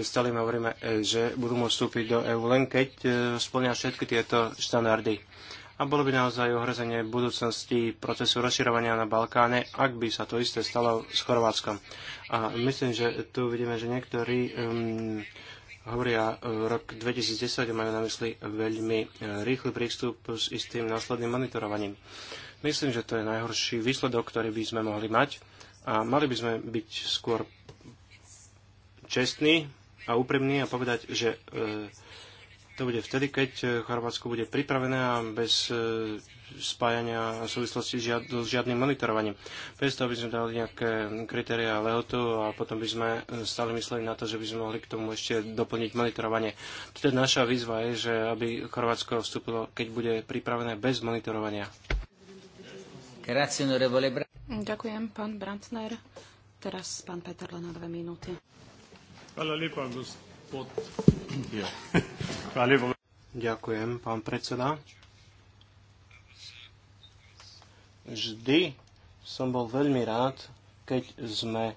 e, stále hovoríme, že budú môcť vstúpiť do EÚ len keď splňa všetky tieto štandardy. A bolo by naozaj ohrozenie budúcnosti procesu rozširovania na Balkáne, ak by sa to isté stalo s Chorvátskom. A myslím, že tu vidíme, že niektorí um, hovoria e, rok 2010 a majú na mysli veľmi e, rýchly prístup s istým následným monitorovaním. Myslím, že to je najhorší výsledok, ktorý by sme mohli mať a mali by sme byť skôr čestní a úprimní a povedať, že e, to bude vtedy, keď e, Chorvátsko bude pripravené a bez e, spájania súvislosti s žiadnym monitorovaním. Bez toho by sme dali nejaké kritéria lehotu a potom by sme e, stále mysleli na to, že by sme mohli k tomu ešte doplniť monitorovanie. Teda naša výzva je, že aby Chorvátsko vstúpilo, keď bude pripravené bez monitorovania.
Ďakujem, pán Brantner. Teraz pán Peter na dve minúty.
Hvala lepa, gospod pod...
Ďakujem, pán predseda. Vždy som bol veľmi rád, keď sme e,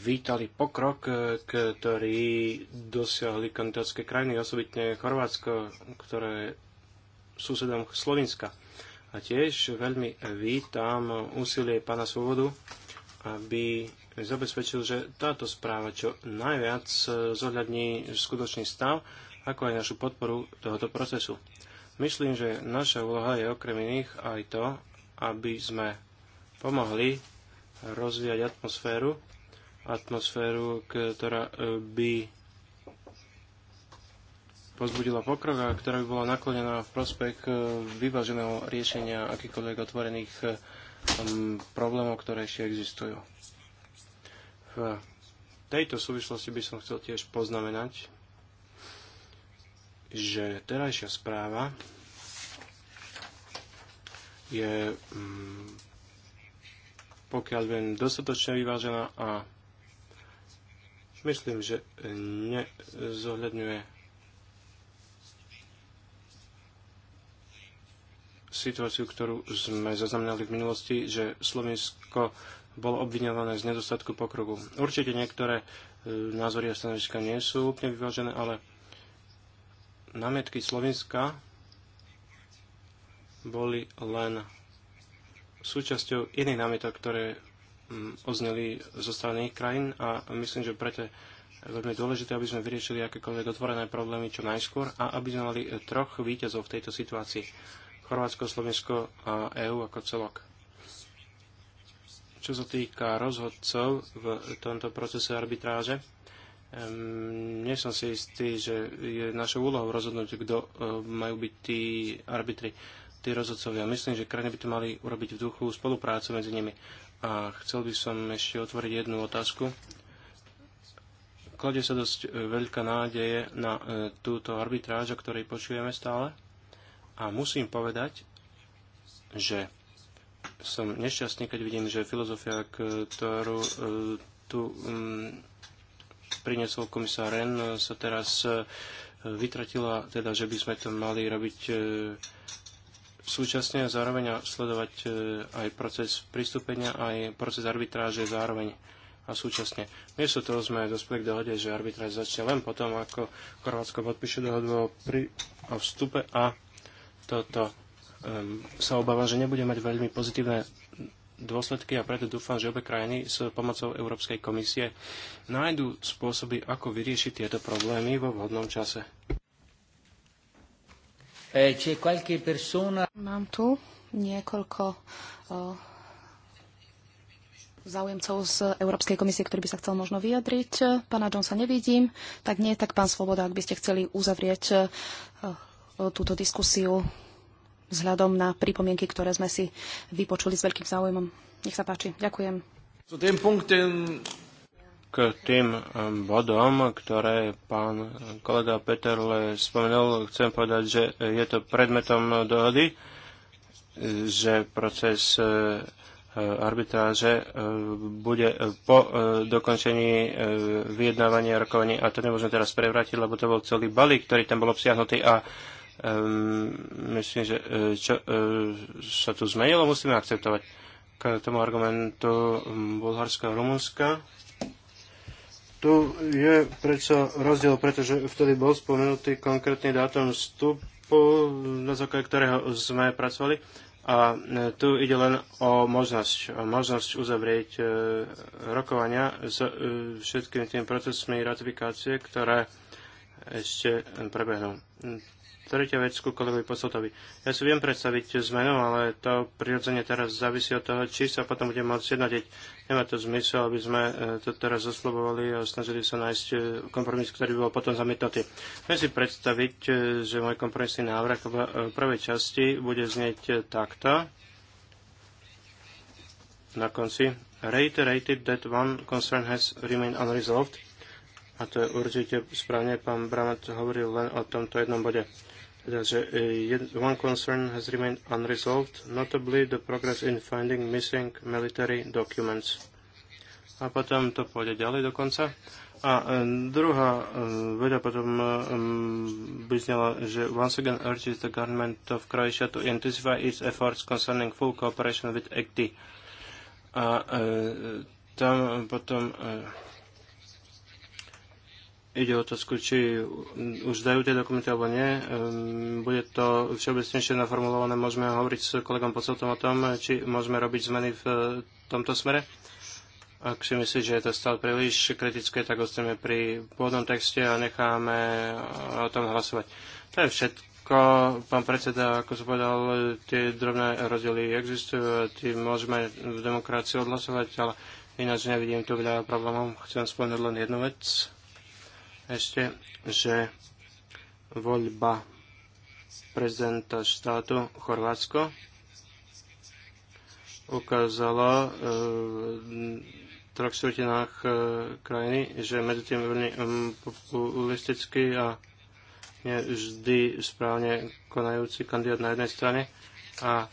vítali pokrok, e, ktorý dosiahli kandidátske krajiny, osobitne Chorvátsko, ktoré susedom Slovenska. A tiež veľmi vítam úsilie pána Svobodu, aby zabezpečil, že táto správa čo najviac e, zohľadní skutočný stav, ako aj našu podporu tohoto procesu. Myslím, že naša úloha je okrem iných aj to, aby sme pomohli rozvíjať atmosféru, atmosféru, ktorá e, by pozbudila pokrok a ktorá by bola naklonená v prospech e, vyváženého riešenia akýchkoľvek otvorených problémov, ktoré ešte existujú. V tejto súvislosti by som chcel tiež poznamenať, že terajšia správa je, mm, pokiaľ viem, dostatočne vyvážená a myslím, že nezohľadňuje situáciu, ktorú sme zaznamenali v minulosti, že Slovensko bolo obviňované z nedostatku pokroku. Určite niektoré e, názory a stanoviska nie sú úplne vyvážené, ale námietky Slovenska boli len súčasťou iných námietok, ktoré mm, ozneli zo strany krajín a myslím, že preto je veľmi dôležité, aby sme vyriešili akékoľvek otvorené problémy čo najskôr a aby sme mali troch víťazov v tejto situácii. Chorvátsko, Slovensko a EÚ ako celok. Čo sa týka rozhodcov v tomto procese arbitráže, nie som si istý, že je našou úlohou rozhodnúť, kto e, majú byť tí arbitri, tí rozhodcovia. Myslím, že krajiny by to mali urobiť v duchu spolupráce medzi nimi. A chcel by som ešte otvoriť jednu otázku. Kladie sa dosť e, veľká nádeje na e, túto arbitráž, o ktorej počujeme stále. A musím povedať, že som nešťastný, keď vidím, že filozofia, ktorú e, tu mm, priniesol komisár Ren, sa teraz e, vytratila, teda, že by sme to mali robiť e, súčasne a zároveň sledovať aj proces pristúpenia, aj proces arbitráže zároveň a súčasne. Miesto toho sme dospeli k dohode, že arbitráž začne len potom, ako Chorvátsko podpíše dohodu o, pri, o vstupe a toto Ehm, sa obávam, že nebude mať veľmi pozitívne dôsledky a preto dúfam, že obe krajiny s pomocou Európskej komisie nájdú spôsoby, ako vyriešiť tieto problémy vo vhodnom čase. Eh,
Mám tu niekoľko záujemcov z Európskej komisie, ktorý by sa chcel možno vyjadriť. Pána Johnsona nevidím. Tak nie, tak pán Svoboda, ak by ste chceli uzavrieť túto diskusiu vzhľadom na pripomienky, ktoré sme si vypočuli s veľkým záujmom. Nech sa páči. Ďakujem.
K tým eh, bodom, ktoré pán kolega Peterle spomenul, chcem povedať, že je to predmetom dohody, že proces eh, eh, arbitráže bude po dokončení vyjednávania rokovania. A to nemôžeme teraz prevrátiť, lebo to bol celý balík, ktorý tam bol obsiahnutý a um, myslím, že e, čo uh, sa tu zmenilo, musíme akceptovať. K tomu argumentu Bulharska a Rumunska. Tu je predsa rozdiel, pretože vtedy bol spomenutý konkrétny dátum vstupu, na základe ktorého sme pracovali. A e, tu ide len o možnosť, o možnosť uzavrieť rokovania s všetkými tými procesmi ratifikácie, ktoré ešte prebehnú. Tretia vec ku kolegovi Posotovi. Ja si viem predstaviť zmenu, ale to prirodzene teraz závisí od toho, či sa potom bude môcť jednotiť. Nemá to zmysel, aby sme e, to teraz zoslobovali a snažili sa nájsť e, kompromis, ktorý bol potom zamietnutý. Viem si predstaviť, e, že môj kompromisný návrh v prvej časti bude znieť takto. Na konci. Reiterated that one concern has remained unresolved a to je určite správne, pán Bramat hovoril len o tomto jednom bode. Teda, že e, one concern has remained unresolved, notably the progress in finding missing military documents. A potom to pôjde ďalej dokonca. A e, druhá e, veda potom by znala, že once again urges the government of Croatia to intensify its efforts concerning full cooperation with ACTI. A tam potom ide o otázku, či už dajú tie dokumenty alebo nie. Ehm, bude to všeobecnejšie naformulované, môžeme hovoriť s kolegom Poceltom o tom, či môžeme robiť zmeny v e, tomto smere. Ak si myslíš, že je to stále príliš kritické, tak ostaneme pri pôvodnom texte a necháme e, o tom hlasovať. To je všetko, pán predseda, ako som povedal, tie drobné rozdiely existujú, tie môžeme v demokracii odhlasovať, ale ináč nevidím tu veľa problémov. Chcem spomenúť len jednu vec ešte, že voľba prezidenta štátu Chorvátsko ukázala e, v troch štvrtinách e, krajiny, že medzi tým veľmi e, populistický a nie vždy správne konajúci kandidát na jednej strane a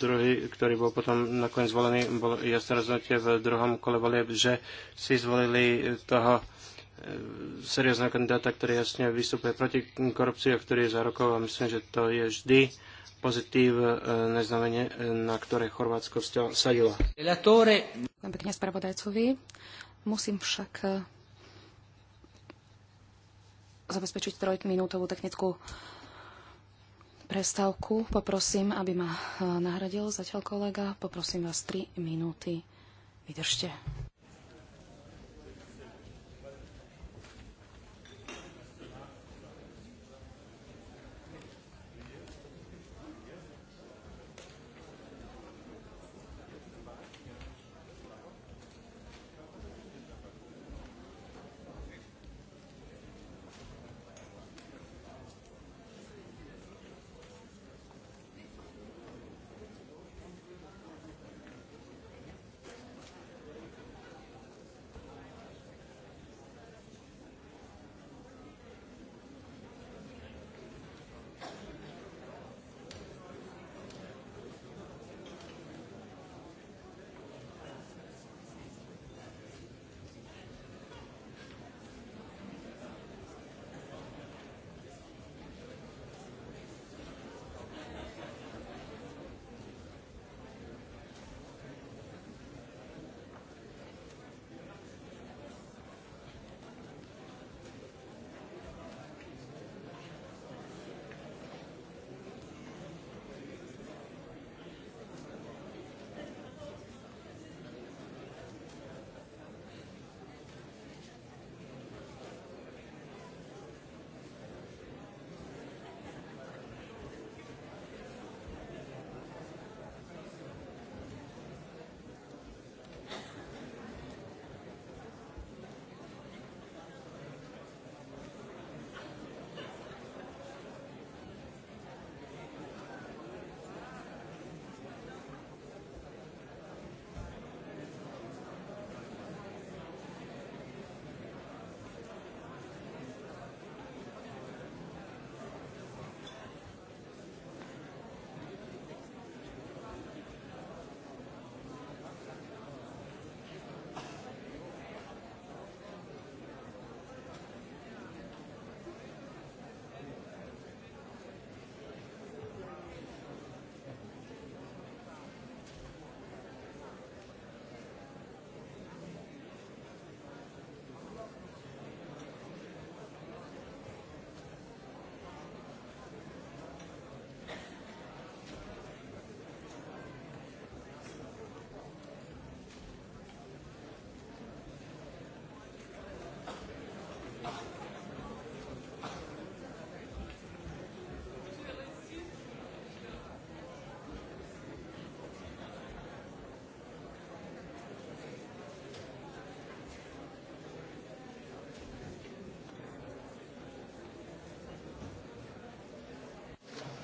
druhý, ktorý bol potom nakoniec zvolený, bol jasné rozhodnutie v druhom kole volieb, že si zvolili toho E, seriózna kandidáta, ktorý jasne vystupuje proti korupcii a ktorý je za rokov a myslím, že to je vždy pozitívne e, znamenie, e, na ktoré Chorvátsko sadilo.
Ďakujem pekne spravodajcovi. Musím však zabezpečiť trojminútovú technickú prestávku. Poprosím, aby ma nahradil zatiaľ kolega. Poprosím vás 3 minúty. Vydržte.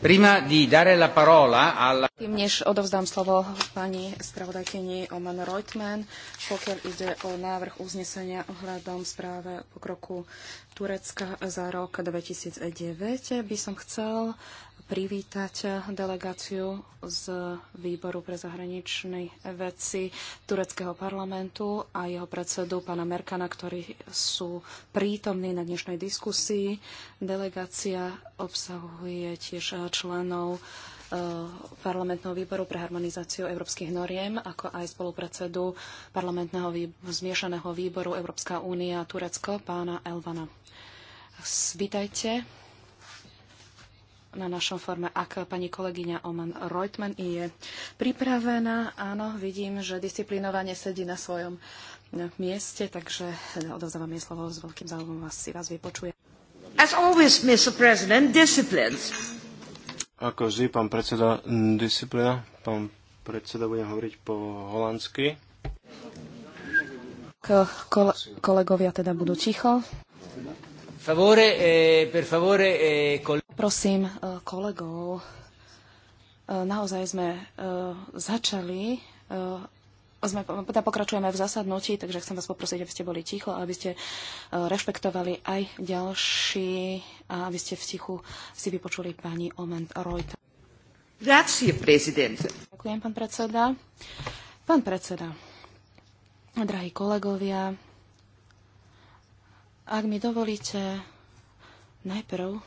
Prima Tým,
než odovzdám slovo pani spravodajkyni Oman Reutmann, pokiaľ ide o návrh uznesenia ohľadom správe pokroku Turecka za rok 2009, by som chcel privítať delegáciu z Výboru pre zahraničné veci Tureckého parlamentu a jeho predsedu pána Merkana, ktorí sú prítomní na dnešnej diskusii. Delegácia obsahuje tiež členov e, parlamentného výboru pre harmonizáciu európskych noriem, ako aj spolupredsedu parlamentného výboru, zmiešaného výboru Európska únia Turecko, pána Elvana. Vítajte na našom forme, ak pani kolegyňa Oman Reutman je pripravená. Áno, vidím, že disciplinovanie sedí na svojom mieste, takže odovzdávam jej slovo s veľkým záujmom vás si vás vypočuje. As always, Mr. President, disciplines.
Ako vždy, pán predseda, disciplina. Pán predseda, budem hovoriť po holandsky.
Kole kolegovia teda budú ticho.
Favore, eh, per favore, eh, kol-
Prosím e, kolegov, e, naozaj sme e, začali, sme, teda pokračujeme v zasadnutí, takže chcem vás poprosiť, aby ste boli ticho, aby ste rešpektovali aj ďalší a aby ste v tichu si vypočuli pani Oment Reuter. Grazie, prezident. Ďakujem, pán predseda. Pán predseda, drahí kolegovia, ak mi dovolíte, najprv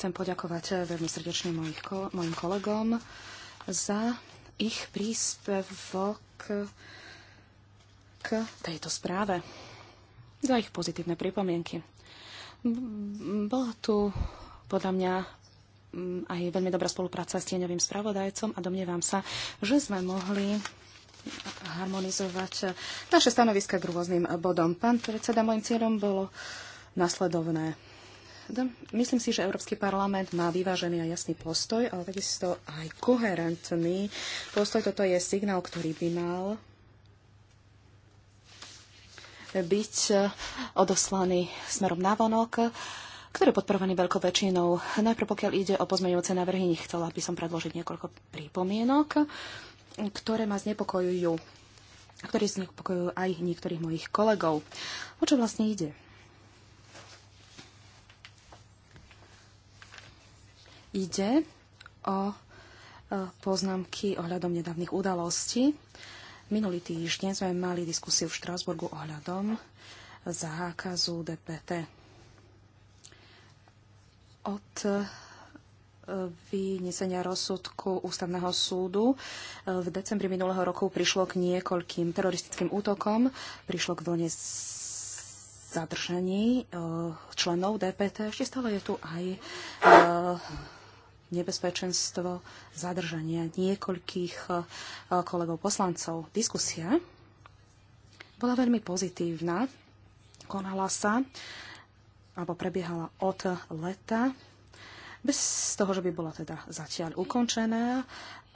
Chcem poďakovať eh, veľmi srdečne mojich, mojim kolegom za ich príspevok k tejto správe, za ich pozitívne pripomienky. Bola tu podľa mňa mm, aj veľmi dobrá spolupráca s tieňovým spravodajcom a domnievam sa, že sme mohli harmonizovať eh, naše stanoviska k rôznym bodom. Pán predseda, môjim cieľom bolo nasledovné Myslím si, že Európsky parlament má vyvážený a jasný postoj, ale takisto aj koherentný postoj. Toto je signál, ktorý by mal byť odoslaný smerom navonok ktorý je podporovaný veľkou väčšinou. Najprv pokiaľ ide o pozmeňujúce návrhy, nechcela by som predložiť niekoľko prípomienok, ktoré ma znepokojujú, a ktoré znepokojujú aj niektorých mojich kolegov. O čo vlastne ide? Ide o e, poznámky ohľadom nedávnych udalostí. Minulý týždeň sme mali diskusiu v Štrásburgu ohľadom zákazu DPT. Od e, vynesenia rozsudku ústavného súdu. E, v decembri minulého roku prišlo k niekoľkým teroristickým útokom, prišlo k vlne zadržení členov DPT. Ešte stále je tu aj nebezpečenstvo zadržania niekoľkých e, kolegov poslancov. Diskusia bola veľmi pozitívna. Konala sa alebo prebiehala od leta bez toho, že by bola teda zatiaľ ukončená.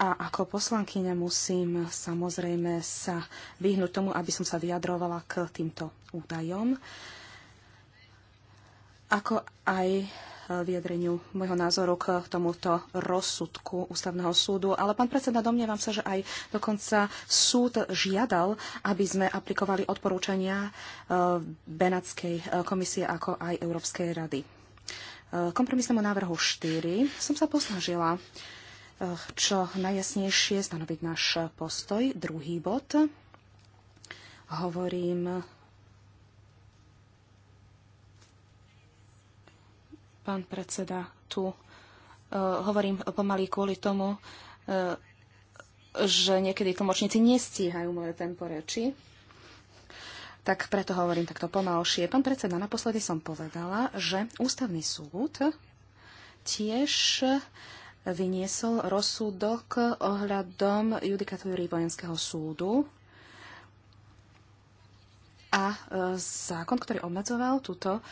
A ako poslankyňa musím samozrejme sa vyhnúť tomu, aby som sa vyjadrovala k týmto údajom, ako aj vyjadreniu môjho názoru k tomuto rozsudku Ústavného súdu. Ale pán predseda, domnievam sa, že aj dokonca súd žiadal, aby sme aplikovali odporúčania e, Benátskej e, komisie ako aj Európskej rady. E, kompromisnému návrhu 4 som sa posnažila čo najjasnejšie stanoviť náš postoj. Druhý bod hovorím pán predseda, tu uh, hovorím pomaly kvôli tomu, uh, že niekedy tlmočníci nestíhajú moje tempo reči. Tak preto hovorím takto pomalšie. Pán predseda, naposledy som povedala, že ústavný súd tiež vyniesol rozsudok ohľadom judikatúry vojenského súdu a e, zákon, ktorý obmedzoval túto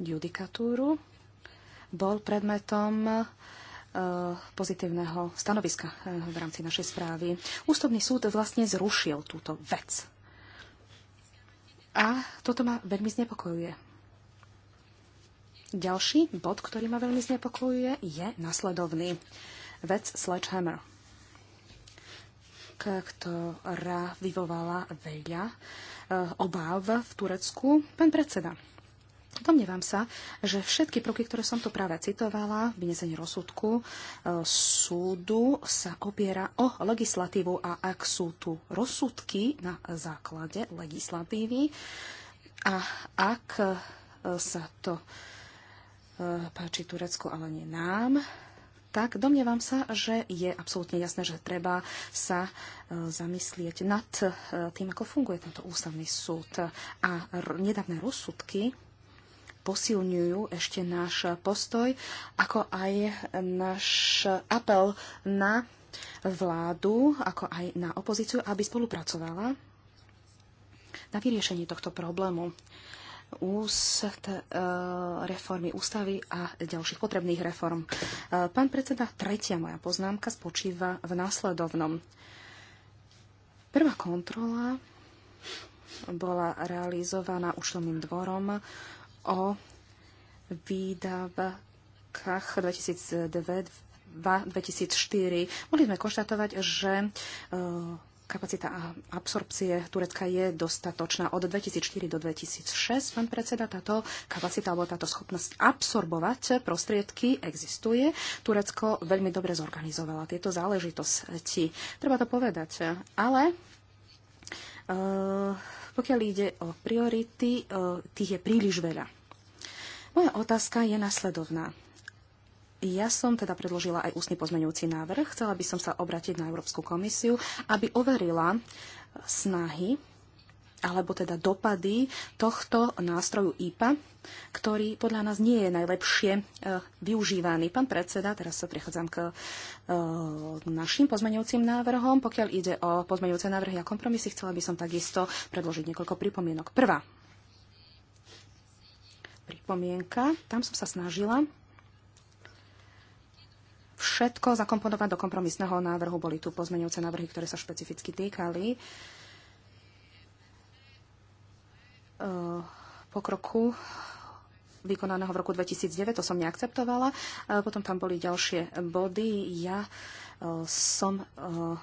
judikatúru bol predmetom e, pozitívneho stanoviska e, v rámci našej správy. Ústavný súd vlastne zrušil túto vec. A toto ma veľmi znepokojuje. Ďalší bod, ktorý ma veľmi znepokojuje, je nasledovný. Vec Sledgehammer, ktorá vyvovala veľa e, obáv v Turecku. Pán predseda, Domnievam sa, že všetky prvky, ktoré som tu práve citovala v vynesení rozsudku e, súdu, sa opiera o legislatívu a ak sú tu rozsudky na základe legislatívy a ak e, sa to e, páči Turecku, ale nie nám, tak domnievam sa, že je absolútne jasné, že treba sa e, zamyslieť nad e, tým, ako funguje tento ústavný súd. A nedávne rozsudky posilňujú ešte náš postoj, ako aj náš apel na vládu, ako aj na opozíciu, aby spolupracovala na vyriešení tohto problému úst e, reformy ústavy a ďalších potrebných reform. E, pán predseda, tretia moja poznámka spočíva v následovnom. Prvá kontrola bola realizovaná účtovným dvorom o výdavkách 2002-2004. Mohli sme konštatovať, že eh, kapacita absorpcie Turecka je dostatočná. Od 2004 do 2006, pán predseda, táto kapacita alebo táto schopnosť absorbovať prostriedky existuje. Turecko veľmi dobre zorganizovala tieto záležitosti. Treba to povedať. Ale Eh, pokiaľ ide o priority, eh, tých je príliš veľa. Moja otázka je nasledovná. Ja som teda predložila aj ústny pozmeňujúci návrh. Chcela by som sa obratiť na Európsku komisiu, aby overila snahy alebo teda dopady tohto nástroju IPA, ktorý podľa nás nie je najlepšie e, využívaný. Pán predseda, teraz sa prichádzam k e, našim pozmeňujúcim návrhom. Pokiaľ ide o pozmeňujúce návrhy a kompromisy, chcela by som takisto predložiť niekoľko pripomienok. Prvá pripomienka, tam som sa snažila všetko zakomponovať do kompromisného návrhu. Boli tu pozmeňujúce návrhy, ktoré sa špecificky týkali uh, Eh, pokroku vykonaného v roku 2009, to som neakceptovala. Eh, potom tam boli ďalšie body. Ja eh, som,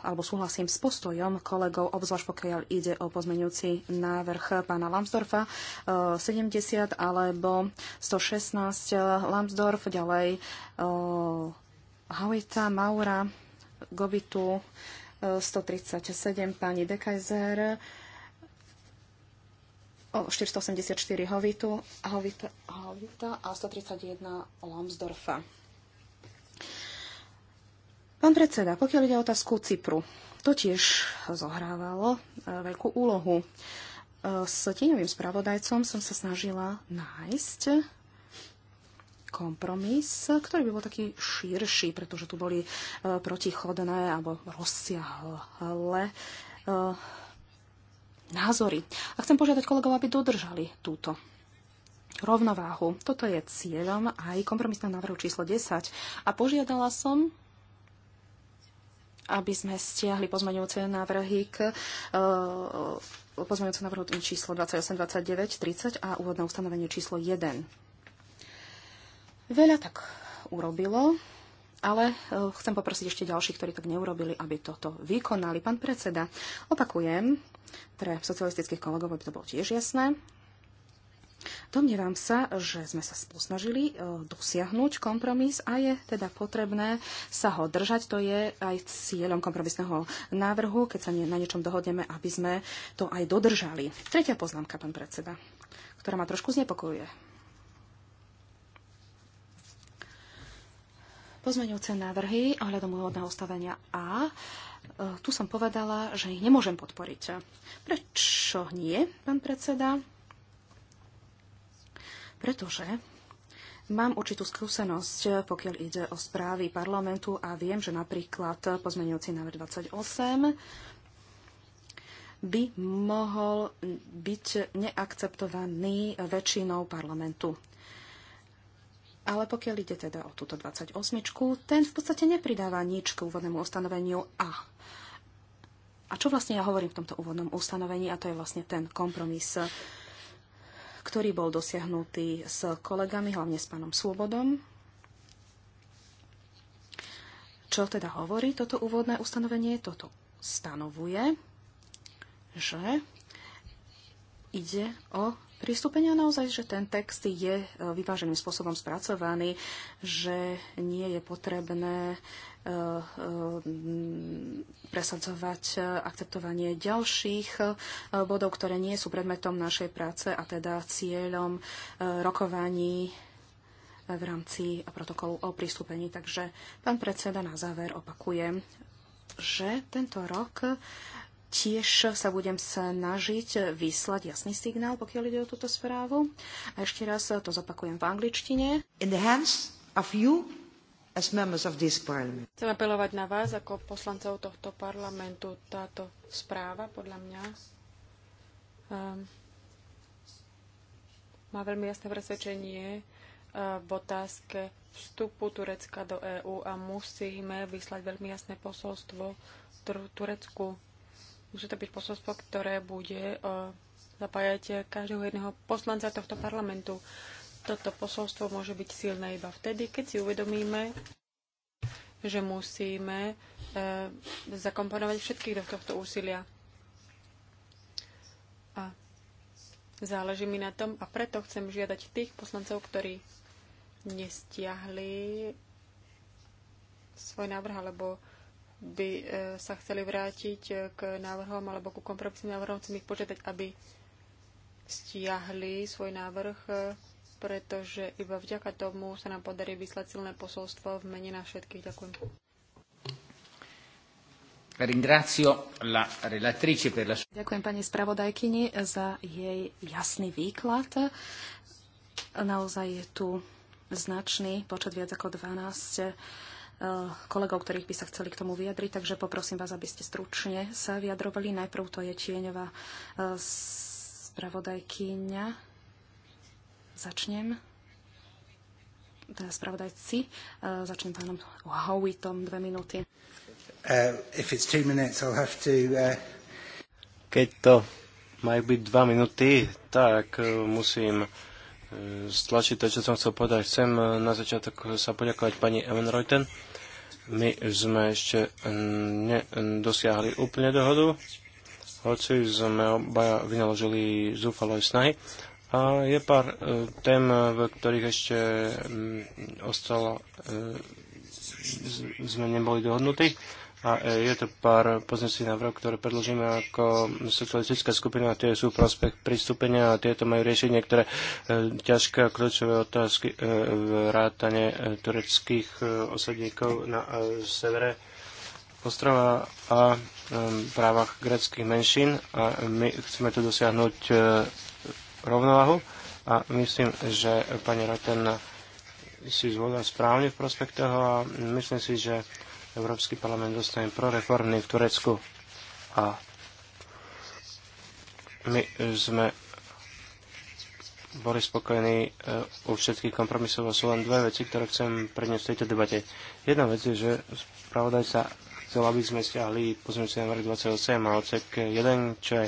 alebo súhlasím s postojom kolegov, obzvlášť pokiaľ ide o pozmeňujúci návrh pána Lambsdorfa 70 alebo 116 Lambsdorf, ďalej Hauita, Maura, Gobitu 137 pani Dekajzer, 484 Hovitu, Hovita, Hovita a 131 Lambsdorfa. Pán predseda, pokiaľ ide o otázku Cypru, to tiež zohrávalo e, veľkú úlohu. E, s tieňovým spravodajcom som sa snažila nájsť kompromis, ktorý by bol taký širší, pretože tu boli e, protichodné alebo rozsiahle názory. A chcem požiadať kolegov, aby dodržali túto rovnováhu. Toto je cieľom aj kompromisného návrhu číslo 10. A požiadala som aby sme stiahli pozmeňujúce návrhy k uh, e, pozmeňujúce návrhu číslo 28, 29, 30 a úvodné ustanovenie číslo 1. Veľa tak urobilo ale e, chcem poprosiť ešte ďalších, ktorí tak neurobili, aby toto vykonali. Pán predseda, opakujem, pre socialistických kolegov, aby to bolo tiež jasné, Domnievam sa, že sme sa snažili e, dosiahnuť kompromis a je teda potrebné sa ho držať. To je aj cieľom kompromisného návrhu, keď sa na niečom dohodneme, aby sme to aj dodržali. Tretia poznámka, pán predseda, ktorá ma trošku znepokojuje. Pozmeňujúce návrhy ohľadom úvodného ustavenia A. E, tu som povedala, že ich nemôžem podporiť. Prečo nie, pán predseda? Pretože Mám určitú skúsenosť, pokiaľ ide o správy parlamentu a viem, že napríklad pozmeňujúci návrh 28 by mohol byť neakceptovaný väčšinou parlamentu. Ale pokiaľ ide teda o túto 28, ten v podstate nepridáva nič k úvodnému ustanoveniu A. A čo vlastne ja hovorím v tomto úvodnom ustanovení, a to je vlastne ten kompromis, ktorý bol dosiahnutý s kolegami, hlavne s pánom Svobodom. Čo teda hovorí toto úvodné ustanovenie? Toto stanovuje, že ide o pristúpenia naozaj, že ten text je e, vyváženým spôsobom spracovaný, že nie je potrebné e, e, presadzovať akceptovanie ďalších bodov, ktoré nie sú predmetom našej práce a teda cieľom rokovaní v rámci protokolu o pristúpení. Takže pán predseda na záver opakuje, že tento rok Tiež sa budem snažiť vyslať jasný signál, pokiaľ ide o túto správu. A ešte raz to zopakujem v angličtine. In the hands of you as members of this parliament.
Chcem apelovať na vás ako poslancov tohto parlamentu. Táto správa podľa mňa um, má veľmi jasné presvedčenie uh, v otázke vstupu Turecka do EÚ a musíme vyslať veľmi jasné posolstvo Turecku Musí to byť posolstvo, ktoré bude eh, zapájať každého jedného poslanca tohto parlamentu. Toto posolstvo môže byť silné iba vtedy, keď si uvedomíme, že musíme eh, zakomponovať všetkých do tohto úsilia. A záleží mi na tom a preto chcem žiadať tých poslancov, ktorí nestiahli svoj návrh alebo by e, sa chceli vrátiť e, k návrhom alebo ku kompromisným návrhom, chcem ich požiadať, aby stiahli svoj návrh, e, pretože iba vďaka tomu sa nám podarí vyslať silné posolstvo v mene na všetkých. Ďakujem.
Ďakujem pani spravodajkyni za jej jasný výklad. Naozaj je tu značný počet viac ako 12 Eh, kolegov, ktorých by sa chceli k tomu vyjadriť, takže poprosím vás, aby ste stručne sa vyjadrovali. Najprv to je tieňová eh, spravodajkyňa. Začnem. Teda spravodajci. Eh, začnem pánom Howitom dve minúty.
Uh, if it's two minutes, I'll have to, uh...
Keď to majú byť dva minúty, tak musím stlačiť to, čo som chcel povedať. Chcem eh, na začiatok sa poďakovať pani Evan Reuten. My sme ešte mm, nedosiahli úplne dohodu, hoci sme obaja vynaložili zúfaloj snahy. A je pár eh, tém, v ktorých ešte mm, ostalo, eh, sme neboli dohodnutí. A e, je to pár pozorností návrhov, ktoré predložíme ako socialistická skupina. Tie sú prospech pristúpenia a tieto majú riešiť niektoré e, ťažké a kľúčové otázky e, rátane tureckých osadníkov na severe ostrova a právach greckých menšín. A my chceme tu dosiahnuť rovnováhu a myslím, že pani Roten si zvolila správne v prospektoch a myslím si, že Európsky parlament dostane proreformný v Turecku a my sme boli spokojní e, u všetkých kompromisov a sú len dve veci, ktoré chcem predniesť v tejto debate. Jedna vec je, že sa chcel, aby sme stiahli pozmeňujúci návrh 27 a odsek 1, čo je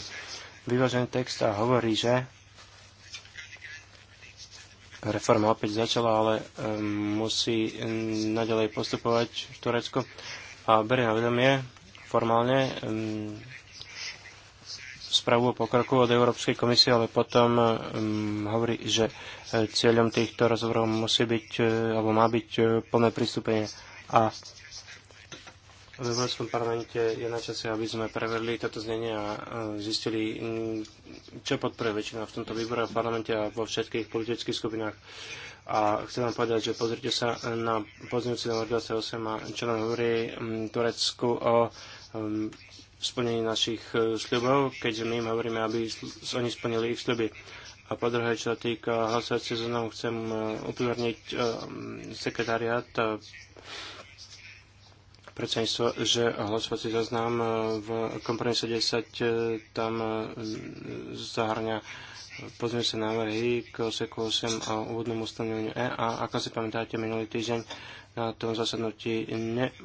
vyvážený text a hovorí, že reforma opäť začala, ale ehm, musí ehm, nadalej postupovať v Turecku a berie na vedomie formálne ehm, správu o pokroku od Európskej komisie, ale potom um, hovorí, že e, cieľom týchto rozhovorov musí byť, e, alebo má byť e, plné pristúpenie. A v Európskom parlamente je na čase, aby sme preverili toto znenie a zistili, mm, čo podporuje väčšina v tomto výbore v parlamente a vo všetkých politických skupinách. A chcem vám povedať, že pozrite sa na pozornici na 28 a čo nám hovorí mm, Turecku o mm, splnení našich e, sľubov, keďže my im hovoríme, aby oni splnili ich sľuby. A po druhé, čo týka hlasovací zoznam, chcem e, upozorniť e, sekretariat predsedníctvo, že hlasovací zaznám e, v kompromise 10 e, tam e, zahrňa sa návrhy k oseku 8 a úvodnému ustanoveniu E a ako si pamätáte minulý týždeň na tom zasadnutí ne,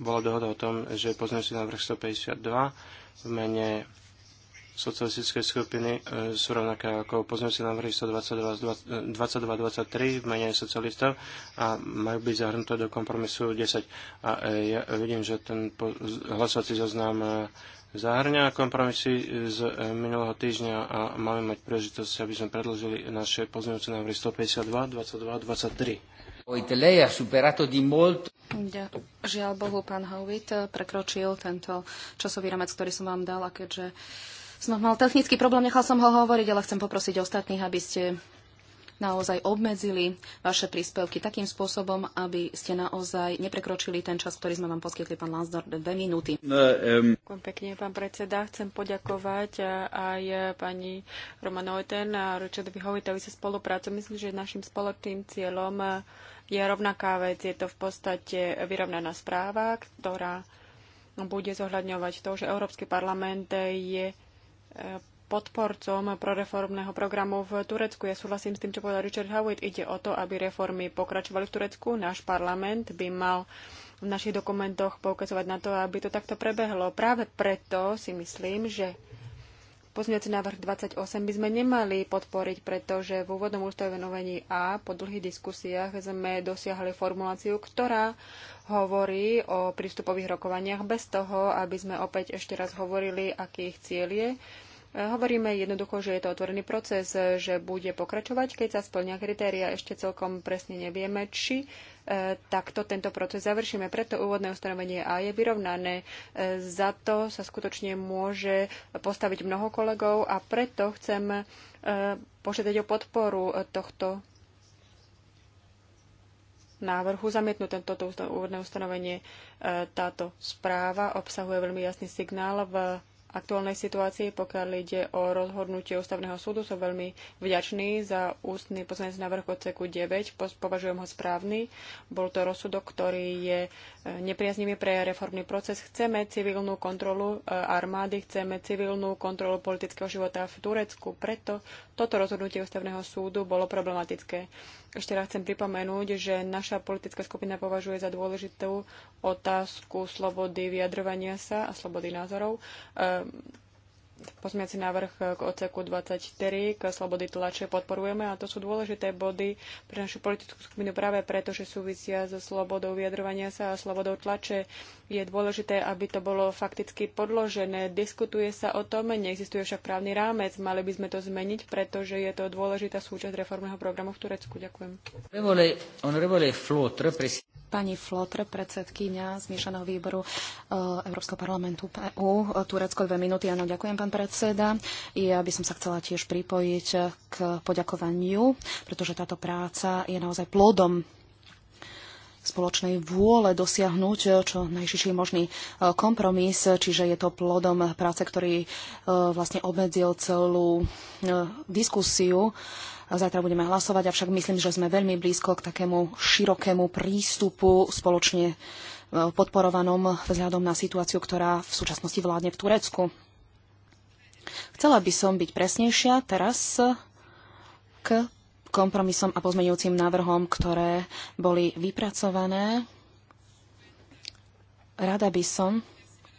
bola dohoda o tom, že sa návrh 152 v mene socialistické skupiny e, sú rovnaké ako pozmeňujúce návrhy 122 23 v mene socialistov a majú byť zahrnuté do kompromisu 10. A e, ja vidím, že ten hlasovací zoznam e, zahrňa kompromisy z minulého týždňa a máme mať príležitosť, aby sme predložili naše pozmeňujúce návrhy 152, 22, 23.
Žiaľ Bohu, pán Howitt prekročil tento časový ramec, ktorý som vám dala, keďže som mal technický problém, nechal som ho hovoriť, ale chcem poprosiť ostatných, aby ste naozaj obmedzili vaše príspevky takým spôsobom, aby ste naozaj neprekročili ten čas, ktorý sme vám poskytli, pán Lansdor, dve minúty.
No, Ďakujem
pekne, pán predseda. Chcem
poďakovať e, aj e, pani Romanoten a Richardovi Hovitovi sa spoluprácu. Myslím, že našim spoločným cieľom e, je rovnaká vec. Je to v podstate vyrovnaná správa, ktorá bude zohľadňovať to, že Európsky parlament je podporcom proreformného programu v Turecku. Ja súhlasím s tým, čo povedal Richard Howitt. Ide o to, aby reformy pokračovali v Turecku. Náš parlament by mal v našich dokumentoch poukazovať na to, aby to takto prebehlo. Práve preto si myslím, že pozmeňovací návrh 28 by sme nemali podporiť, pretože v úvodnom ustanovení A po dlhých diskusiách sme dosiahli formuláciu, ktorá hovorí o prístupových rokovaniach bez toho, aby sme opäť ešte raz hovorili, aký ich cieľ je. Hovoríme jednoducho, že je to otvorený proces, že bude pokračovať, keď sa splňa kritéria. Ešte celkom presne nevieme, či e, takto tento proces završíme. Preto úvodné ustanovenie A je vyrovnané. E, za to sa skutočne môže postaviť mnoho kolegov a preto chcem e, požiadať o podporu tohto návrhu zamietnúť toto úvodné ustanovenie. Táto správa obsahuje veľmi jasný signál v aktuálnej situácii, pokiaľ ide o rozhodnutie ústavného súdu. Som veľmi vďačný za ústny poslanec návrh odseku 9. Považujem ho správny. Bol to rozsudok, ktorý je e, nepriaznivý pre reformný proces. Chceme civilnú kontrolu e, armády, chceme civilnú kontrolu politického života v Turecku. Preto toto rozhodnutie ústavného súdu bolo problematické. Ešte raz chcem pripomenúť, že naša politická skupina považuje za dôležitú otázku slobody vyjadrovania sa a slobody názorov. Ehm, pozmiaci návrh k oceku 24, k slobody tlače podporujeme a to sú dôležité body pre našu politickú skupinu práve preto, že súvisia so slobodou vyjadrovania sa a slobodou tlače. Je dôležité, aby to bolo fakticky podložené. Diskutuje sa o tom, neexistuje však právny rámec. Mali by sme to zmeniť, pretože je to dôležitá súčasť reformného programu
v Turecku. Ďakujem pani Flotr, predsedkynia zmiešaného výboru e, Európskeho parlamentu EU. E, Turecko dve minúty. Áno, ďakujem, pán predseda. Ja by som sa chcela tiež pripojiť k poďakovaniu, pretože táto práca je naozaj plodom spoločnej vôle dosiahnuť čo najšiší možný e, kompromis, čiže je to plodom práce, ktorý vlastne obmedzil celú diskusiu Zajtra budeme hlasovať, avšak myslím, že sme veľmi blízko k takému širokému prístupu spoločne e, podporovanom vzhľadom na situáciu, ktorá v súčasnosti vládne v Turecku. Chcela by som byť presnejšia teraz k kompromisom a pozmeňujúcim návrhom, ktoré boli vypracované. Rada by som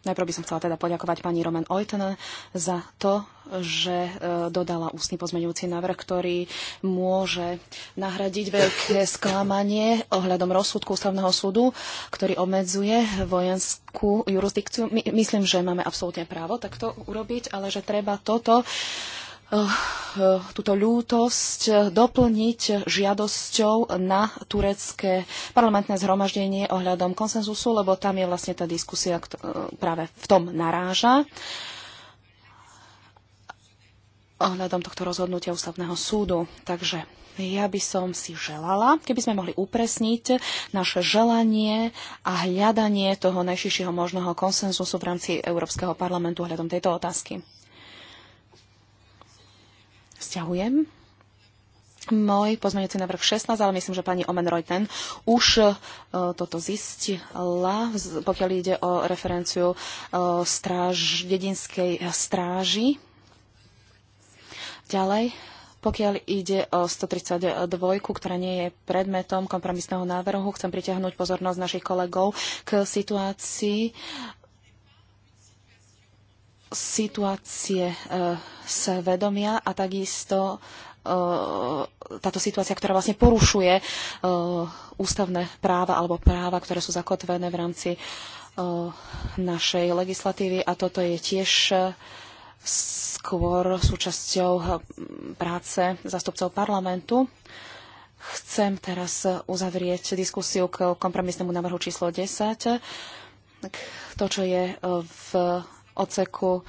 Najprv by som chcela teda poďakovať pani Roman Oyten za to, že e, dodala ústny pozmeňujúci návrh, ktorý môže nahradiť veľké sklamanie ohľadom rozsudku ústavného súdu, ktorý obmedzuje vojenskú jurisdikciu. My, myslím, že máme absolútne právo takto urobiť, ale že treba toto Eh, eh, túto ľútosť doplniť žiadosťou na turecké parlamentné zhromaždenie ohľadom konsenzusu, lebo tam je vlastne tá diskusia eh, práve v tom naráža ohľadom tohto rozhodnutia ústavného súdu. Takže ja by som si želala, keby sme mohli upresniť naše želanie a hľadanie toho najšišieho možného konsenzusu v rámci Európskeho parlamentu hľadom tejto otázky vzťahujem. môj pozmeňujúci návrh 16, ale myslím, že pani Omen Reuten už e, toto zistila, pokiaľ ide o referenciu e, stráž, dedinskej stráži. Ďalej, pokiaľ ide o 132, ktorá nie je predmetom kompromisného návrhu, chcem pritiahnuť pozornosť našich kolegov k situácii situácie e, svedomia a takisto e, táto situácia, ktorá vlastne porušuje e, ústavné práva alebo práva, ktoré sú zakotvené v rámci našej legislatívy a toto je tiež skôr súčasťou práce zastupcov parlamentu. Chcem teraz uzavrieť diskusiu k kompromisnému návrhu číslo 10. To, čo je v oceku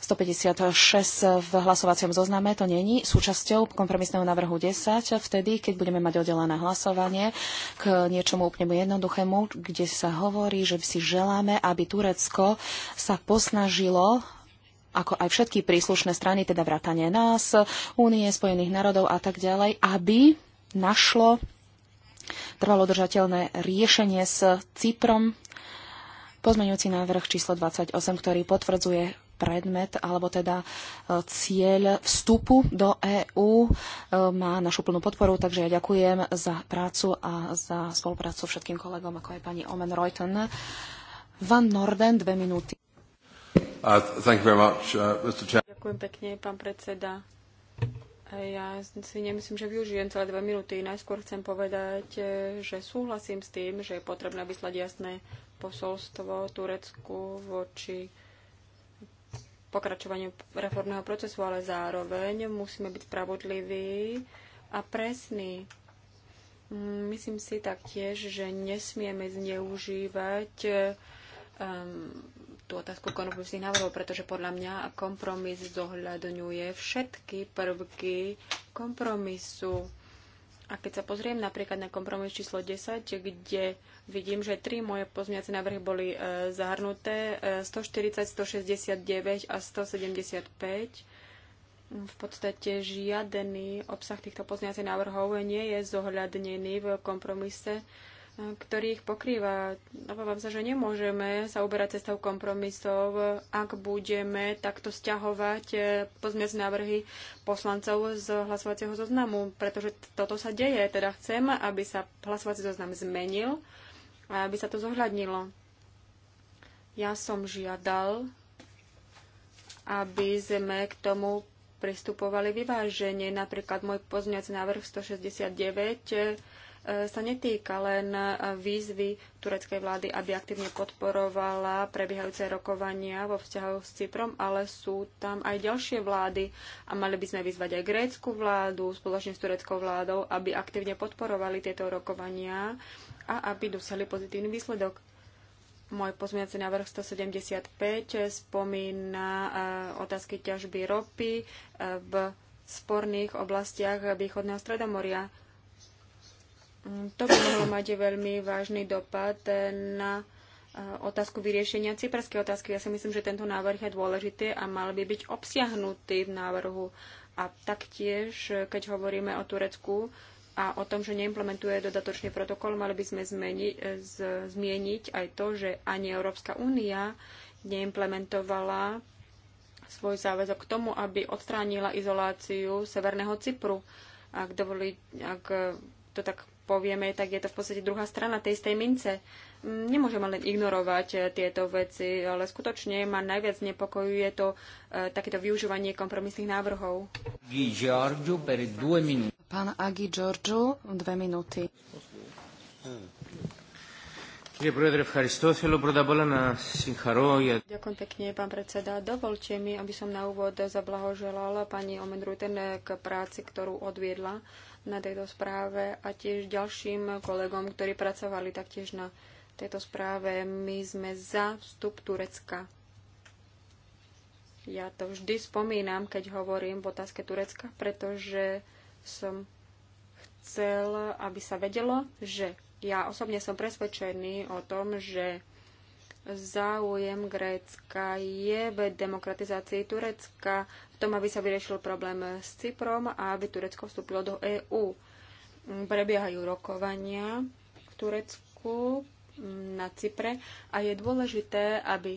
156 v hlasovacom zozname, to není súčasťou kompromisného návrhu 10, vtedy, keď budeme mať oddelené hlasovanie k niečomu úplne jednoduchému, kde sa hovorí, že si želáme, aby Turecko sa posnažilo ako aj všetky príslušné strany, teda vrátanie nás, Únie, Spojených národov a tak ďalej, aby našlo trvalodržateľné riešenie s Cyprom Pozmeňujúci návrh číslo 28, ktorý potvrdzuje predmet alebo teda e, cieľ vstupu do EÚ e, má našu plnú podporu, takže ja ďakujem za prácu a za spoluprácu všetkým kolegom, ako je pani Omen Reuten. Van Norden, dve minúty.
Uh, much, uh,
ďakujem pekne, pán predseda. Ja si nemyslím, že využijem celé dve minúty. Najskôr chcem povedať, e, že súhlasím s tým, že je potrebné vyslať jasné posolstvo Turecku voči pokračovaniu reformného procesu, ale zároveň musíme byť spravodliví a presní. Myslím si taktiež, že nesmieme zneužívať um, tú otázku konfliktných návrhov, pretože podľa mňa kompromis zohľadňuje všetky prvky kompromisu a keď sa pozriem napríklad na kompromis číslo 10, kde vidím, že tri moje pozmiace návrhy boli e, zahrnuté, e, 140, 169 a 175, v podstate žiadený obsah týchto pozmiacich návrhov nie je zohľadnený v kompromise ktorý ich pokrýva. Obávam sa, že nemôžeme sa uberať cestou kompromisov, ak budeme takto stiahovať eh, pozmiac návrhy poslancov z hlasovacieho zoznamu, pretože toto sa deje. Teda chcem, aby sa hlasovací zoznam zmenil a aby sa to zohľadnilo. Ja som žiadal, aby sme k tomu pristupovali vyváženie. Napríklad môj pozmiac návrh 169 sa netýka len e, výzvy tureckej vlády, aby aktívne podporovala prebiehajúce rokovania vo vzťahu s Cyprom, ale sú tam aj ďalšie vlády a mali by sme vyzvať aj grécku vládu spoločne s tureckou vládou, aby aktívne podporovali tieto rokovania a aby dosiahli pozitívny výsledok. Môj pozmeňací návrh 175 spomína e, otázky ťažby ropy e, v sporných oblastiach východného stredomoria. Mm, to by mohlo mať veľmi vážny dopad na e, otázku vyriešenia cyperskej otázky. Ja si myslím, že tento návrh je dôležitý a mal by byť obsiahnutý v návrhu. A taktiež, keď hovoríme o Turecku a o tom, že neimplementuje dodatočný protokol, mali by sme zmeniť, e, z, zmieniť aj to, že ani Európska únia neimplementovala svoj záväzok k tomu, aby odstránila izoláciu Severného Cypru. Ak, dovolí, ak to tak povieme, tak je to v podstate druhá strana tej istej mince. Nemôžeme len ignorovať eh, tieto veci, ale skutočne ma najviac nepokojuje to e, takéto
využívanie kompromisných návrhov. Pán Agi Giorgio, dve minúty.
Ďakujem pekne, pán predseda. Dovolte mi, aby som na úvod zablahoželala pani Omenruten eh, k práci, ktorú odviedla na tejto správe a tiež ďalším kolegom, ktorí pracovali taktiež na tejto správe. My sme za vstup Turecka. Ja to vždy spomínam, keď hovorím v otázke Turecka, pretože som chcel, aby sa vedelo, že ja osobne som presvedčený o tom, že záujem Grécka je v demokratizácii Turecka, v tom, aby sa vyriešil problém s Cyprom a aby Turecko vstúpilo do EÚ. Prebiehajú rokovania v Turecku mm, na Cypre a je dôležité, aby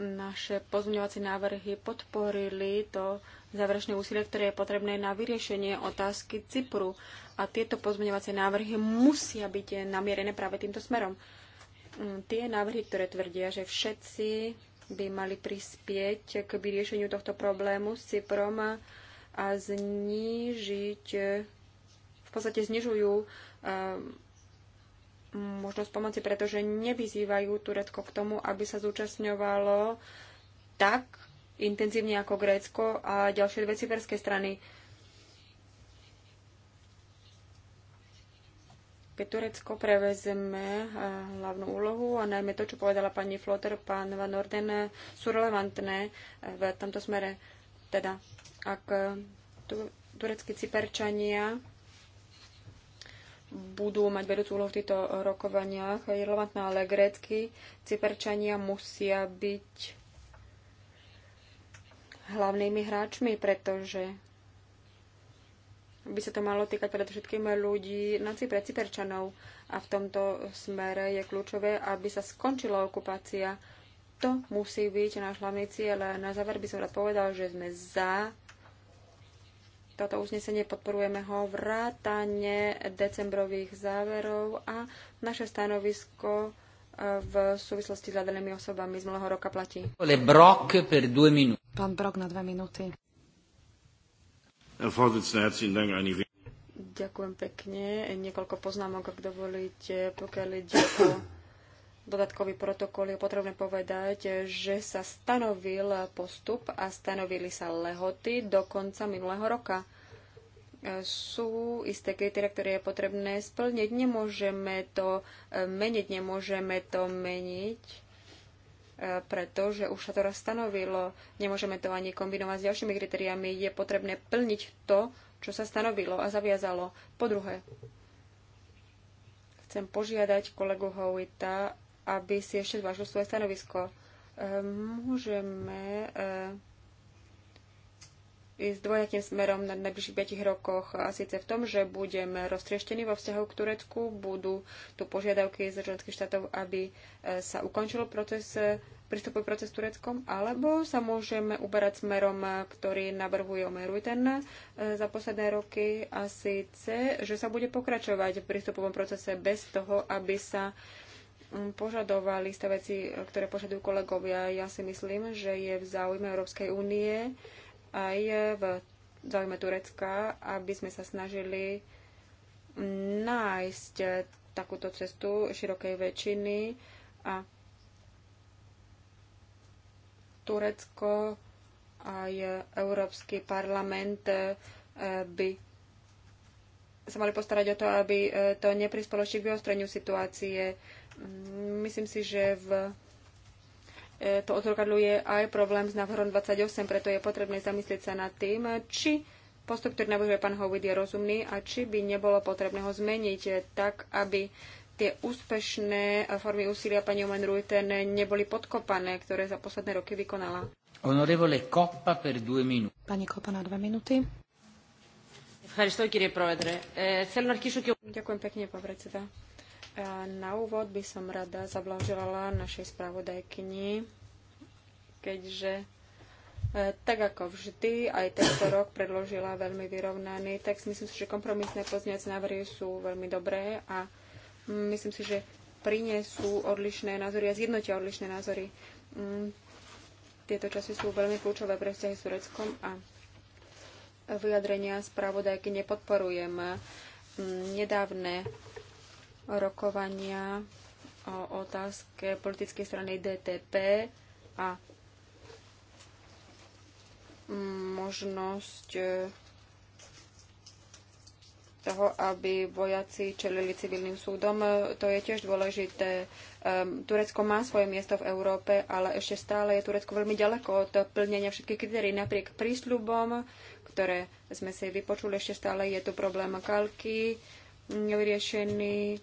naše pozmeňovacie návrhy podporili to záverečné úsilie, ktoré je potrebné na vyriešenie otázky Cypru. A tieto pozmeňovacie návrhy musia byť namierené práve týmto smerom. Mm, tie návrhy, ktoré tvrdia, že všetci by mali prispieť k vyriešeniu tohto problému s Cyprom a znížiť, v podstate znižujú ehm, možnosť pomoci, pretože nevyzývajú Turecko k tomu, aby sa zúčastňovalo tak intenzívne ako Grécko a ďalšie dve cyperské strany. keď Turecko prevezme eh, hlavnú úlohu a najmä to, čo povedala pani Flotter, pán Van Orden, eh, sú relevantné eh, v tomto smere. Teda, ak tureckí cyperčania budú mať vedúcu úlohu v týchto rokovaniach, je relevantná, ale grécky cyperčania musia byť hlavnými hráčmi, pretože by sa to malo týkať predovšetkým ľudí noci Cypre, Cyperčanov. A v tomto smere je kľúčové, aby sa skončila okupácia. To musí byť náš hlavný cieľ. Na záver by som rád povedal, že sme za toto uznesenie podporujeme ho vrátane decembrových záverov a naše stanovisko e, v súvislosti s hľadanými osobami z mnoho roka platí. Pán Brok
na dve minúty.
Ďakujem pekne. Niekoľko poznámok, ak dovolíte, pokiaľ ide o dodatkový protokol, je potrebné povedať, že sa stanovil postup a stanovili sa lehoty do konca minulého roka. Sú isté kritéria, ktoré je potrebné splniť. Nemôžeme to meniť, nemôžeme to meniť pretože už sa to raz stanovilo. Nemôžeme to ani kombinovať s ďalšími kritériami. Je potrebné plniť to, čo sa stanovilo a zaviazalo. Po druhé, chcem požiadať kolegu Howita, aby si ešte zvážil svoje stanovisko. Ehm, môžeme eh, ísť dvojakým smerom na najbližších 5 rokoch a síce v tom, že budeme roztrieštení vo vzťahu k Turecku, budú tu požiadavky z členských štátov, aby e, sa ukončil proces e, prístupový proces s Tureckom, alebo sa môžeme uberať smerom, e, ktorý navrhuje ten za posledné roky a síce, že sa bude pokračovať v prístupovom procese bez toho, aby sa požadovali ste veci, ktoré požadujú kolegovia. Ja si myslím, že je v záujme Európskej únie aj v záujme Turecka, aby sme sa snažili nájsť takúto cestu širokej väčšiny a Turecko aj Európsky parlament eh, by sa mali postarať o to, aby eh, to neprispolo k vyostreniu situácie. Mm, myslím si, že v E, to odzrkadľuje aj problém s návrhom 28, preto je potrebné zamyslieť sa nad tým, či postup, ktorý navrhuje pán Hovid, je rozumný a či by nebolo potrebné ho zmeniť tak, aby tie úspešné formy úsilia pani Omen Ruiten neboli podkopané, ktoré za posledné roky vykonala.
Honorevole Koppa per due minuti. Pani Koppa na dve minúty.
Ďakujem pekne, pán predseda. Na úvod by som rada zablahoželala našej spravodajkyni, keďže e, tak ako vždy, aj tento rok predložila veľmi vyrovnaný text. Myslím si, že kompromisné pozňovacie návrhy sú veľmi dobré a myslím si, že prinesú odlišné názory a zjednotia odlišné názory. Mm, tieto časy sú veľmi kľúčové pre vzťahy s Tureckom a vyjadrenia spravodajky nepodporujem. Mm, nedávne rokovania o otázke politickej strany DTP a možnosť eh, toho, aby vojaci čelili civilným súdom. To je tiež dôležité. Ehm, Turecko má svoje miesto v Európe, ale ešte stále je Turecko veľmi ďaleko od plnenia všetkých kritérií. Napriek prísľubom, ktoré sme si vypočuli, ešte stále je tu problém kalky nevyriešený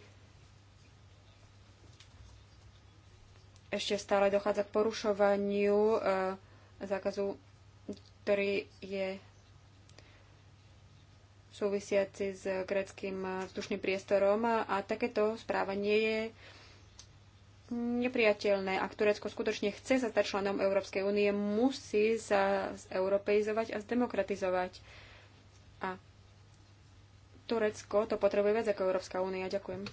ešte stále dochádza k porušovaniu eh, zákazu, ktorý je súvisiaci s greckým vzdušným priestorom a takéto správanie je nepriateľné. Ak Turecko skutočne chce sa stať členom Európskej únie, musí sa zeuropeizovať a zdemokratizovať. A Turecko to potrebuje viac ako Európska únia. Ďakujem.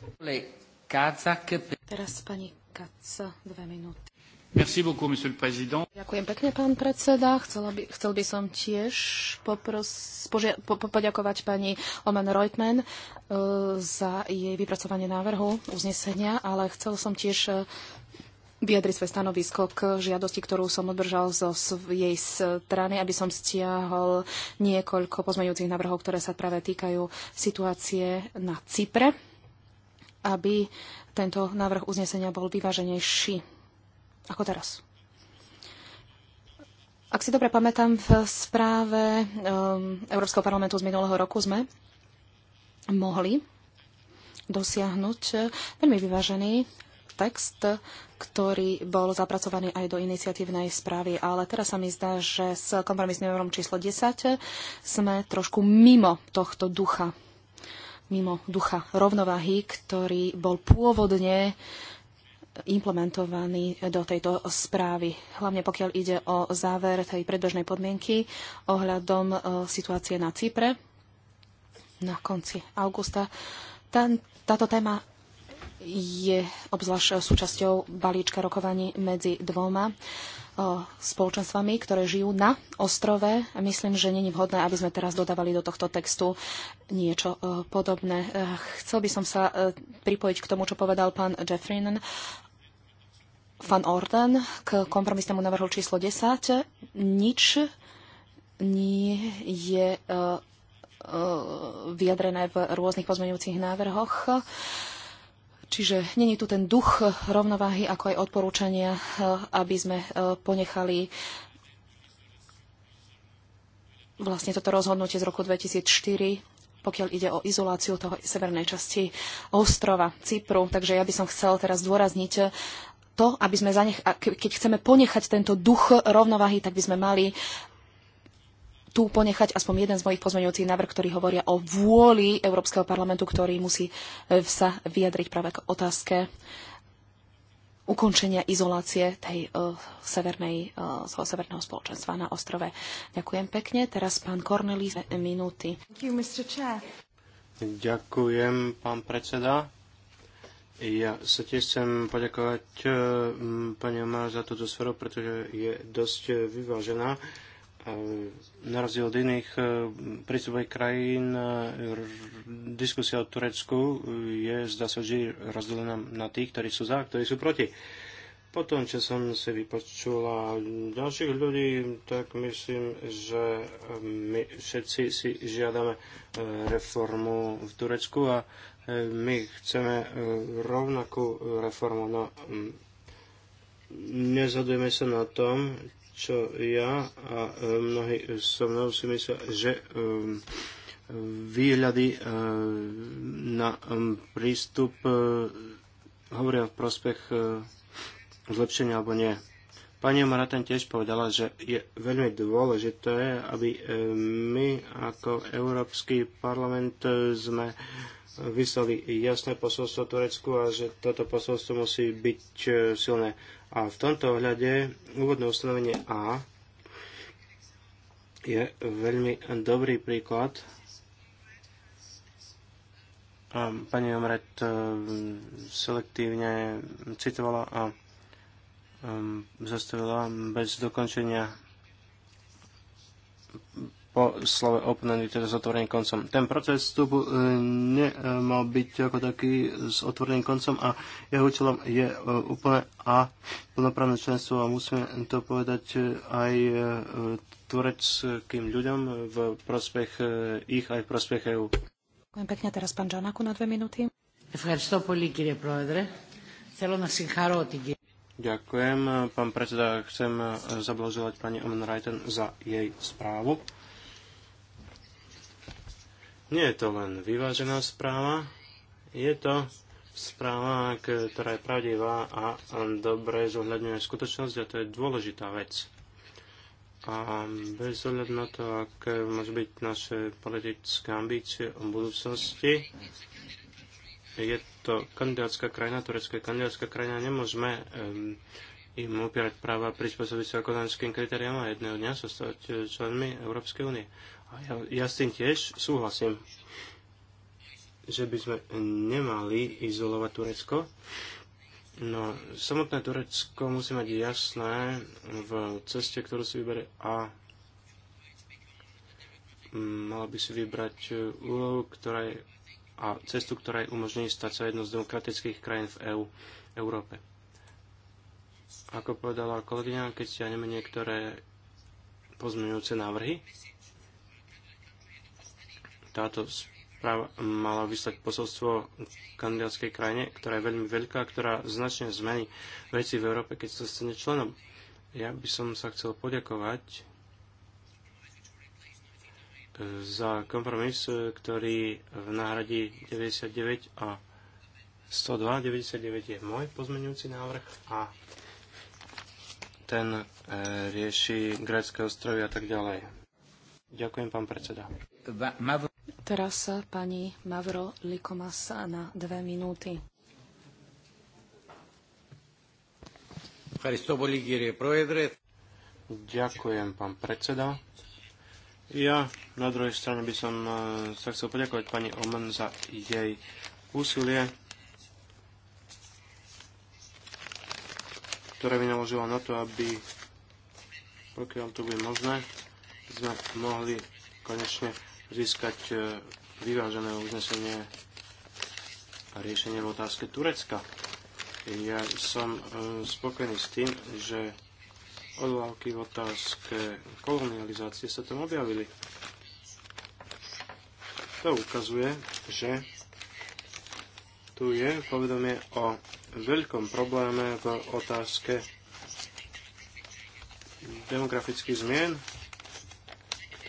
Teraz pani Ďakujem pekne, pán predseda. by, chcel by som tiež popros, požia, po, poďakovať pani Oman Reutmann uh, za jej vypracovanie návrhu uznesenia, ale chcel som tiež e, vyjadriť svoje stanovisko k žiadosti, ktorú som odbržal zo jej strany, aby som stiahol niekoľko pozmeňujúcich návrhov, ktoré sa práve týkajú situácie na Cypre aby tento návrh uznesenia bol vyváženejší ako teraz. Ak si dobre pamätám, v správe um, Európskeho parlamentu z minulého roku sme mohli dosiahnuť eh, veľmi vyvážený text, ktorý bol zapracovaný aj do iniciatívnej správy, ale teraz sa mi zdá, že s kompromisným číslo 10 sme trošku mimo tohto ducha mimo ducha rovnováhy, ktorý bol pôvodne implementovaný do tejto správy. Hlavne pokiaľ ide o záver tej predbežnej podmienky ohľadom e, situácie na Cypre na konci augusta. Tá, táto téma je obzvlášť súčasťou balíčka rokovaní medzi dvoma spoločenstvami, ktoré žijú na ostrove. Myslím, že není vhodné, aby sme teraz dodávali do tohto textu niečo e, podobné. E, chcel by som sa e, pripojiť k tomu, čo povedal pán Jeffrinen van Orden k kompromisnému návrhu číslo 10. Nič nie je vyjadrené v rôznych pozmeňujúcich návrhoch. Čiže není tu ten duch rovnováhy, ako aj odporúčania, eh, aby sme eh, ponechali vlastne toto rozhodnutie z roku 2004 pokiaľ ide o izoláciu toho severnej časti ostrova Cypru. Takže ja by som chcel teraz dôrazniť eh, to, aby sme zanech- keď chceme ponechať tento duch rovnováhy, tak by sme mali tu ponechať aspoň jeden z mojich pozmeňujúcich návrh, ktorý hovoria o vôli Európskeho parlamentu, ktorý musí e, sa vyjadriť práve k otázke ukončenia izolácie tej uh, severnej, uh, toho severného spoločenstva na ostrove. Ďakujem pekne. Teraz pán Cornelis, minúty.
Ďakujem, pán predseda. Ja sa tiež chcem poďakovať pani Omar za túto sferu, pretože je dosť vyvážená na rozdiel od iných e, prístupových krajín e, diskusia o Turecku e, je, zdá sa, že rozdelená na tých, ktorí sú za, ktorí sú proti. Potom, čo som si vypočula ďalších ľudí, tak myslím, že my všetci si žiadame reformu v Turecku a my chceme rovnakú reformu. No, nezhodujeme sa na tom, čo ja a e, mnohí so mnou si myslia, že e, výhľady e, na prístup hovoria v prospech zlepšenia alebo nie. Pani Maratán tiež povedala, že je veľmi dôležité, aby my ako Európsky parlament sme uh, vyslali jasné posolstvo Turecku a že toto posolstvo musí byť e, silné. A v tomto ohľade úvodné ustanovenie A je veľmi dobrý príklad. Pani Omret e, selektívne citovala a e, zastavila bez dokončenia po slove open teda s otvoreným koncom. Ten proces vstupu e, nemal byť ako taký s otvoreným koncom a jeho účelom je e, úplne a plnoprávne členstvo a musíme to povedať e, aj tvoreckým ľuďom v prospech ich aj v prospech EU.
Ďakujem pekne teraz pán Žanaku na dve minúty.
Ďakujem, pán predseda, chcem zablažovať pani Omen Reiten za jej správu. Nie je to len vyvážená správa, je to správa, ktorá je pravdivá a dobre zohľadňuje skutočnosť a to je dôležitá vec. A bez ohľadu na to, aké môžu byť naše politické ambície o budúcnosti, je to kandidátska krajina, Turecká kandidátska krajina, nemôžeme um, im upierať práva prispôsobiť sa ekonomickým kritériám a jedného dňa sa stať členmi Európskej únie. A ja, ja s tým tiež súhlasím, že by sme nemali izolovať Turecko. No, samotné Turecko musí mať jasné v ceste, ktorú si vybere a mala by si vybrať eh, úlohu, ktorá je, a cestu, ktorá je umožní stať sa jednou z demokratických krajín v EU, Európe. Ako povedala kolegyňa, keď ja niektoré pozmeňujúce návrhy, táto správa mala vyslať posolstvo kandidátskej krajine, ktorá je veľmi veľká, ktorá značne zmení veci v Európe, keď sa stane členom. Ja by som sa chcel poďakovať e, za kompromis, e, ktorý v náhradí 99 a 102. 99 je môj pozmenujúci návrh a ten e, rieši grécké ostrovy a tak ďalej. Ďakujem, pán predseda.
Teraz pani Mavro Likomas na dve minúty.
Ďakujem, pán predseda. Ja na druhej strane by som e, sa chcel poďakovať pani Oman za jej úsilie, ktoré by naložila na to, aby pokiaľ to bude možné, sme mohli konečne získať e, vyvážené uznesenie a riešenie v otázke Turecka. Ja som e, spokojný s tým, že odvolávky v otázke kolonializácie sa tam objavili. To ukazuje, že tu je povedomie o veľkom probléme v otázke demografických zmien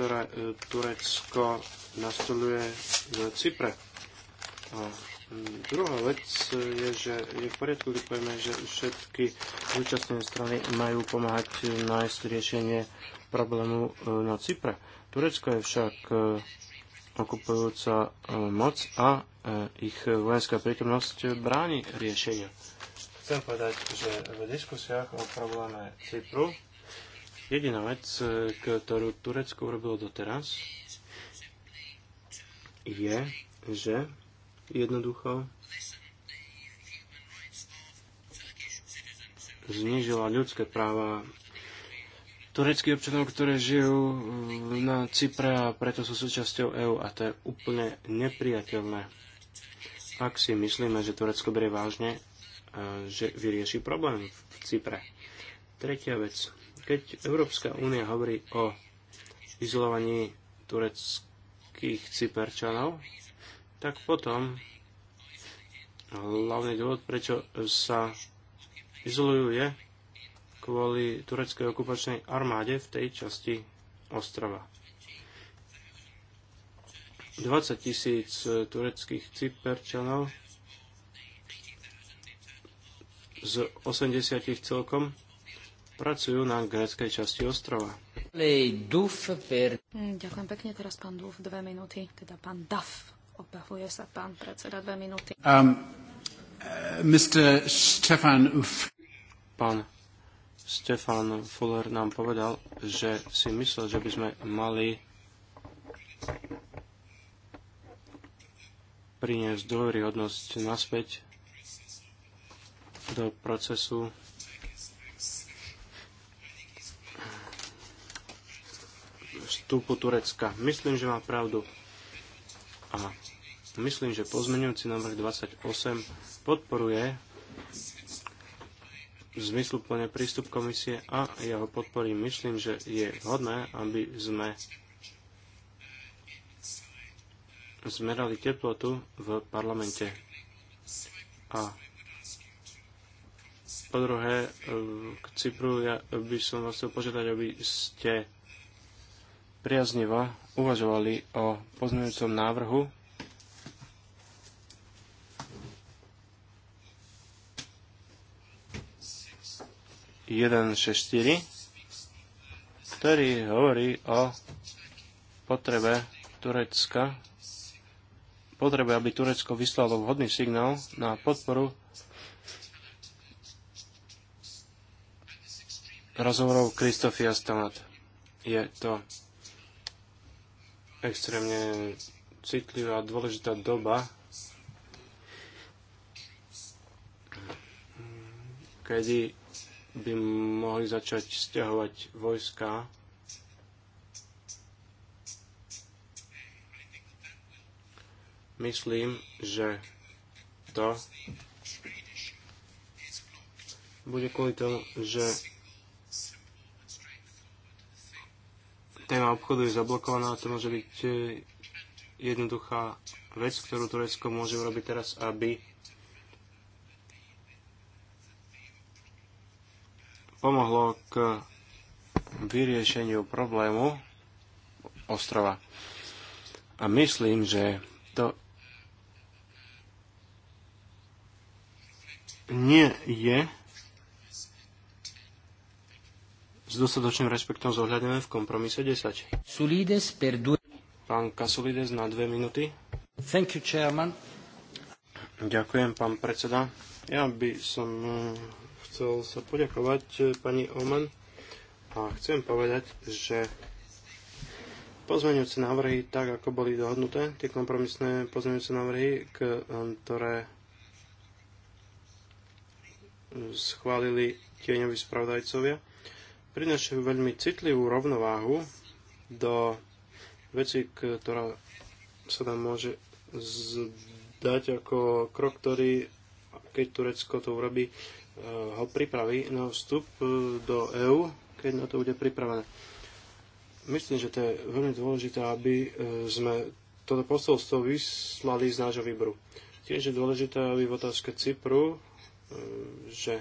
ktoré e, Turecko nastoluje v Cypre. A mm, druhá vec e, je, že je v poriadku, keď povieme, že všetky zúčastnené strany majú pomáhať e, nájsť riešenie problému na Cypre. Turecko je však okupujúca moc a ich vojenská prítomnosť bráni riešenia. Chcem povedať, že v diskusiách o probléme Cypru Jediná vec, e, ktorú Turecko urobilo doteraz, je, že jednoducho znižila ľudské práva tureckých občanov, ktoré žijú e, na Cypre a preto sú súčasťou EÚ a to je úplne nepriateľné. Ak si myslíme, že Turecko berie vážne, e, že vyrieši problém v Cypre. Tretia vec. Keď Európska únia hovorí o izolovaní tureckých cyperčanov, tak potom hlavný dôvod, prečo sa izolujú je kvôli tureckej okupačnej armáde v tej časti ostrova. 20 tisíc e, tureckých cyperčanov z 80 celkom pracujú na gréckej časti ostrova. Mm,
ďakujem pekne, teraz pán Duf, dve minúty, teda pán Daf. Opavuje sa pán predseda, dve minúty.
Um,
uh, Mr. Stefan Uf. Pán Stefan Fuller nám povedal, že si myslel, že by sme mali priniesť dôveryhodnosť naspäť do procesu vstupu Turecka. Myslím, že má pravdu. A myslím, že pozmeňujúci návrh 28 podporuje zmysluplne prístup komisie a ja ho podporím. Myslím, že je vhodné, aby sme zmerali teplotu v parlamente. A po druhé, eh, k Cypru ja by som vás chcel požiadať, aby ste priaznivo uvažovali o pozmeňujúcom návrhu, jeden štyri, ktorý hovorí o potrebe Turecka, potrebe, aby Turecko vyslalo vhodný signál na podporu rozhovorov Kristofia Stamat. Je to extrémne citlivá a dôležitá doba, kedy by mohli začať stiahovať vojska myslím, že to bude kvôli tomu, že téma obchodu je zablokovaná, to môže byť e, jednoduchá vec, ktorú Turecko môže urobiť teraz, aby pomohlo k vyriešeniu problému ostrova. A myslím, že to nie je s dostatočným rešpektom zohľadňujeme v kompromise 10. Sulides per due... Pán Kasulides na dve minúty. Thank you, chairman. Ďakujem, pán predseda. Ja by som mm, chcel sa poďakovať e, pani Oman a chcem povedať, že pozmeňujúce návrhy, tak ako boli dohodnuté, tie kompromisné pozmeňujúce návrhy, e, ktoré schválili tieňoví spravodajcovia, prinášajú veľmi citlivú rovnováhu do veci, ktorá sa nám môže zdať ako krok, ktorý, keď Turecko to urobí, eh, ho pripraví na vstup eh, do EÚ, keď na to bude pripravené. Myslím, že to je veľmi dôležité, aby eh, sme toto posolstvo vyslali z nášho výboru. Tiež je dôležité, aby v otázke Cypru, že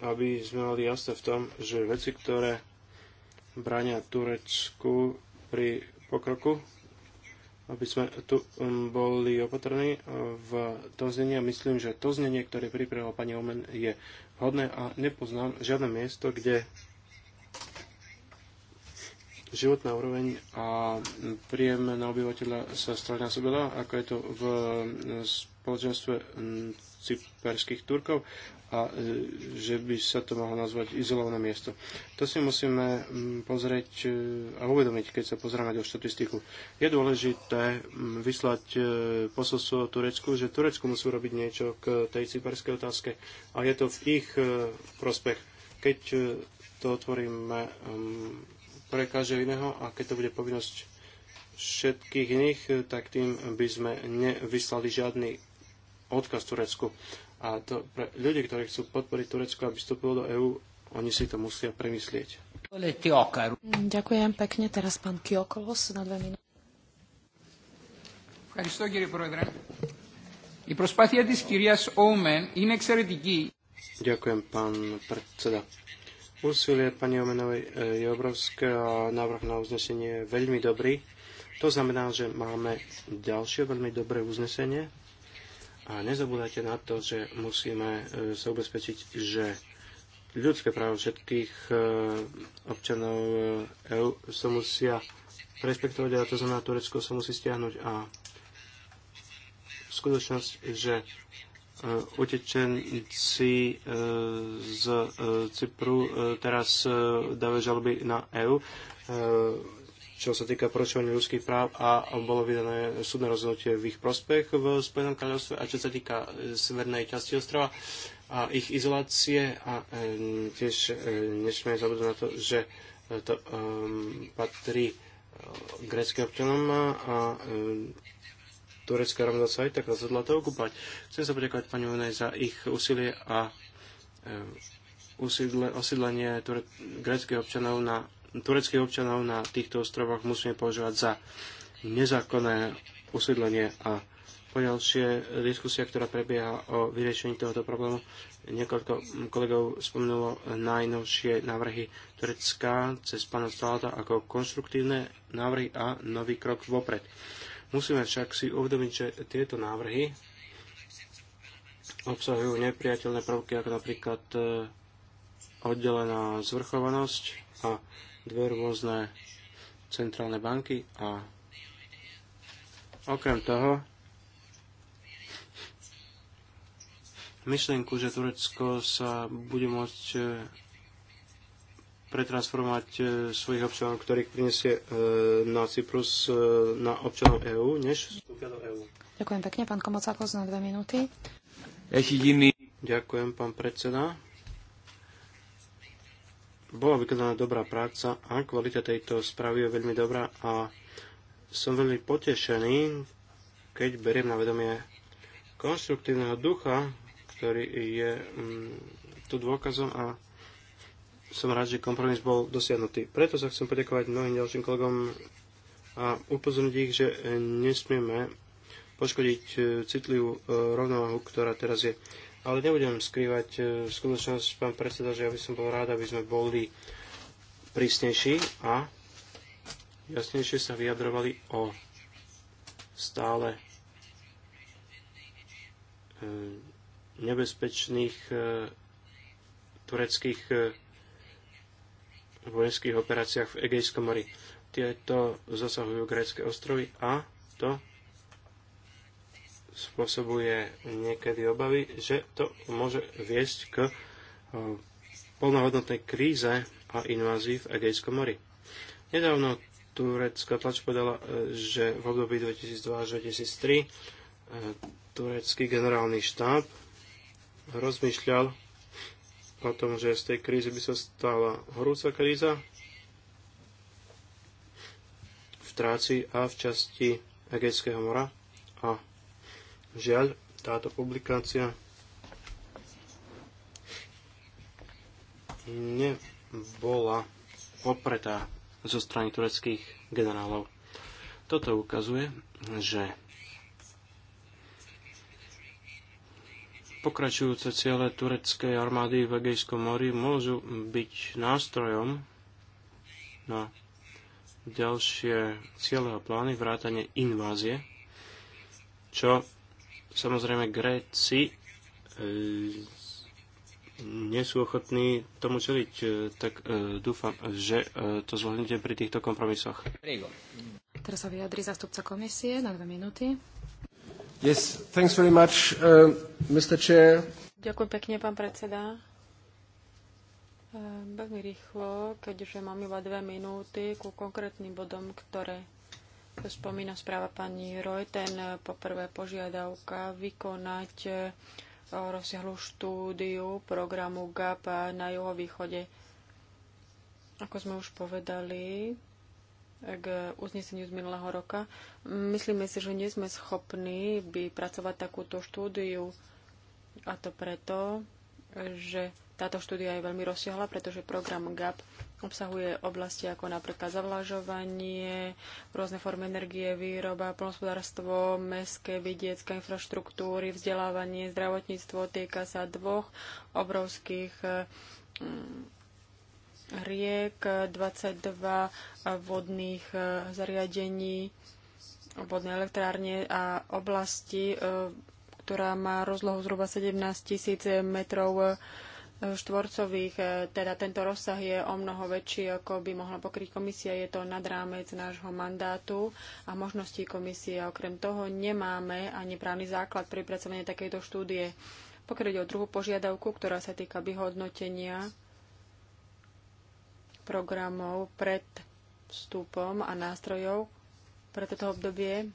aby sme mali jasné v tom, že veci, ktoré bránia Turecku pri pokroku, aby sme tu um, boli opatrní uh, v to znení a myslím, že to znenie, ktoré pripravila pani Omen, je vhodné a nepoznám žiadne miesto, kde životná úroveň a príjem na obyvateľa sa strojnásobila, ako je to v um, spoločenstve um, cyperských Turkov a e, že by sa to mohlo nazvať izolované miesto. To si musíme pozrieť e, a uvedomiť, keď sa pozrieme do štatistiku. Je dôležité vyslať e, posolstvo Turecku, že Turecku musí robiť niečo k tej cyperskej otázke a je to v ich prospech. Keď to otvoríme pre každého iného a keď to bude povinnosť všetkých iných, tak tým by sme nevyslali žiadny odkaz Turecku. A to pre ľudí, ktorí chcú podporiť Turecko, aby vstúpilo do EÚ, oni si to musia premyslieť.
Ďakujem pekne. Teraz pán Kiokolos na dve minúty.
Ďakujem, pán predseda. Úsilie pani Omenovej je obrovské a návrh na uznesenie je veľmi dobrý. To znamená, že máme ďalšie veľmi dobré uznesenie. A nezabúdajte na to, že musíme e, sa ubezpečiť, že ľudské práva všetkých e, občanov EU e sa musia respektovať, a to znamená, Turecko sa musí stiahnuť a skutočnosť, že utečenci z Cypru teraz dávajú žaloby na EU čo sa týka porušovania ľudských práv a bolo vydané súdne rozhodnutie v ich prospech v Spojenom kráľovstve a čo sa týka e, severnej časti ostrova a ich izolácie a e, tiež e, nesmieme zabudnúť na to, že e, to e, patrí e, greckým občanom a e, turecká rovnosť aj tak rozhodla to okupať. Chcem sa poďakovať pani Unaj za ich úsilie a e, osídlenie greckých občanov na tureckých občanov na týchto ostrovoch musíme považovať za nezákonné usídlenie a poďalšie diskusia, ktorá prebieha o vyriešení tohoto problému. Niekoľko kolegov spomenulo najnovšie návrhy Turecka cez pána Stalata ako konstruktívne návrhy a nový krok vopred. Musíme však si uvedomiť, že tieto návrhy obsahujú nepriateľné prvky, ako napríklad eh, oddelená zvrchovanosť a dve rôzne centrálne banky a okrem toho myšlienku, že Turecko sa bude môcť e, pretransformovať e, svojich občanov, ktorých prinesie e, na Cyprus na občanov EÚ, než vstúpia do EÚ.
Ďakujem pekne, pán Komocákos, na dve minúty.
Ďakujem, pán predseda bola vykonaná dobrá práca a kvalita tejto správy je veľmi dobrá a som veľmi potešený, keď beriem na vedomie konstruktívneho ducha, ktorý je mm, tu dôkazom a som rád, že kompromis bol dosiahnutý. Preto sa chcem poďakovať mnohým ďalším kolegom a upozorniť ich, že nesmieme poškodiť e, citlivú e, rovnováhu, ktorá teraz je. Ale nebudem skrývať e, skutočnosť, pán predseda, že ja by som bol rád, aby sme boli prísnejší a jasnejšie sa vyjadrovali o stále e, nebezpečných e, tureckých vojenských operáciách v Egejskom mori. Tieto zasahujú grécké ostrovy a to spôsobuje niekedy obavy, že to môže viesť k eh, plnohodnotnej kríze a invázii v Egejskom mori. Nedávno turecká tlač podala, eh, že v období 2002 2003 eh, turecký generálny štáb rozmýšľal o tom, že z tej krízy by sa stala horúca kríza v Tráci a v časti Egejského mora a Žiaľ, táto publikácia nebola opretá zo strany tureckých generálov. Toto ukazuje, že pokračujúce ciele tureckej armády v Egejskom mori môžu byť nástrojom na ďalšie ciele a plány vrátane invázie, čo Samozrejme, Gréci e, nie sú ochotní tomu čeliť, e, tak e, dúfam, že e, to zohľadnite pri týchto kompromisoch.
Teraz sa vyjadri zástupca komisie na dve minúty.
Yes, thanks very much, uh, Mr. Chair.
Ďakujem pekne, pán predseda. Ehm, veľmi rýchlo,
keďže mám iba dve minúty ku konkrétnym bodom, ktoré spomína správa pani ten poprvé požiadavka vykonať eh, rozsiahlu štúdiu programu GAP na juhovýchode. Ako sme už povedali k uzneseniu z minulého roka, myslíme si, že nie sme schopní pracovať takúto štúdiu. A to preto, že táto štúdia je veľmi rozsiahla, pretože program GAP obsahuje oblasti ako napríklad zavlažovanie, rôzne formy energie, výroba, plnospodárstvo, mestské, vidiecké infraštruktúry, vzdelávanie, zdravotníctvo. Týka sa dvoch obrovských mm, riek, 22 vodných e, zariadení, vodné elektrárne a oblasti, e, ktorá má rozlohu zhruba 17 tisíc metrov e, štvorcových, e, teda tento rozsah je o mnoho väčší, ako by mohla pokryť komisia. Je to nad rámec nášho mandátu a možností komisie. Okrem toho nemáme ani právny základ pri pracovanie takejto štúdie. ide o druhú požiadavku, ktorá sa týka vyhodnotenia programov pred vstupom a nástrojov pre toto obdobie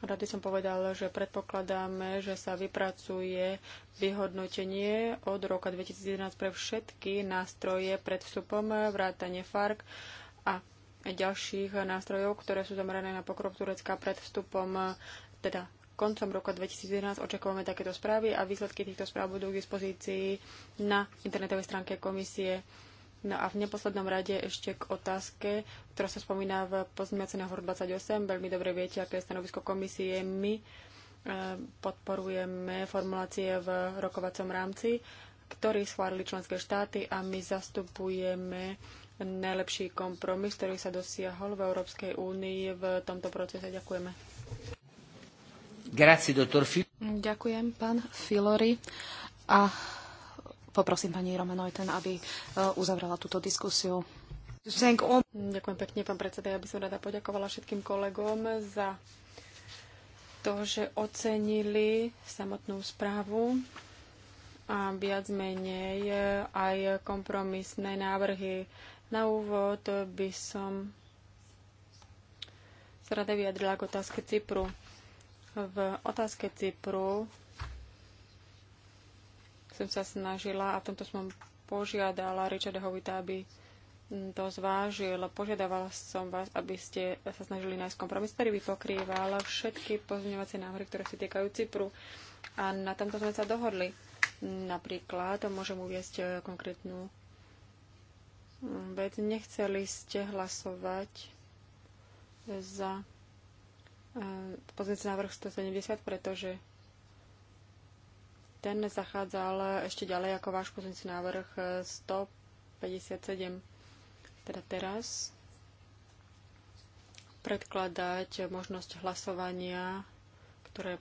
Rady som povedal, že predpokladáme, že sa vypracuje vyhodnotenie od roka 2011 pre všetky nástroje pred vstupom, vrátanie FARC a ďalších nástrojov, ktoré sú zamerané na pokrok Turecka pred vstupom, teda koncom roka 2011 očakávame takéto správy a výsledky týchto správ budú k dispozícii na internetovej stránke komisie No a v neposlednom rade ešte k otázke, ktorá sa spomína v pozmiace na 28. Veľmi dobre viete, aké je stanovisko komisie. My e, podporujeme formulácie v rokovacom rámci, ktorý schválili členské štáty a my zastupujeme najlepší kompromis, ktorý sa dosiahol v Európskej únii v tomto procese.
Ďakujeme. Grazie, Ďakujem, pán Filori. A Poprosím pani Romenojten, aby e, uzavrela túto diskusiu. Ďakujem pekne, pán predseda. Ja by som rada poďakovala všetkým kolegom
za to, že ocenili samotnú správu a viac menej e, aj kompromisné návrhy. Na úvod by som sa rada vyjadrila k otázke Cypru. V otázke Cypru som sa snažila a v tomto som požiadala Richarda Hovita, aby mm, to zvážil. Požiadavala som vás, aby ste sa snažili nájsť kompromis, ktorý by pokrýval všetky pozmeňovacie návrhy, ktoré sa týkajú Cypru. A na tomto sme sa dohodli. Napríklad, môžem uviesť e, konkrétnu mm, vec, nechceli ste hlasovať za e, pozmeňovací návrh 170, pretože ten zachádzal ešte ďalej ako váš pozemný návrh 157. Eh, teda teraz predkladať možnosť hlasovania, ktoré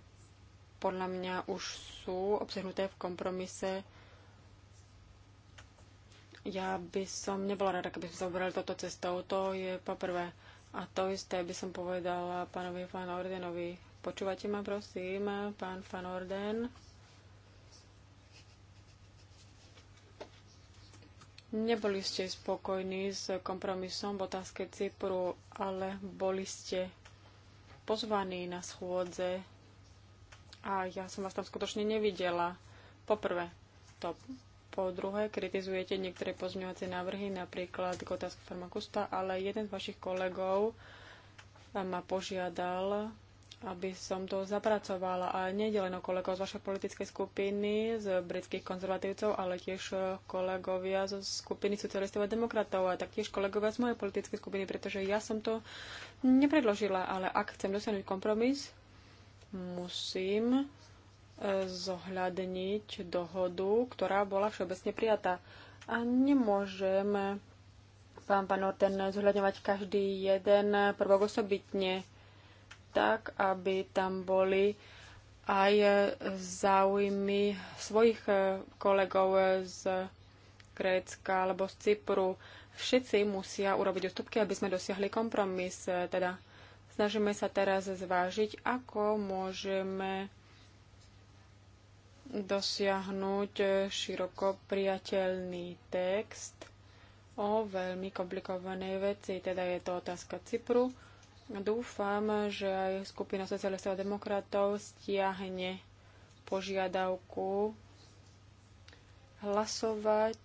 podľa mňa už sú obsahnuté v kompromise. Ja by som nebola rada, keby sme zobrali toto cestou. To je poprvé. A to isté by som povedala pánovi Fanordenovi. Ordenovi. Počúvate ma, prosím, pán Fanorden? Orden? Neboli ste spokojní s kompromisom v otázke Cypru, ale boli ste pozvaní na schôdze a ja som vás tam skutočne nevidela. Poprvé to. Po druhé, kritizujete niektoré pozňovacie návrhy, napríklad k otázke farmakusta, ale jeden z vašich kolegov ma požiadal aby som to zapracovala. A nie len kolegov z vašej politickej skupiny, z britských konzervatívcov, ale tiež e, kolegovia zo skupiny socialistov a demokratov a taktiež kolegovia z mojej politickej skupiny, pretože ja som to nepredložila, ale ak chcem dosiahnuť kompromis, musím e, zohľadniť dohodu, ktorá bola všeobecne prijatá. A nemôžeme, pán, pán Orten, zohľadňovať každý jeden prvok osobitne tak, aby tam boli aj záujmy svojich eh, kolegov z Grécka alebo z Cypru. Všetci musia urobiť ústupky, aby sme dosiahli kompromis. Eh, teda snažíme sa teraz zvážiť, ako môžeme dosiahnuť eh, široko priateľný text o veľmi komplikovanej veci. Teda je to otázka Cypru Dúfam, že aj skupina socialistov a demokratov stiahne požiadavku hlasovať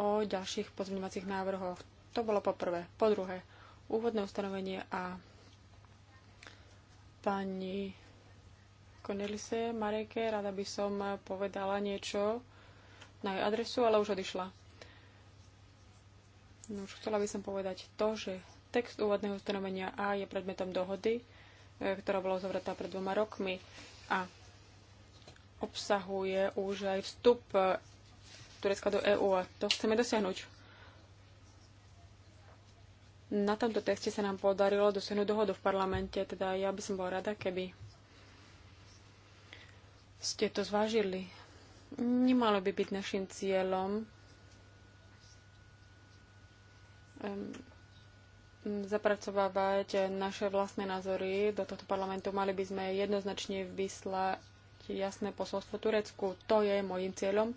o ďalších pozmeňovacích návrhoch. To bolo po prvé. Po druhé, úvodné ustanovenie a pani Konelise Mareke, rada by som povedala niečo na jej adresu, ale už odišla. No, už chcela by som povedať to, že Text úvodného ustanovenia A je predmetom dohody, e, ktorá bola uzavretá pred dvoma rokmi a obsahuje už aj vstup e, Turecka do EÚ a to chceme dosiahnuť. Na tomto texte sa nám podarilo dosiahnuť dohodu v parlamente, teda ja by som bola rada, keby ste to zvážili. Nemalo by byť našim cieľom zapracovávať naše vlastné názory do tohto parlamentu. Mali by sme jednoznačne vyslať jasné posolstvo Turecku. To je môjim cieľom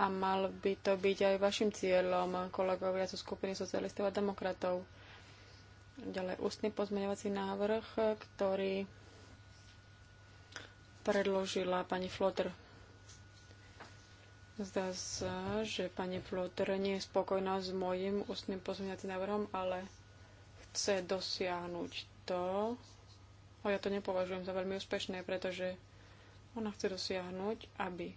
a mal by to byť aj vašim cieľom, kolegovia zo skupiny socialistov a demokratov. Ďalej ústny pozmeňovací návrh, ktorý predložila pani Flotr. Zdá sa, že pani Flotr nie je spokojná s môjim ústnym pozmeňovacím návrhom, ale chce dosiahnuť to, a ja to nepovažujem za veľmi úspešné, pretože ona chce dosiahnuť, aby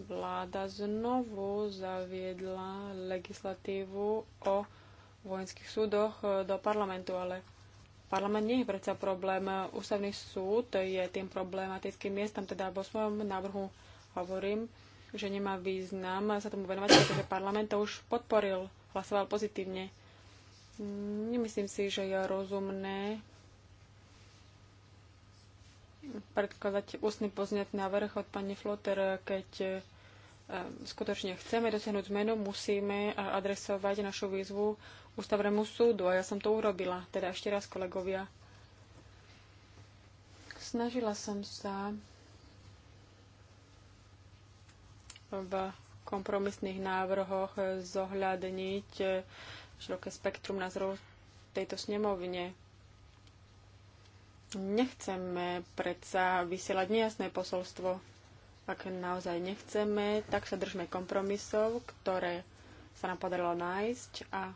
vláda znovu zaviedla legislatívu o vojenských súdoch eh, do parlamentu, ale parlament nie je predsa problém. Ústavný súd je tým problematickým miestom, teda vo svojom návrhu hovorím, že nemá význam sa tomu venovať, pretože parlament to už podporil, hlasoval pozitívne. Nemyslím si, že je rozumné predkladať ústny na návrh od pani Flotter, keď e, skutočne chceme dosiahnuť zmenu, musíme adresovať našu výzvu ústavnému súdu. A ja som to urobila. Teda ešte raz, kolegovia. Snažila som sa v kompromisných návrhoch zohľadniť e, široké spektrum názorov tejto snemovne. Nechceme predsa vysielať nejasné posolstvo. Ak naozaj nechceme, tak sa držme kompromisov, ktoré sa nám podarilo nájsť a,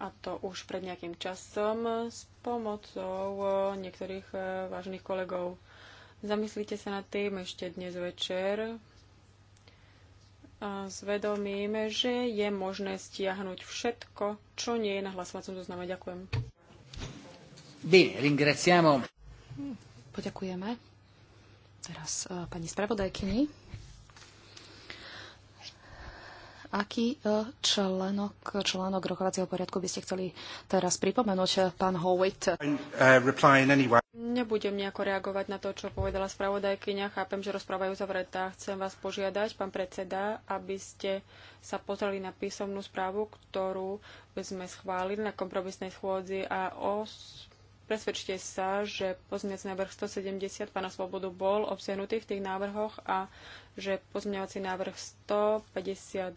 a to už pred nejakým časom s pomocou eh, niektorých eh, vážnych kolegov. Zamyslite sa nad tým ešte dnes večer s vedomím, že je možné stiahnuť všetko, čo nie je na hlasovacom zozname. Ďakujem.
Bene, ringraziamo.
Poďakujeme. Teraz e, pani spravodajkyni. Aký e, členok, členok rokovacieho poriadku by ste chceli teraz pripomenúť, e, pán Howitt? Uh, Nebudem nejako reagovať
na to, čo povedala spravodajkyňa. Chápem, že rozprávajú zavretá. Chcem vás požiadať, pán predseda, aby ste sa pozreli na písomnú správu, ktorú sme schválili na kompromisnej schôdzi a os... presvedčte sa, že pozmeňovací návrh 170 pána Svobodu bol obsiahnutý v tých návrhoch a že pozmeňovací návrh 152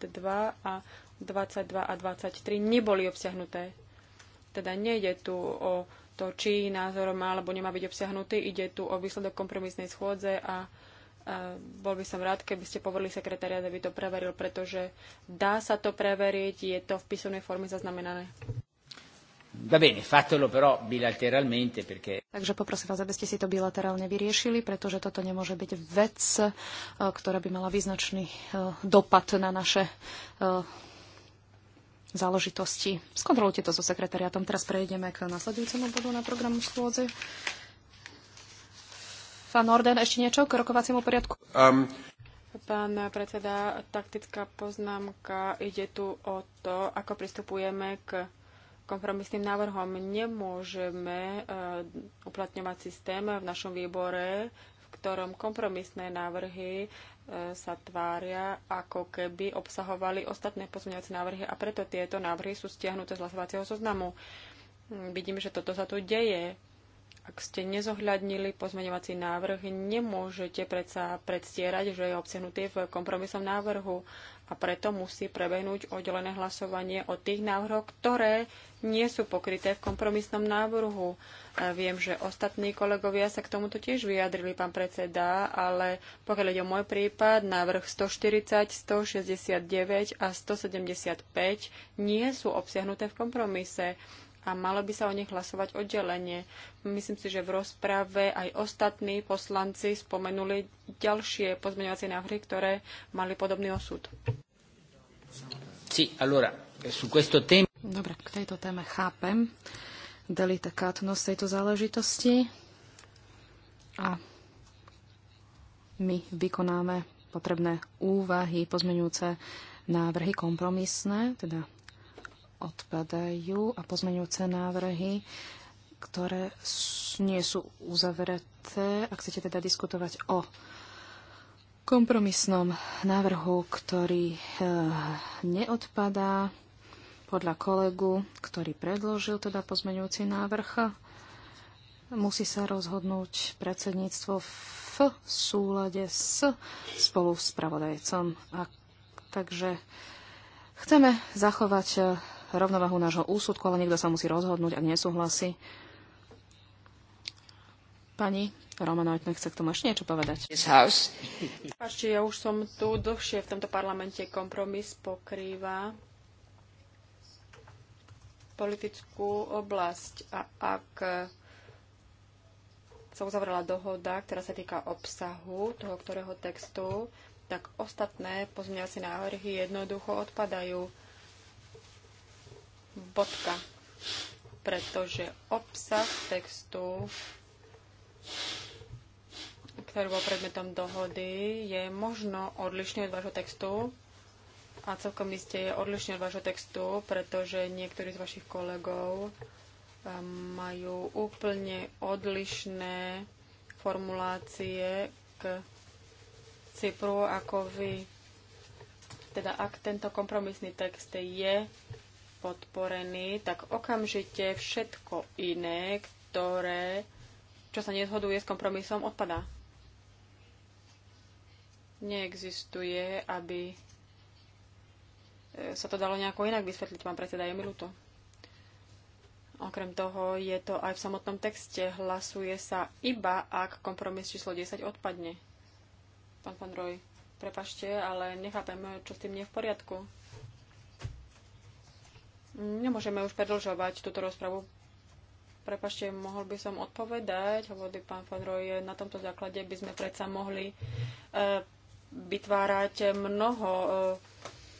a 22 a 23 neboli obsiahnuté. Teda nejde tu o to, či názor má alebo nemá byť obsiahnutý. Ide tu o výsledok kompromisnej schôdze a, bol by som rád, keby ste povolili sekretariat, aby to preveril, pretože dá sa to preveriť, je to v písomnej forme zaznamenané.
Va bene, fatelo però bilateralmente perché...
Takže poprosím vás, aby ste si to bilaterálne vyriešili, pretože toto nemôže byť vec, e, ktorá by mala význačný e, dopad na naše e, záležitosti. Skontrolujte to so sekretariatom. Teraz prejdeme k nasledujúcemu bodu na programu schôdze. Pán Orden, ešte niečo k rokovaciemu poriadku? Um. Pán
predseda, taktická poznámka. Ide tu o to, ako pristupujeme k kompromisným návrhom. Nemôžeme uh, uplatňovať systém v našom výbore, v ktorom kompromisné návrhy uh, E, sa tvária, ako keby obsahovali ostatné pozmeňovacie návrhy a preto tieto návrhy sú stiahnuté z hlasovacieho zoznamu. Mm, Vidím, že toto sa tu deje. Ak ste nezohľadnili pozmeňovací návrh, nemôžete predsa predstierať, že je obsiahnutý v kompromisnom návrhu a preto musí prebehnúť oddelené hlasovanie o tých návrhoch, ktoré nie sú pokryté v kompromisnom návrhu. Viem, že ostatní kolegovia sa k tomuto tiež vyjadrili, pán predseda, ale pokiaľ ide o môj prípad, návrh 140, 169 a 175 nie sú obsiahnuté v kompromise a malo by sa o nich hlasovať oddelenie. Myslím si, že v rozprave aj ostatní poslanci spomenuli ďalšie pozmeňovacie návrhy, ktoré mali podobný osud.
Sí, allora, su questo
Dobre, k tejto téme chápem delikátnosť tejto záležitosti a my vykonáme potrebné úvahy, pozmeňujúce návrhy kompromisné, teda odpadajú a pozmeňujúce návrhy, ktoré nie sú uzavreté. Ak chcete teda diskutovať o kompromisnom návrhu, ktorý eh, neodpadá podľa kolegu, ktorý predložil teda pozmeňujúci návrh, musí sa rozhodnúť predsedníctvo v súlade s spolu s pravodajcom. A, takže chceme zachovať eh, rovnovahu nášho úsudku, ale niekto sa musí rozhodnúť, ak nesúhlasí. Pani Romano Oťnek chce k tomu ešte niečo povedať.
Páči, ja už som tu dlhšie v tomto parlamente. Kompromis pokrýva politickú oblasť a ak sa uzavrela dohoda, ktorá sa týka obsahu toho ktorého textu, tak ostatné pozmeňovacie návrhy jednoducho odpadajú bodka, pretože obsah textu, ktorý bol predmetom dohody, je možno odlišný od vášho textu a celkom iste je odlišný od vášho textu, pretože niektorí z vašich kolegov um, majú úplne odlišné formulácie k Cypru ako vy. Teda ak tento kompromisný text je podporení, tak okamžite všetko iné, ktoré, čo sa nezhoduje s kompromisom, odpadá. Neexistuje, aby e, sa to dalo nejako inak vysvetliť, pán predseda, je mi ľúto. Okrem toho je to aj v samotnom texte. Hlasuje sa iba, ak kompromis číslo 10 odpadne. Pán Pandroj, prepašte, ale nechápem, čo s tým nie je v poriadku. Nemôžeme už predlžovať túto rozpravu. Prepašte, mohol by som odpovedať, hovorí pán Fadroj, na tomto základe by sme predsa mohli e, vytvárať mnoho e,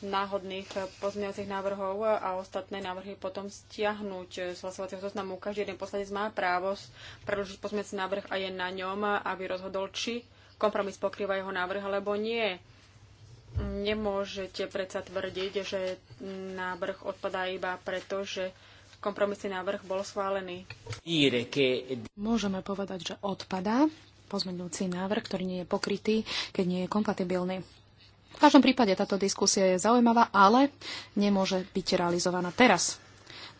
náhodných pozmeňovacích návrhov a ostatné návrhy potom stiahnuť z hlasovacieho zoznamu. Každý jeden poslanec má právo predložiť pozmeňovací návrh a je na ňom, aby rozhodol, či kompromis pokrýva jeho návrh alebo nie. Nemôžete predsa tvrdiť, že návrh odpadá iba preto, že kompromisný návrh bol schválený.
Môžeme povedať, že odpadá pozmeňujúci návrh, ktorý nie je pokrytý, keď nie je kompatibilný. V každom prípade táto diskusia je zaujímavá, ale nemôže byť realizovaná teraz.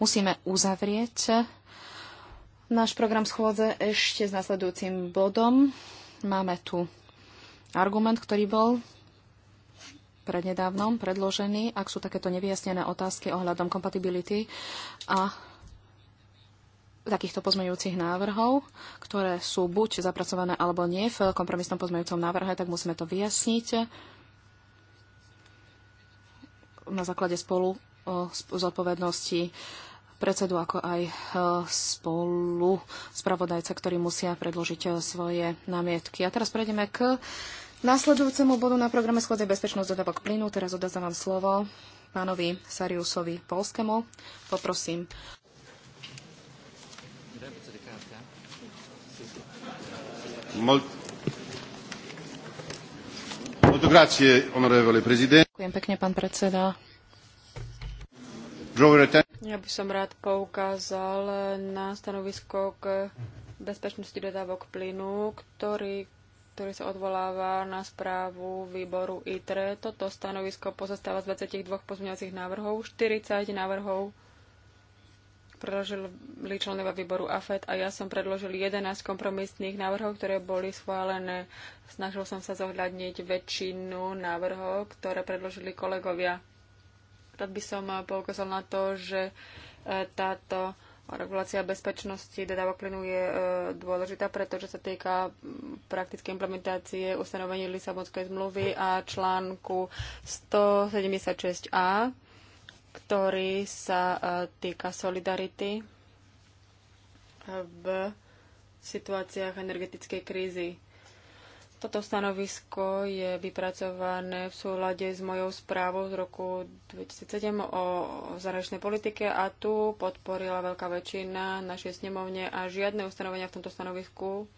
Musíme uzavrieť náš program schôdze ešte s nasledujúcim bodom. Máme tu argument, ktorý bol prednedávnom predložený, ak sú takéto nevyjasnené otázky ohľadom kompatibility a takýchto pozmeňujúcich návrhov, ktoré sú buď zapracované alebo nie v kompromisnom pozmeňujúcom návrhe, tak musíme to vyjasniť na základe spolu zodpovednosti predsedu, ako aj e, spolu spravodajca, ktorí musia predložiť e, svoje námietky. A teraz prejdeme k Nasledujúcemu bodu na programe schôdze bezpečnosť dodávok plynu teraz odozdávam slovo pánovi Sariusovi Polskému. Poprosím. Ďakujem pekne, pán predseda.
Ja by som rád poukázal na stanovisko k bezpečnosti dodávok plynu, ktorý ktorý sa odvoláva na správu výboru ITRE. Toto stanovisko pozostáva z 22 pozmeňovacích návrhov. 40 návrhov predložili členovia výboru AFET a ja som predložil 11 kompromisných návrhov, ktoré boli schválené. Snažil som sa zohľadniť väčšinu návrhov, ktoré predložili kolegovia. Tak by som poukázal na to, že e, táto regulácia bezpečnosti dodávok plynu je e, dôležitá, pretože sa týka praktické implementácie ustanovení Lisabonskej zmluvy a článku 176a, ktorý sa e, týka solidarity e, v situáciách energetickej krízy. Toto stanovisko je vypracované v súlade s mojou správou z roku 2007 o zahraničnej politike a tu podporila veľká väčšina našej snemovne a žiadne ustanovenia v tomto stanovisku.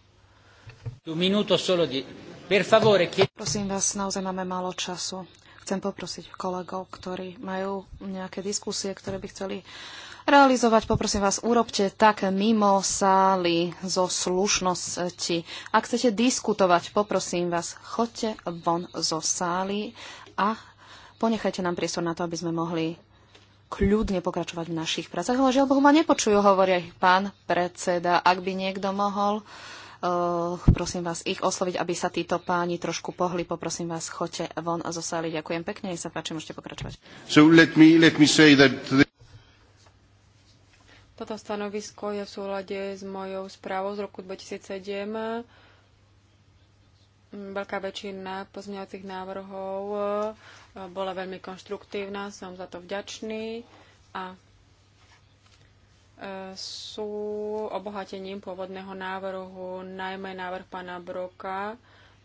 Prosím vás, naozaj máme málo času. Chcem poprosiť kolegov, ktorí majú nejaké diskusie, ktoré by chceli uh, realizovať, poprosím vás, urobte tak mimo sály zo slušnosti. Ak chcete diskutovať, poprosím vás, chodte von zo sály a ponechajte nám priestor na to, aby sme mohli kľudne pokračovať v našich prácach. Ale žiaľ Bohu ma nepočujú, hovorí aj pán predseda. Ak by niekto mohol, uh, prosím vás, ich osloviť, aby sa títo páni trošku pohli. Poprosím vás, choďte von zo zosali. Ďakujem pekne, nech sa páči, môžete pokračovať.
So let me, let me say that...
Toto stanovisko
je v súlade s mojou správou z roku 2007. Veľká väčšina pozmeňovacích návrhov eh, bola veľmi konštruktívna, som za to vďačný a eh, sú obohatením pôvodného návrhu, najmä návrh pána Broka,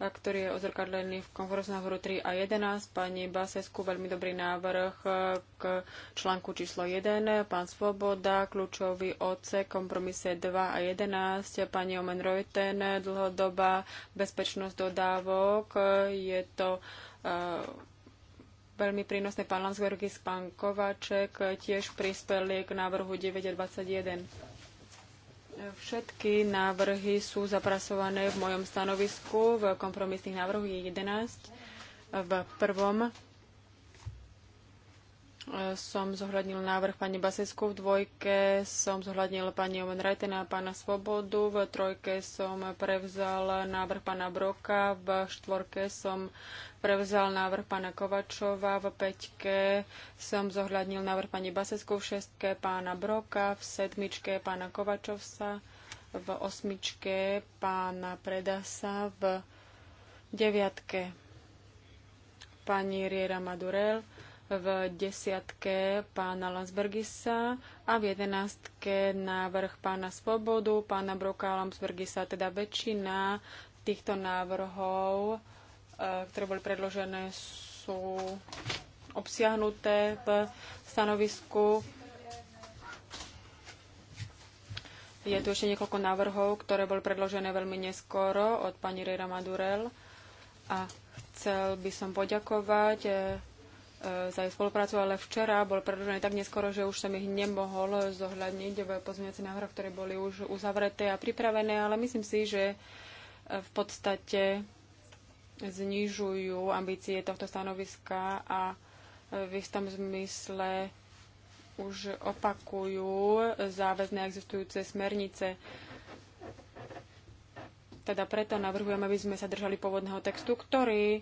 ktorý je ozrkadlený v konferencii návrhu 3 a 11. Pani Basesku, veľmi dobrý návrh e, k článku číslo 1. Pán Svoboda, kľúčový oce, kompromise 2 a 11. Pani Omen Reuten, dlhodobá bezpečnosť dodávok. Je to e, veľmi prínosné. Pán Lansbergis, pán Kovaček tiež prispeli k návrhu 9 a 21. Všetky návrhy sú zapracované v mojom stanovisku. V kompromisných návrhoch je 11. V prvom som zohľadnil návrh pani Basesku, v dvojke som zohľadnil pani Omen Rajtena a pána Svobodu, v trojke som prevzal návrh pána Broka, v štvorke som prevzal návrh pána Kovačova, v peťke som zohľadnil návrh pani Basesku, v šestke pána Broka, v sedmičke pána Kovačovsa, v osmičke pána Predasa, v deviatke pani Riera Madurel, v desiatke pána Lansbergisa a v jedenáctke návrh pána Svobodu, pána Broka a Lansbergisa, teda väčšina týchto návrhov, e, ktoré boli predložené, sú obsiahnuté v stanovisku. Je tu ešte niekoľko návrhov, ktoré boli predložené veľmi neskoro od pani Rera Madurel a chcel by som poďakovať e, E, za jej spoluprácu, ale včera bol predložený tak neskoro, že už som ich nemohol zohľadniť v pozmeňovacích návrhoch, ktoré boli už uzavreté a pripravené, ale myslím si, že e, v podstate znižujú ambície tohto stanoviska a e, v istom zmysle už opakujú záväzné existujúce smernice. Teda preto navrhujem, aby sme sa držali pôvodného textu, ktorý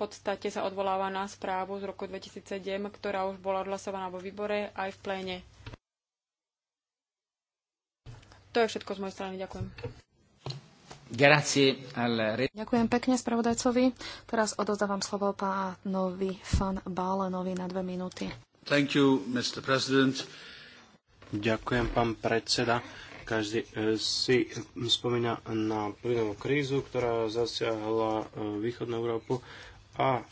podstate sa odvoláva na správu z roku 2007, ktorá už bola odhlasovaná vo výbore aj v pléne.
To je všetko z mojej strany. Ďakujem. Ďakujem pekne spravodajcovi. Teraz odozdávam slovo pánovi Fan Bálenovi na dve minúty.
Thank you, Mr. President. Ďakujem, pán predseda. Každý eh, si spomína na plynovú krízu, ktorá zasiahla eh, východnú Európu a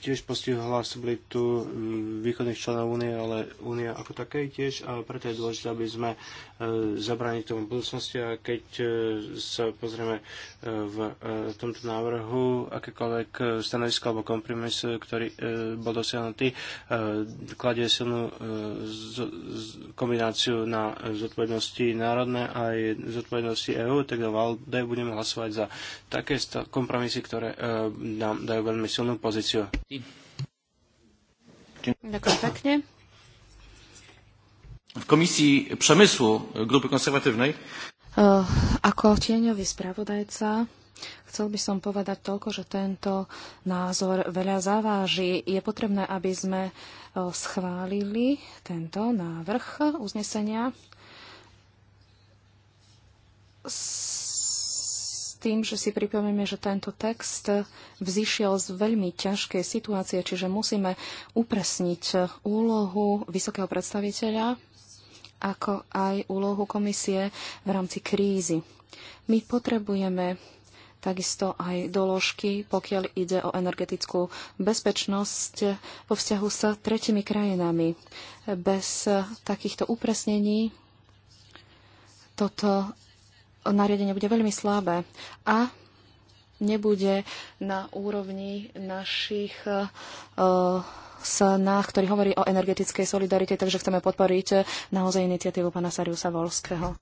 tiež postihla stabilitu mm, východných členov únie, ale únia ako také tiež a preto je dôležité, aby sme E, zabrániť tomu v budúcnosti a keď e, sa pozrieme e, v tomto návrhu akékoľvek stanovisko alebo kompromis, ktorý bol dosiahnutý, kladie silnú kombináciu na zodpovednosti národné aj zodpovednosti EÚ, tak do VALDE budeme hlasovať za také kompromisy, ktoré nám dajú veľmi silnú pozíciu.
Ďakujem pekne.
V komisii Przemysłu Grupy Konserwatywnej. E,
ako tieňový spravodajca chcel by som povedať toľko, že tento názor veľa zaváži. Je potrebné, aby sme e, schválili tento návrh uznesenia s tým, že si pripomíme, že tento text vzýšiel z veľmi ťažkej situácie, čiže musíme upresniť úlohu vysokého predstaviteľa ako aj úlohu komisie v rámci krízy. My potrebujeme takisto aj doložky, pokiaľ ide o energetickú bezpečnosť vo vzťahu s tretimi krajinami. Bez takýchto upresnení toto nariadenie bude veľmi slabé a nebude na úrovni našich uh, snách, ktorý hovorí o energetickej solidarite, takže chceme podporiť naozaj iniciatívu pana Sariusa Volského.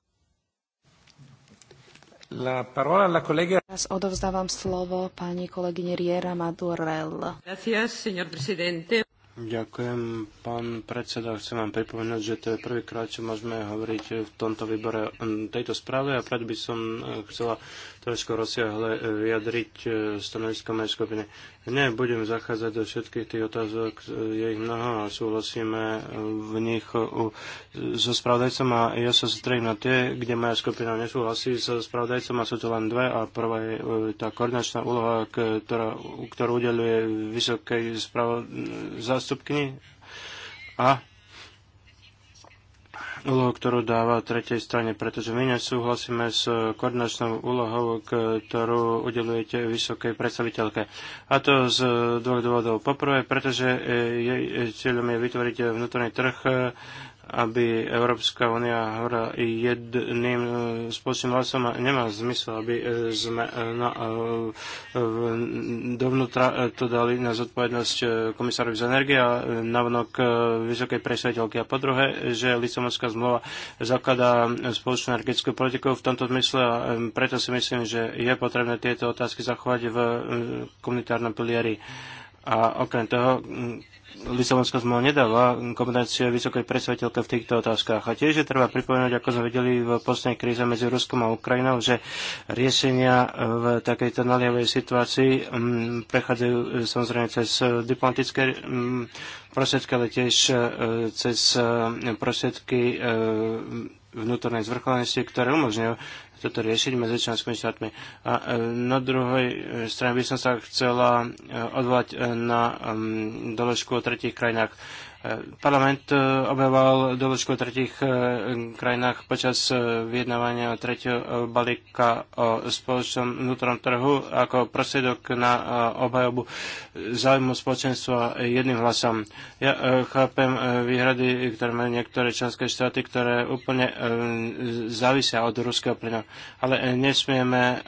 La parola alla collega... Teraz odovzdávam slovo pani kolegyne Riera Madurell. Gracias, señor presidente.
Ďakujem, pán predseda. Chcem vám pripomenúť, že to je prvýkrát, čo môžeme hovoriť v tomto výbore o tejto správe a preto by som e, chcela trošku rozsiahle e, vyjadriť e, stanovisko mojej skupiny. Nebudem zachádzať do všetkých tých otázok, je ich mnoho a súhlasíme v nich so spravodajcom a ja sa strejím na tie, kde moja skupina nesúhlasí so spravodajcom a sú to len dve a prvá je tá koordinačná úloha, ktorá, ktorú udeluje vysokej spravodajcom zástupkyni a úlohu, ktorú dáva tretej strane, pretože my nesúhlasíme s koordinačnou úlohou, ktorú udelujete vysokej predstaviteľke. A to z dvoch dôvodov. Poprvé, pretože jej cieľom je vytvoriť vnútorný trh aby Európska únia hovorila jedným e, spôsobom hlasom a nemá zmysel, aby e, sme e, na, dovnútra to dali na zodpovednosť komisárov z energie a navnok vysokej presvedelky. A po druhé, že Lisabonská zmluva zakladá spoločnú energetickú politiku v tomto zmysle a preto si myslím, že je potrebné tieto otázky zachovať v komunitárnom pilieri. A okrem toho, Lisabonská zmluva nedáva kombinácie vysokej predstaviteľke v týchto otázkach. A tiež je treba pripomenúť, ako sme videli v poslednej kríze medzi Ruskom a Ukrajinou, že riešenia v takejto naliavej situácii mm, prechádzajú e, samozrejme cez e, diplomatické mm, prostriedky, ale tiež e, cez prostriedky vnútornej zvrchovanosti, ktoré umožňujú toto riešiť medzi členskými štátmi. A e, na druhej e, strane by som sa chcela e, odvolať na mm, doložku o tretich krajinách. Parlament e, objaval doložku o tretich e, krajinách počas e, vyjednávania tretieho balíka o spoločnom vnútornom trhu ako prostriedok na obhajobu záujmu spoločenstva jedným hlasom. Ja chápem výhrady, ktoré majú niektoré členské štáty, ktoré úplne závisia od ruského plynu. Ale nesmieme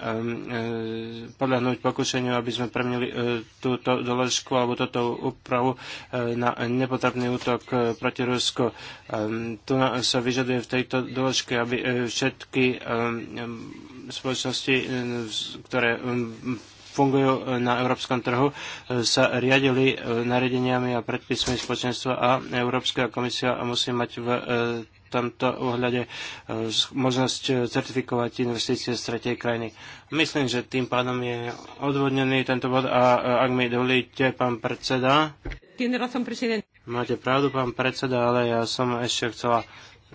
podľahnúť pokušeniu, aby sme premenili túto doložku alebo túto úpravu na nepotrebný útok e, proti Rusku. E, tu sa vyžaduje v tejto dĺžke, aby e, všetky spoločnosti, ktoré fungujú na európskom trhu, sa riadili nariadeniami a predpismi spoločenstva a Európska komisia musí mať v tomto ohľade možnosť certifikovať investície z tretej krajiny. Myslím, že tým pádom je odvodnený tento bod a ak mi dovolíte, pán predseda. Máte pravdu, pán predseda, ale ja som ešte chcela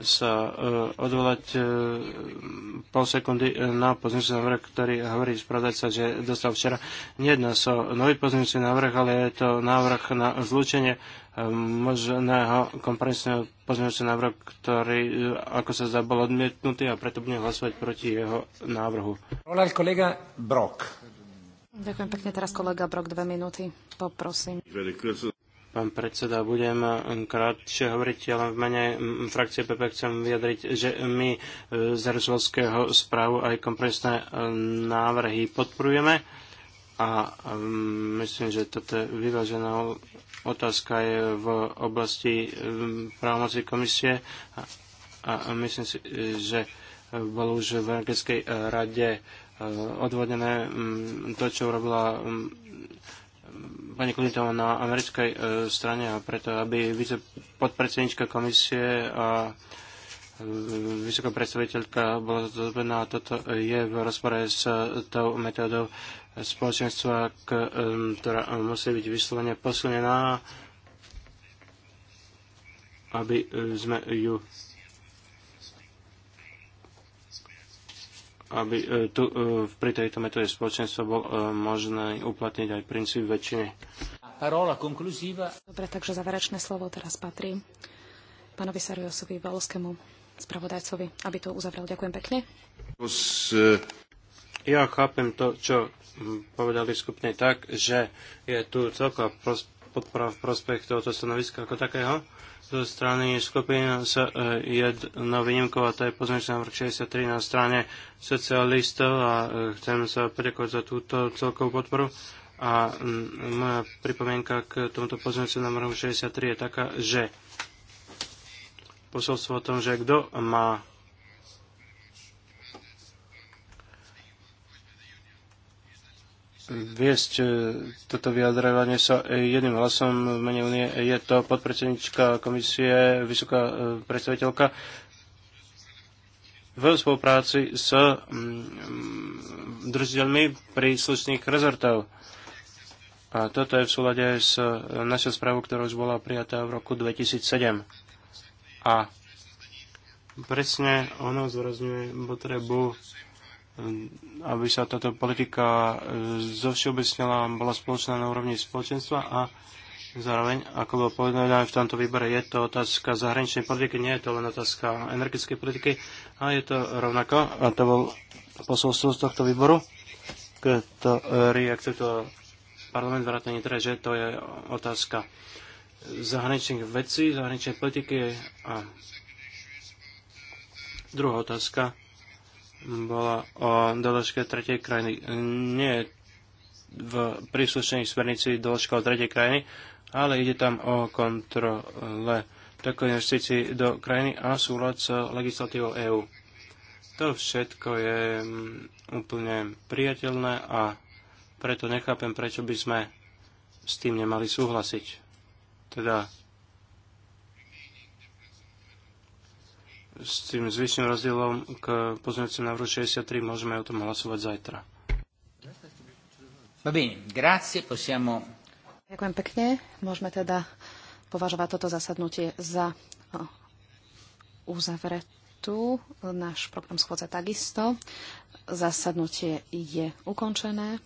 sa uh, odvolať uh, pol sekundy e, na pozniciu návrh, ktorý hovorí spravodajca, že dostal včera. Nejedná sa so nový pozniciu návrh, ale je to návrh na zlúčenie možného kompromisného pozniciu návrhu, ktorý, ako sa zdá, bol odmietnutý a preto budem hlasovať proti jeho návrhu. Hola, kolega Brok.
Ďakujem pekne. Teraz kolega Brok, dve minúty. Poprosím.
Pán predseda, budem krátšie hovoriť, ale v mene frakcie PP chcem vyjadriť, že my e, z Rusovského správu aj kompresné e, návrhy podporujeme a mm, myslím, že toto je vyvážená otázka je v oblasti e, právomocí komisie a myslím si, že bolo už v Energetickej rade odvodené mm, to, čo urobila mm, pani Klintová na americkej e, strane a preto, aby vice podpredsednička komisie a e, vysoká predstaviteľka bola zodpovedná. Toto je v rozpore s e, tou metódou spoločenstva, e, ktorá musí byť vyslovene posilnená, aby sme ju aby e, tu, e, pri tejto metóde spoločenstva bol e, možné uplatniť aj princíp väčšiny. Parola konkluzíva.
Dobre, takže záverečné slovo teraz patrí pánovi Sariosovi Valskému, spravodajcovi, aby to uzavrel. Ďakujem pekne.
Ja chápem to, čo povedali skupne tak, že je tu celková podpora v prospech tohoto stanoviska ako takého zo strany skupín s e jednou výnimkou a to je pozmeňujúci návrh 63 na strane socialistov a e, chcem sa poďakovať za túto celkovú podporu. A moja pripomienka k tomuto pozmeňujúcemu návrhu 63 je taká, že posolstvo o tom, že kto má viesť e, toto vyjadrovanie sa e, jedným hlasom v mene Unie. Je to podpredsednička komisie, vysoká e, predstaviteľka v spolupráci s mm, držiteľmi príslušných rezortov. A toto je v súlade s našou správou, ktorá už bola prijatá v roku 2007. A presne ono zrozňuje potrebu Ehm, aby sa táto politika ehm, zovšeobecnila, bola spoločná na úrovni spoločenstva a zároveň, ako bolo povedané v tomto výbore, je to otázka zahraničnej politiky, nie je to len otázka energetickej politiky ale je to rovnako, a to bol posolstvo z tohto výboru, ktorý akceptoval parlament vrátane teda, že to je otázka zahraničných vecí, zahraničnej politiky a druhá otázka bola o doložke tretej krajiny. Nie v príslušnej smernici doložka o tretej krajiny, ale ide tam o kontrole takých investícií do krajiny a súľad s legislatívou EÚ. To všetko je mm, úplne priateľné a preto nechápem, prečo by sme s tým nemali súhlasiť. Teda s tým zvyšným rozdielom k pozmeňujúcemu návrhu 63 môžeme o tom hlasovať zajtra. No
Ďakujem pekne. Môžeme teda považovať toto zasadnutie za uzavretú. Náš program schôdza takisto. Zasadnutie je ukončené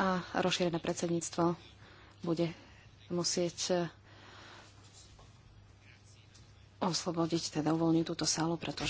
a rozšírené predsedníctvo bude musieť oslobodiť, teda uvoľniť túto sálu, pretože